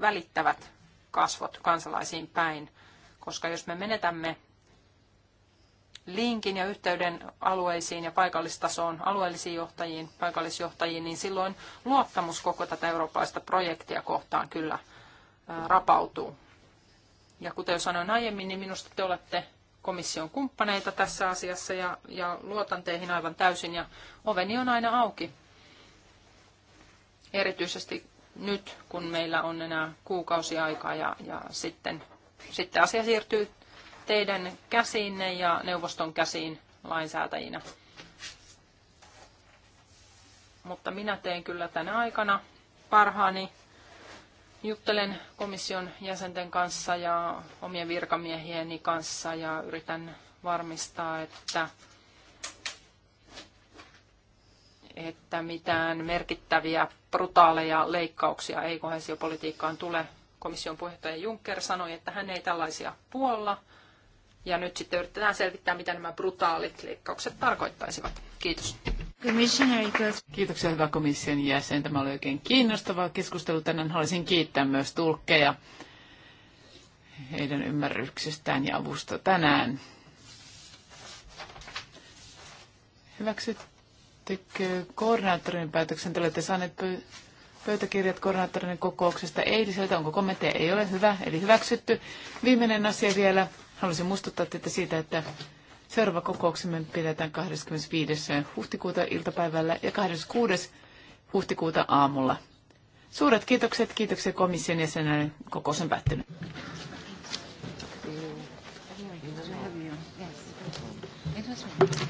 välittävät kasvot kansalaisiin päin, koska jos me menetämme linkin ja yhteyden alueisiin ja paikallistasoon, alueellisiin johtajiin, paikallisjohtajiin, niin silloin luottamus koko tätä eurooppalaista projektia kohtaan kyllä rapautuu. Ja kuten jo sanoin aiemmin, niin minusta te olette komission kumppaneita tässä asiassa ja, ja luotan teihin aivan täysin ja oveni on aina auki. Erityisesti nyt, kun meillä on enää kuukausi aikaa ja, ja sitten, sitten asia siirtyy teidän käsiinne ja neuvoston käsiin lainsäätäjinä. Mutta minä teen kyllä tänä aikana parhaani juttelen komission jäsenten kanssa ja omien virkamiehieni kanssa ja yritän varmistaa, että, että mitään merkittäviä brutaaleja leikkauksia ei kohesiopolitiikkaan tule. Komission puheenjohtaja Juncker sanoi, että hän ei tällaisia puolla. Ja nyt sitten yritetään selvittää, mitä nämä brutaalit leikkaukset tarkoittaisivat. Kiitos. Kiitoksia hyvä komission jäsen. Tämä oli oikein kiinnostava keskustelu. Tänään haluaisin kiittää myös tulkkeja heidän ymmärryksestään ja avusta tänään. Hyväksyttekö koordinaattorin päätöksen? Te olette saaneet pö- pöytäkirjat koordinaattorin kokouksesta eiliseltä. Onko kommentteja? Ei ole hyvä, eli hyväksytty. Viimeinen asia vielä. Haluaisin muistuttaa teitä siitä, että Seuraava kokouksemme pidetään 25. huhtikuuta iltapäivällä ja 26. huhtikuuta aamulla. Suuret kiitokset, kiitoksia komission jäsenelle. Kokous on päättynyt. Thank you.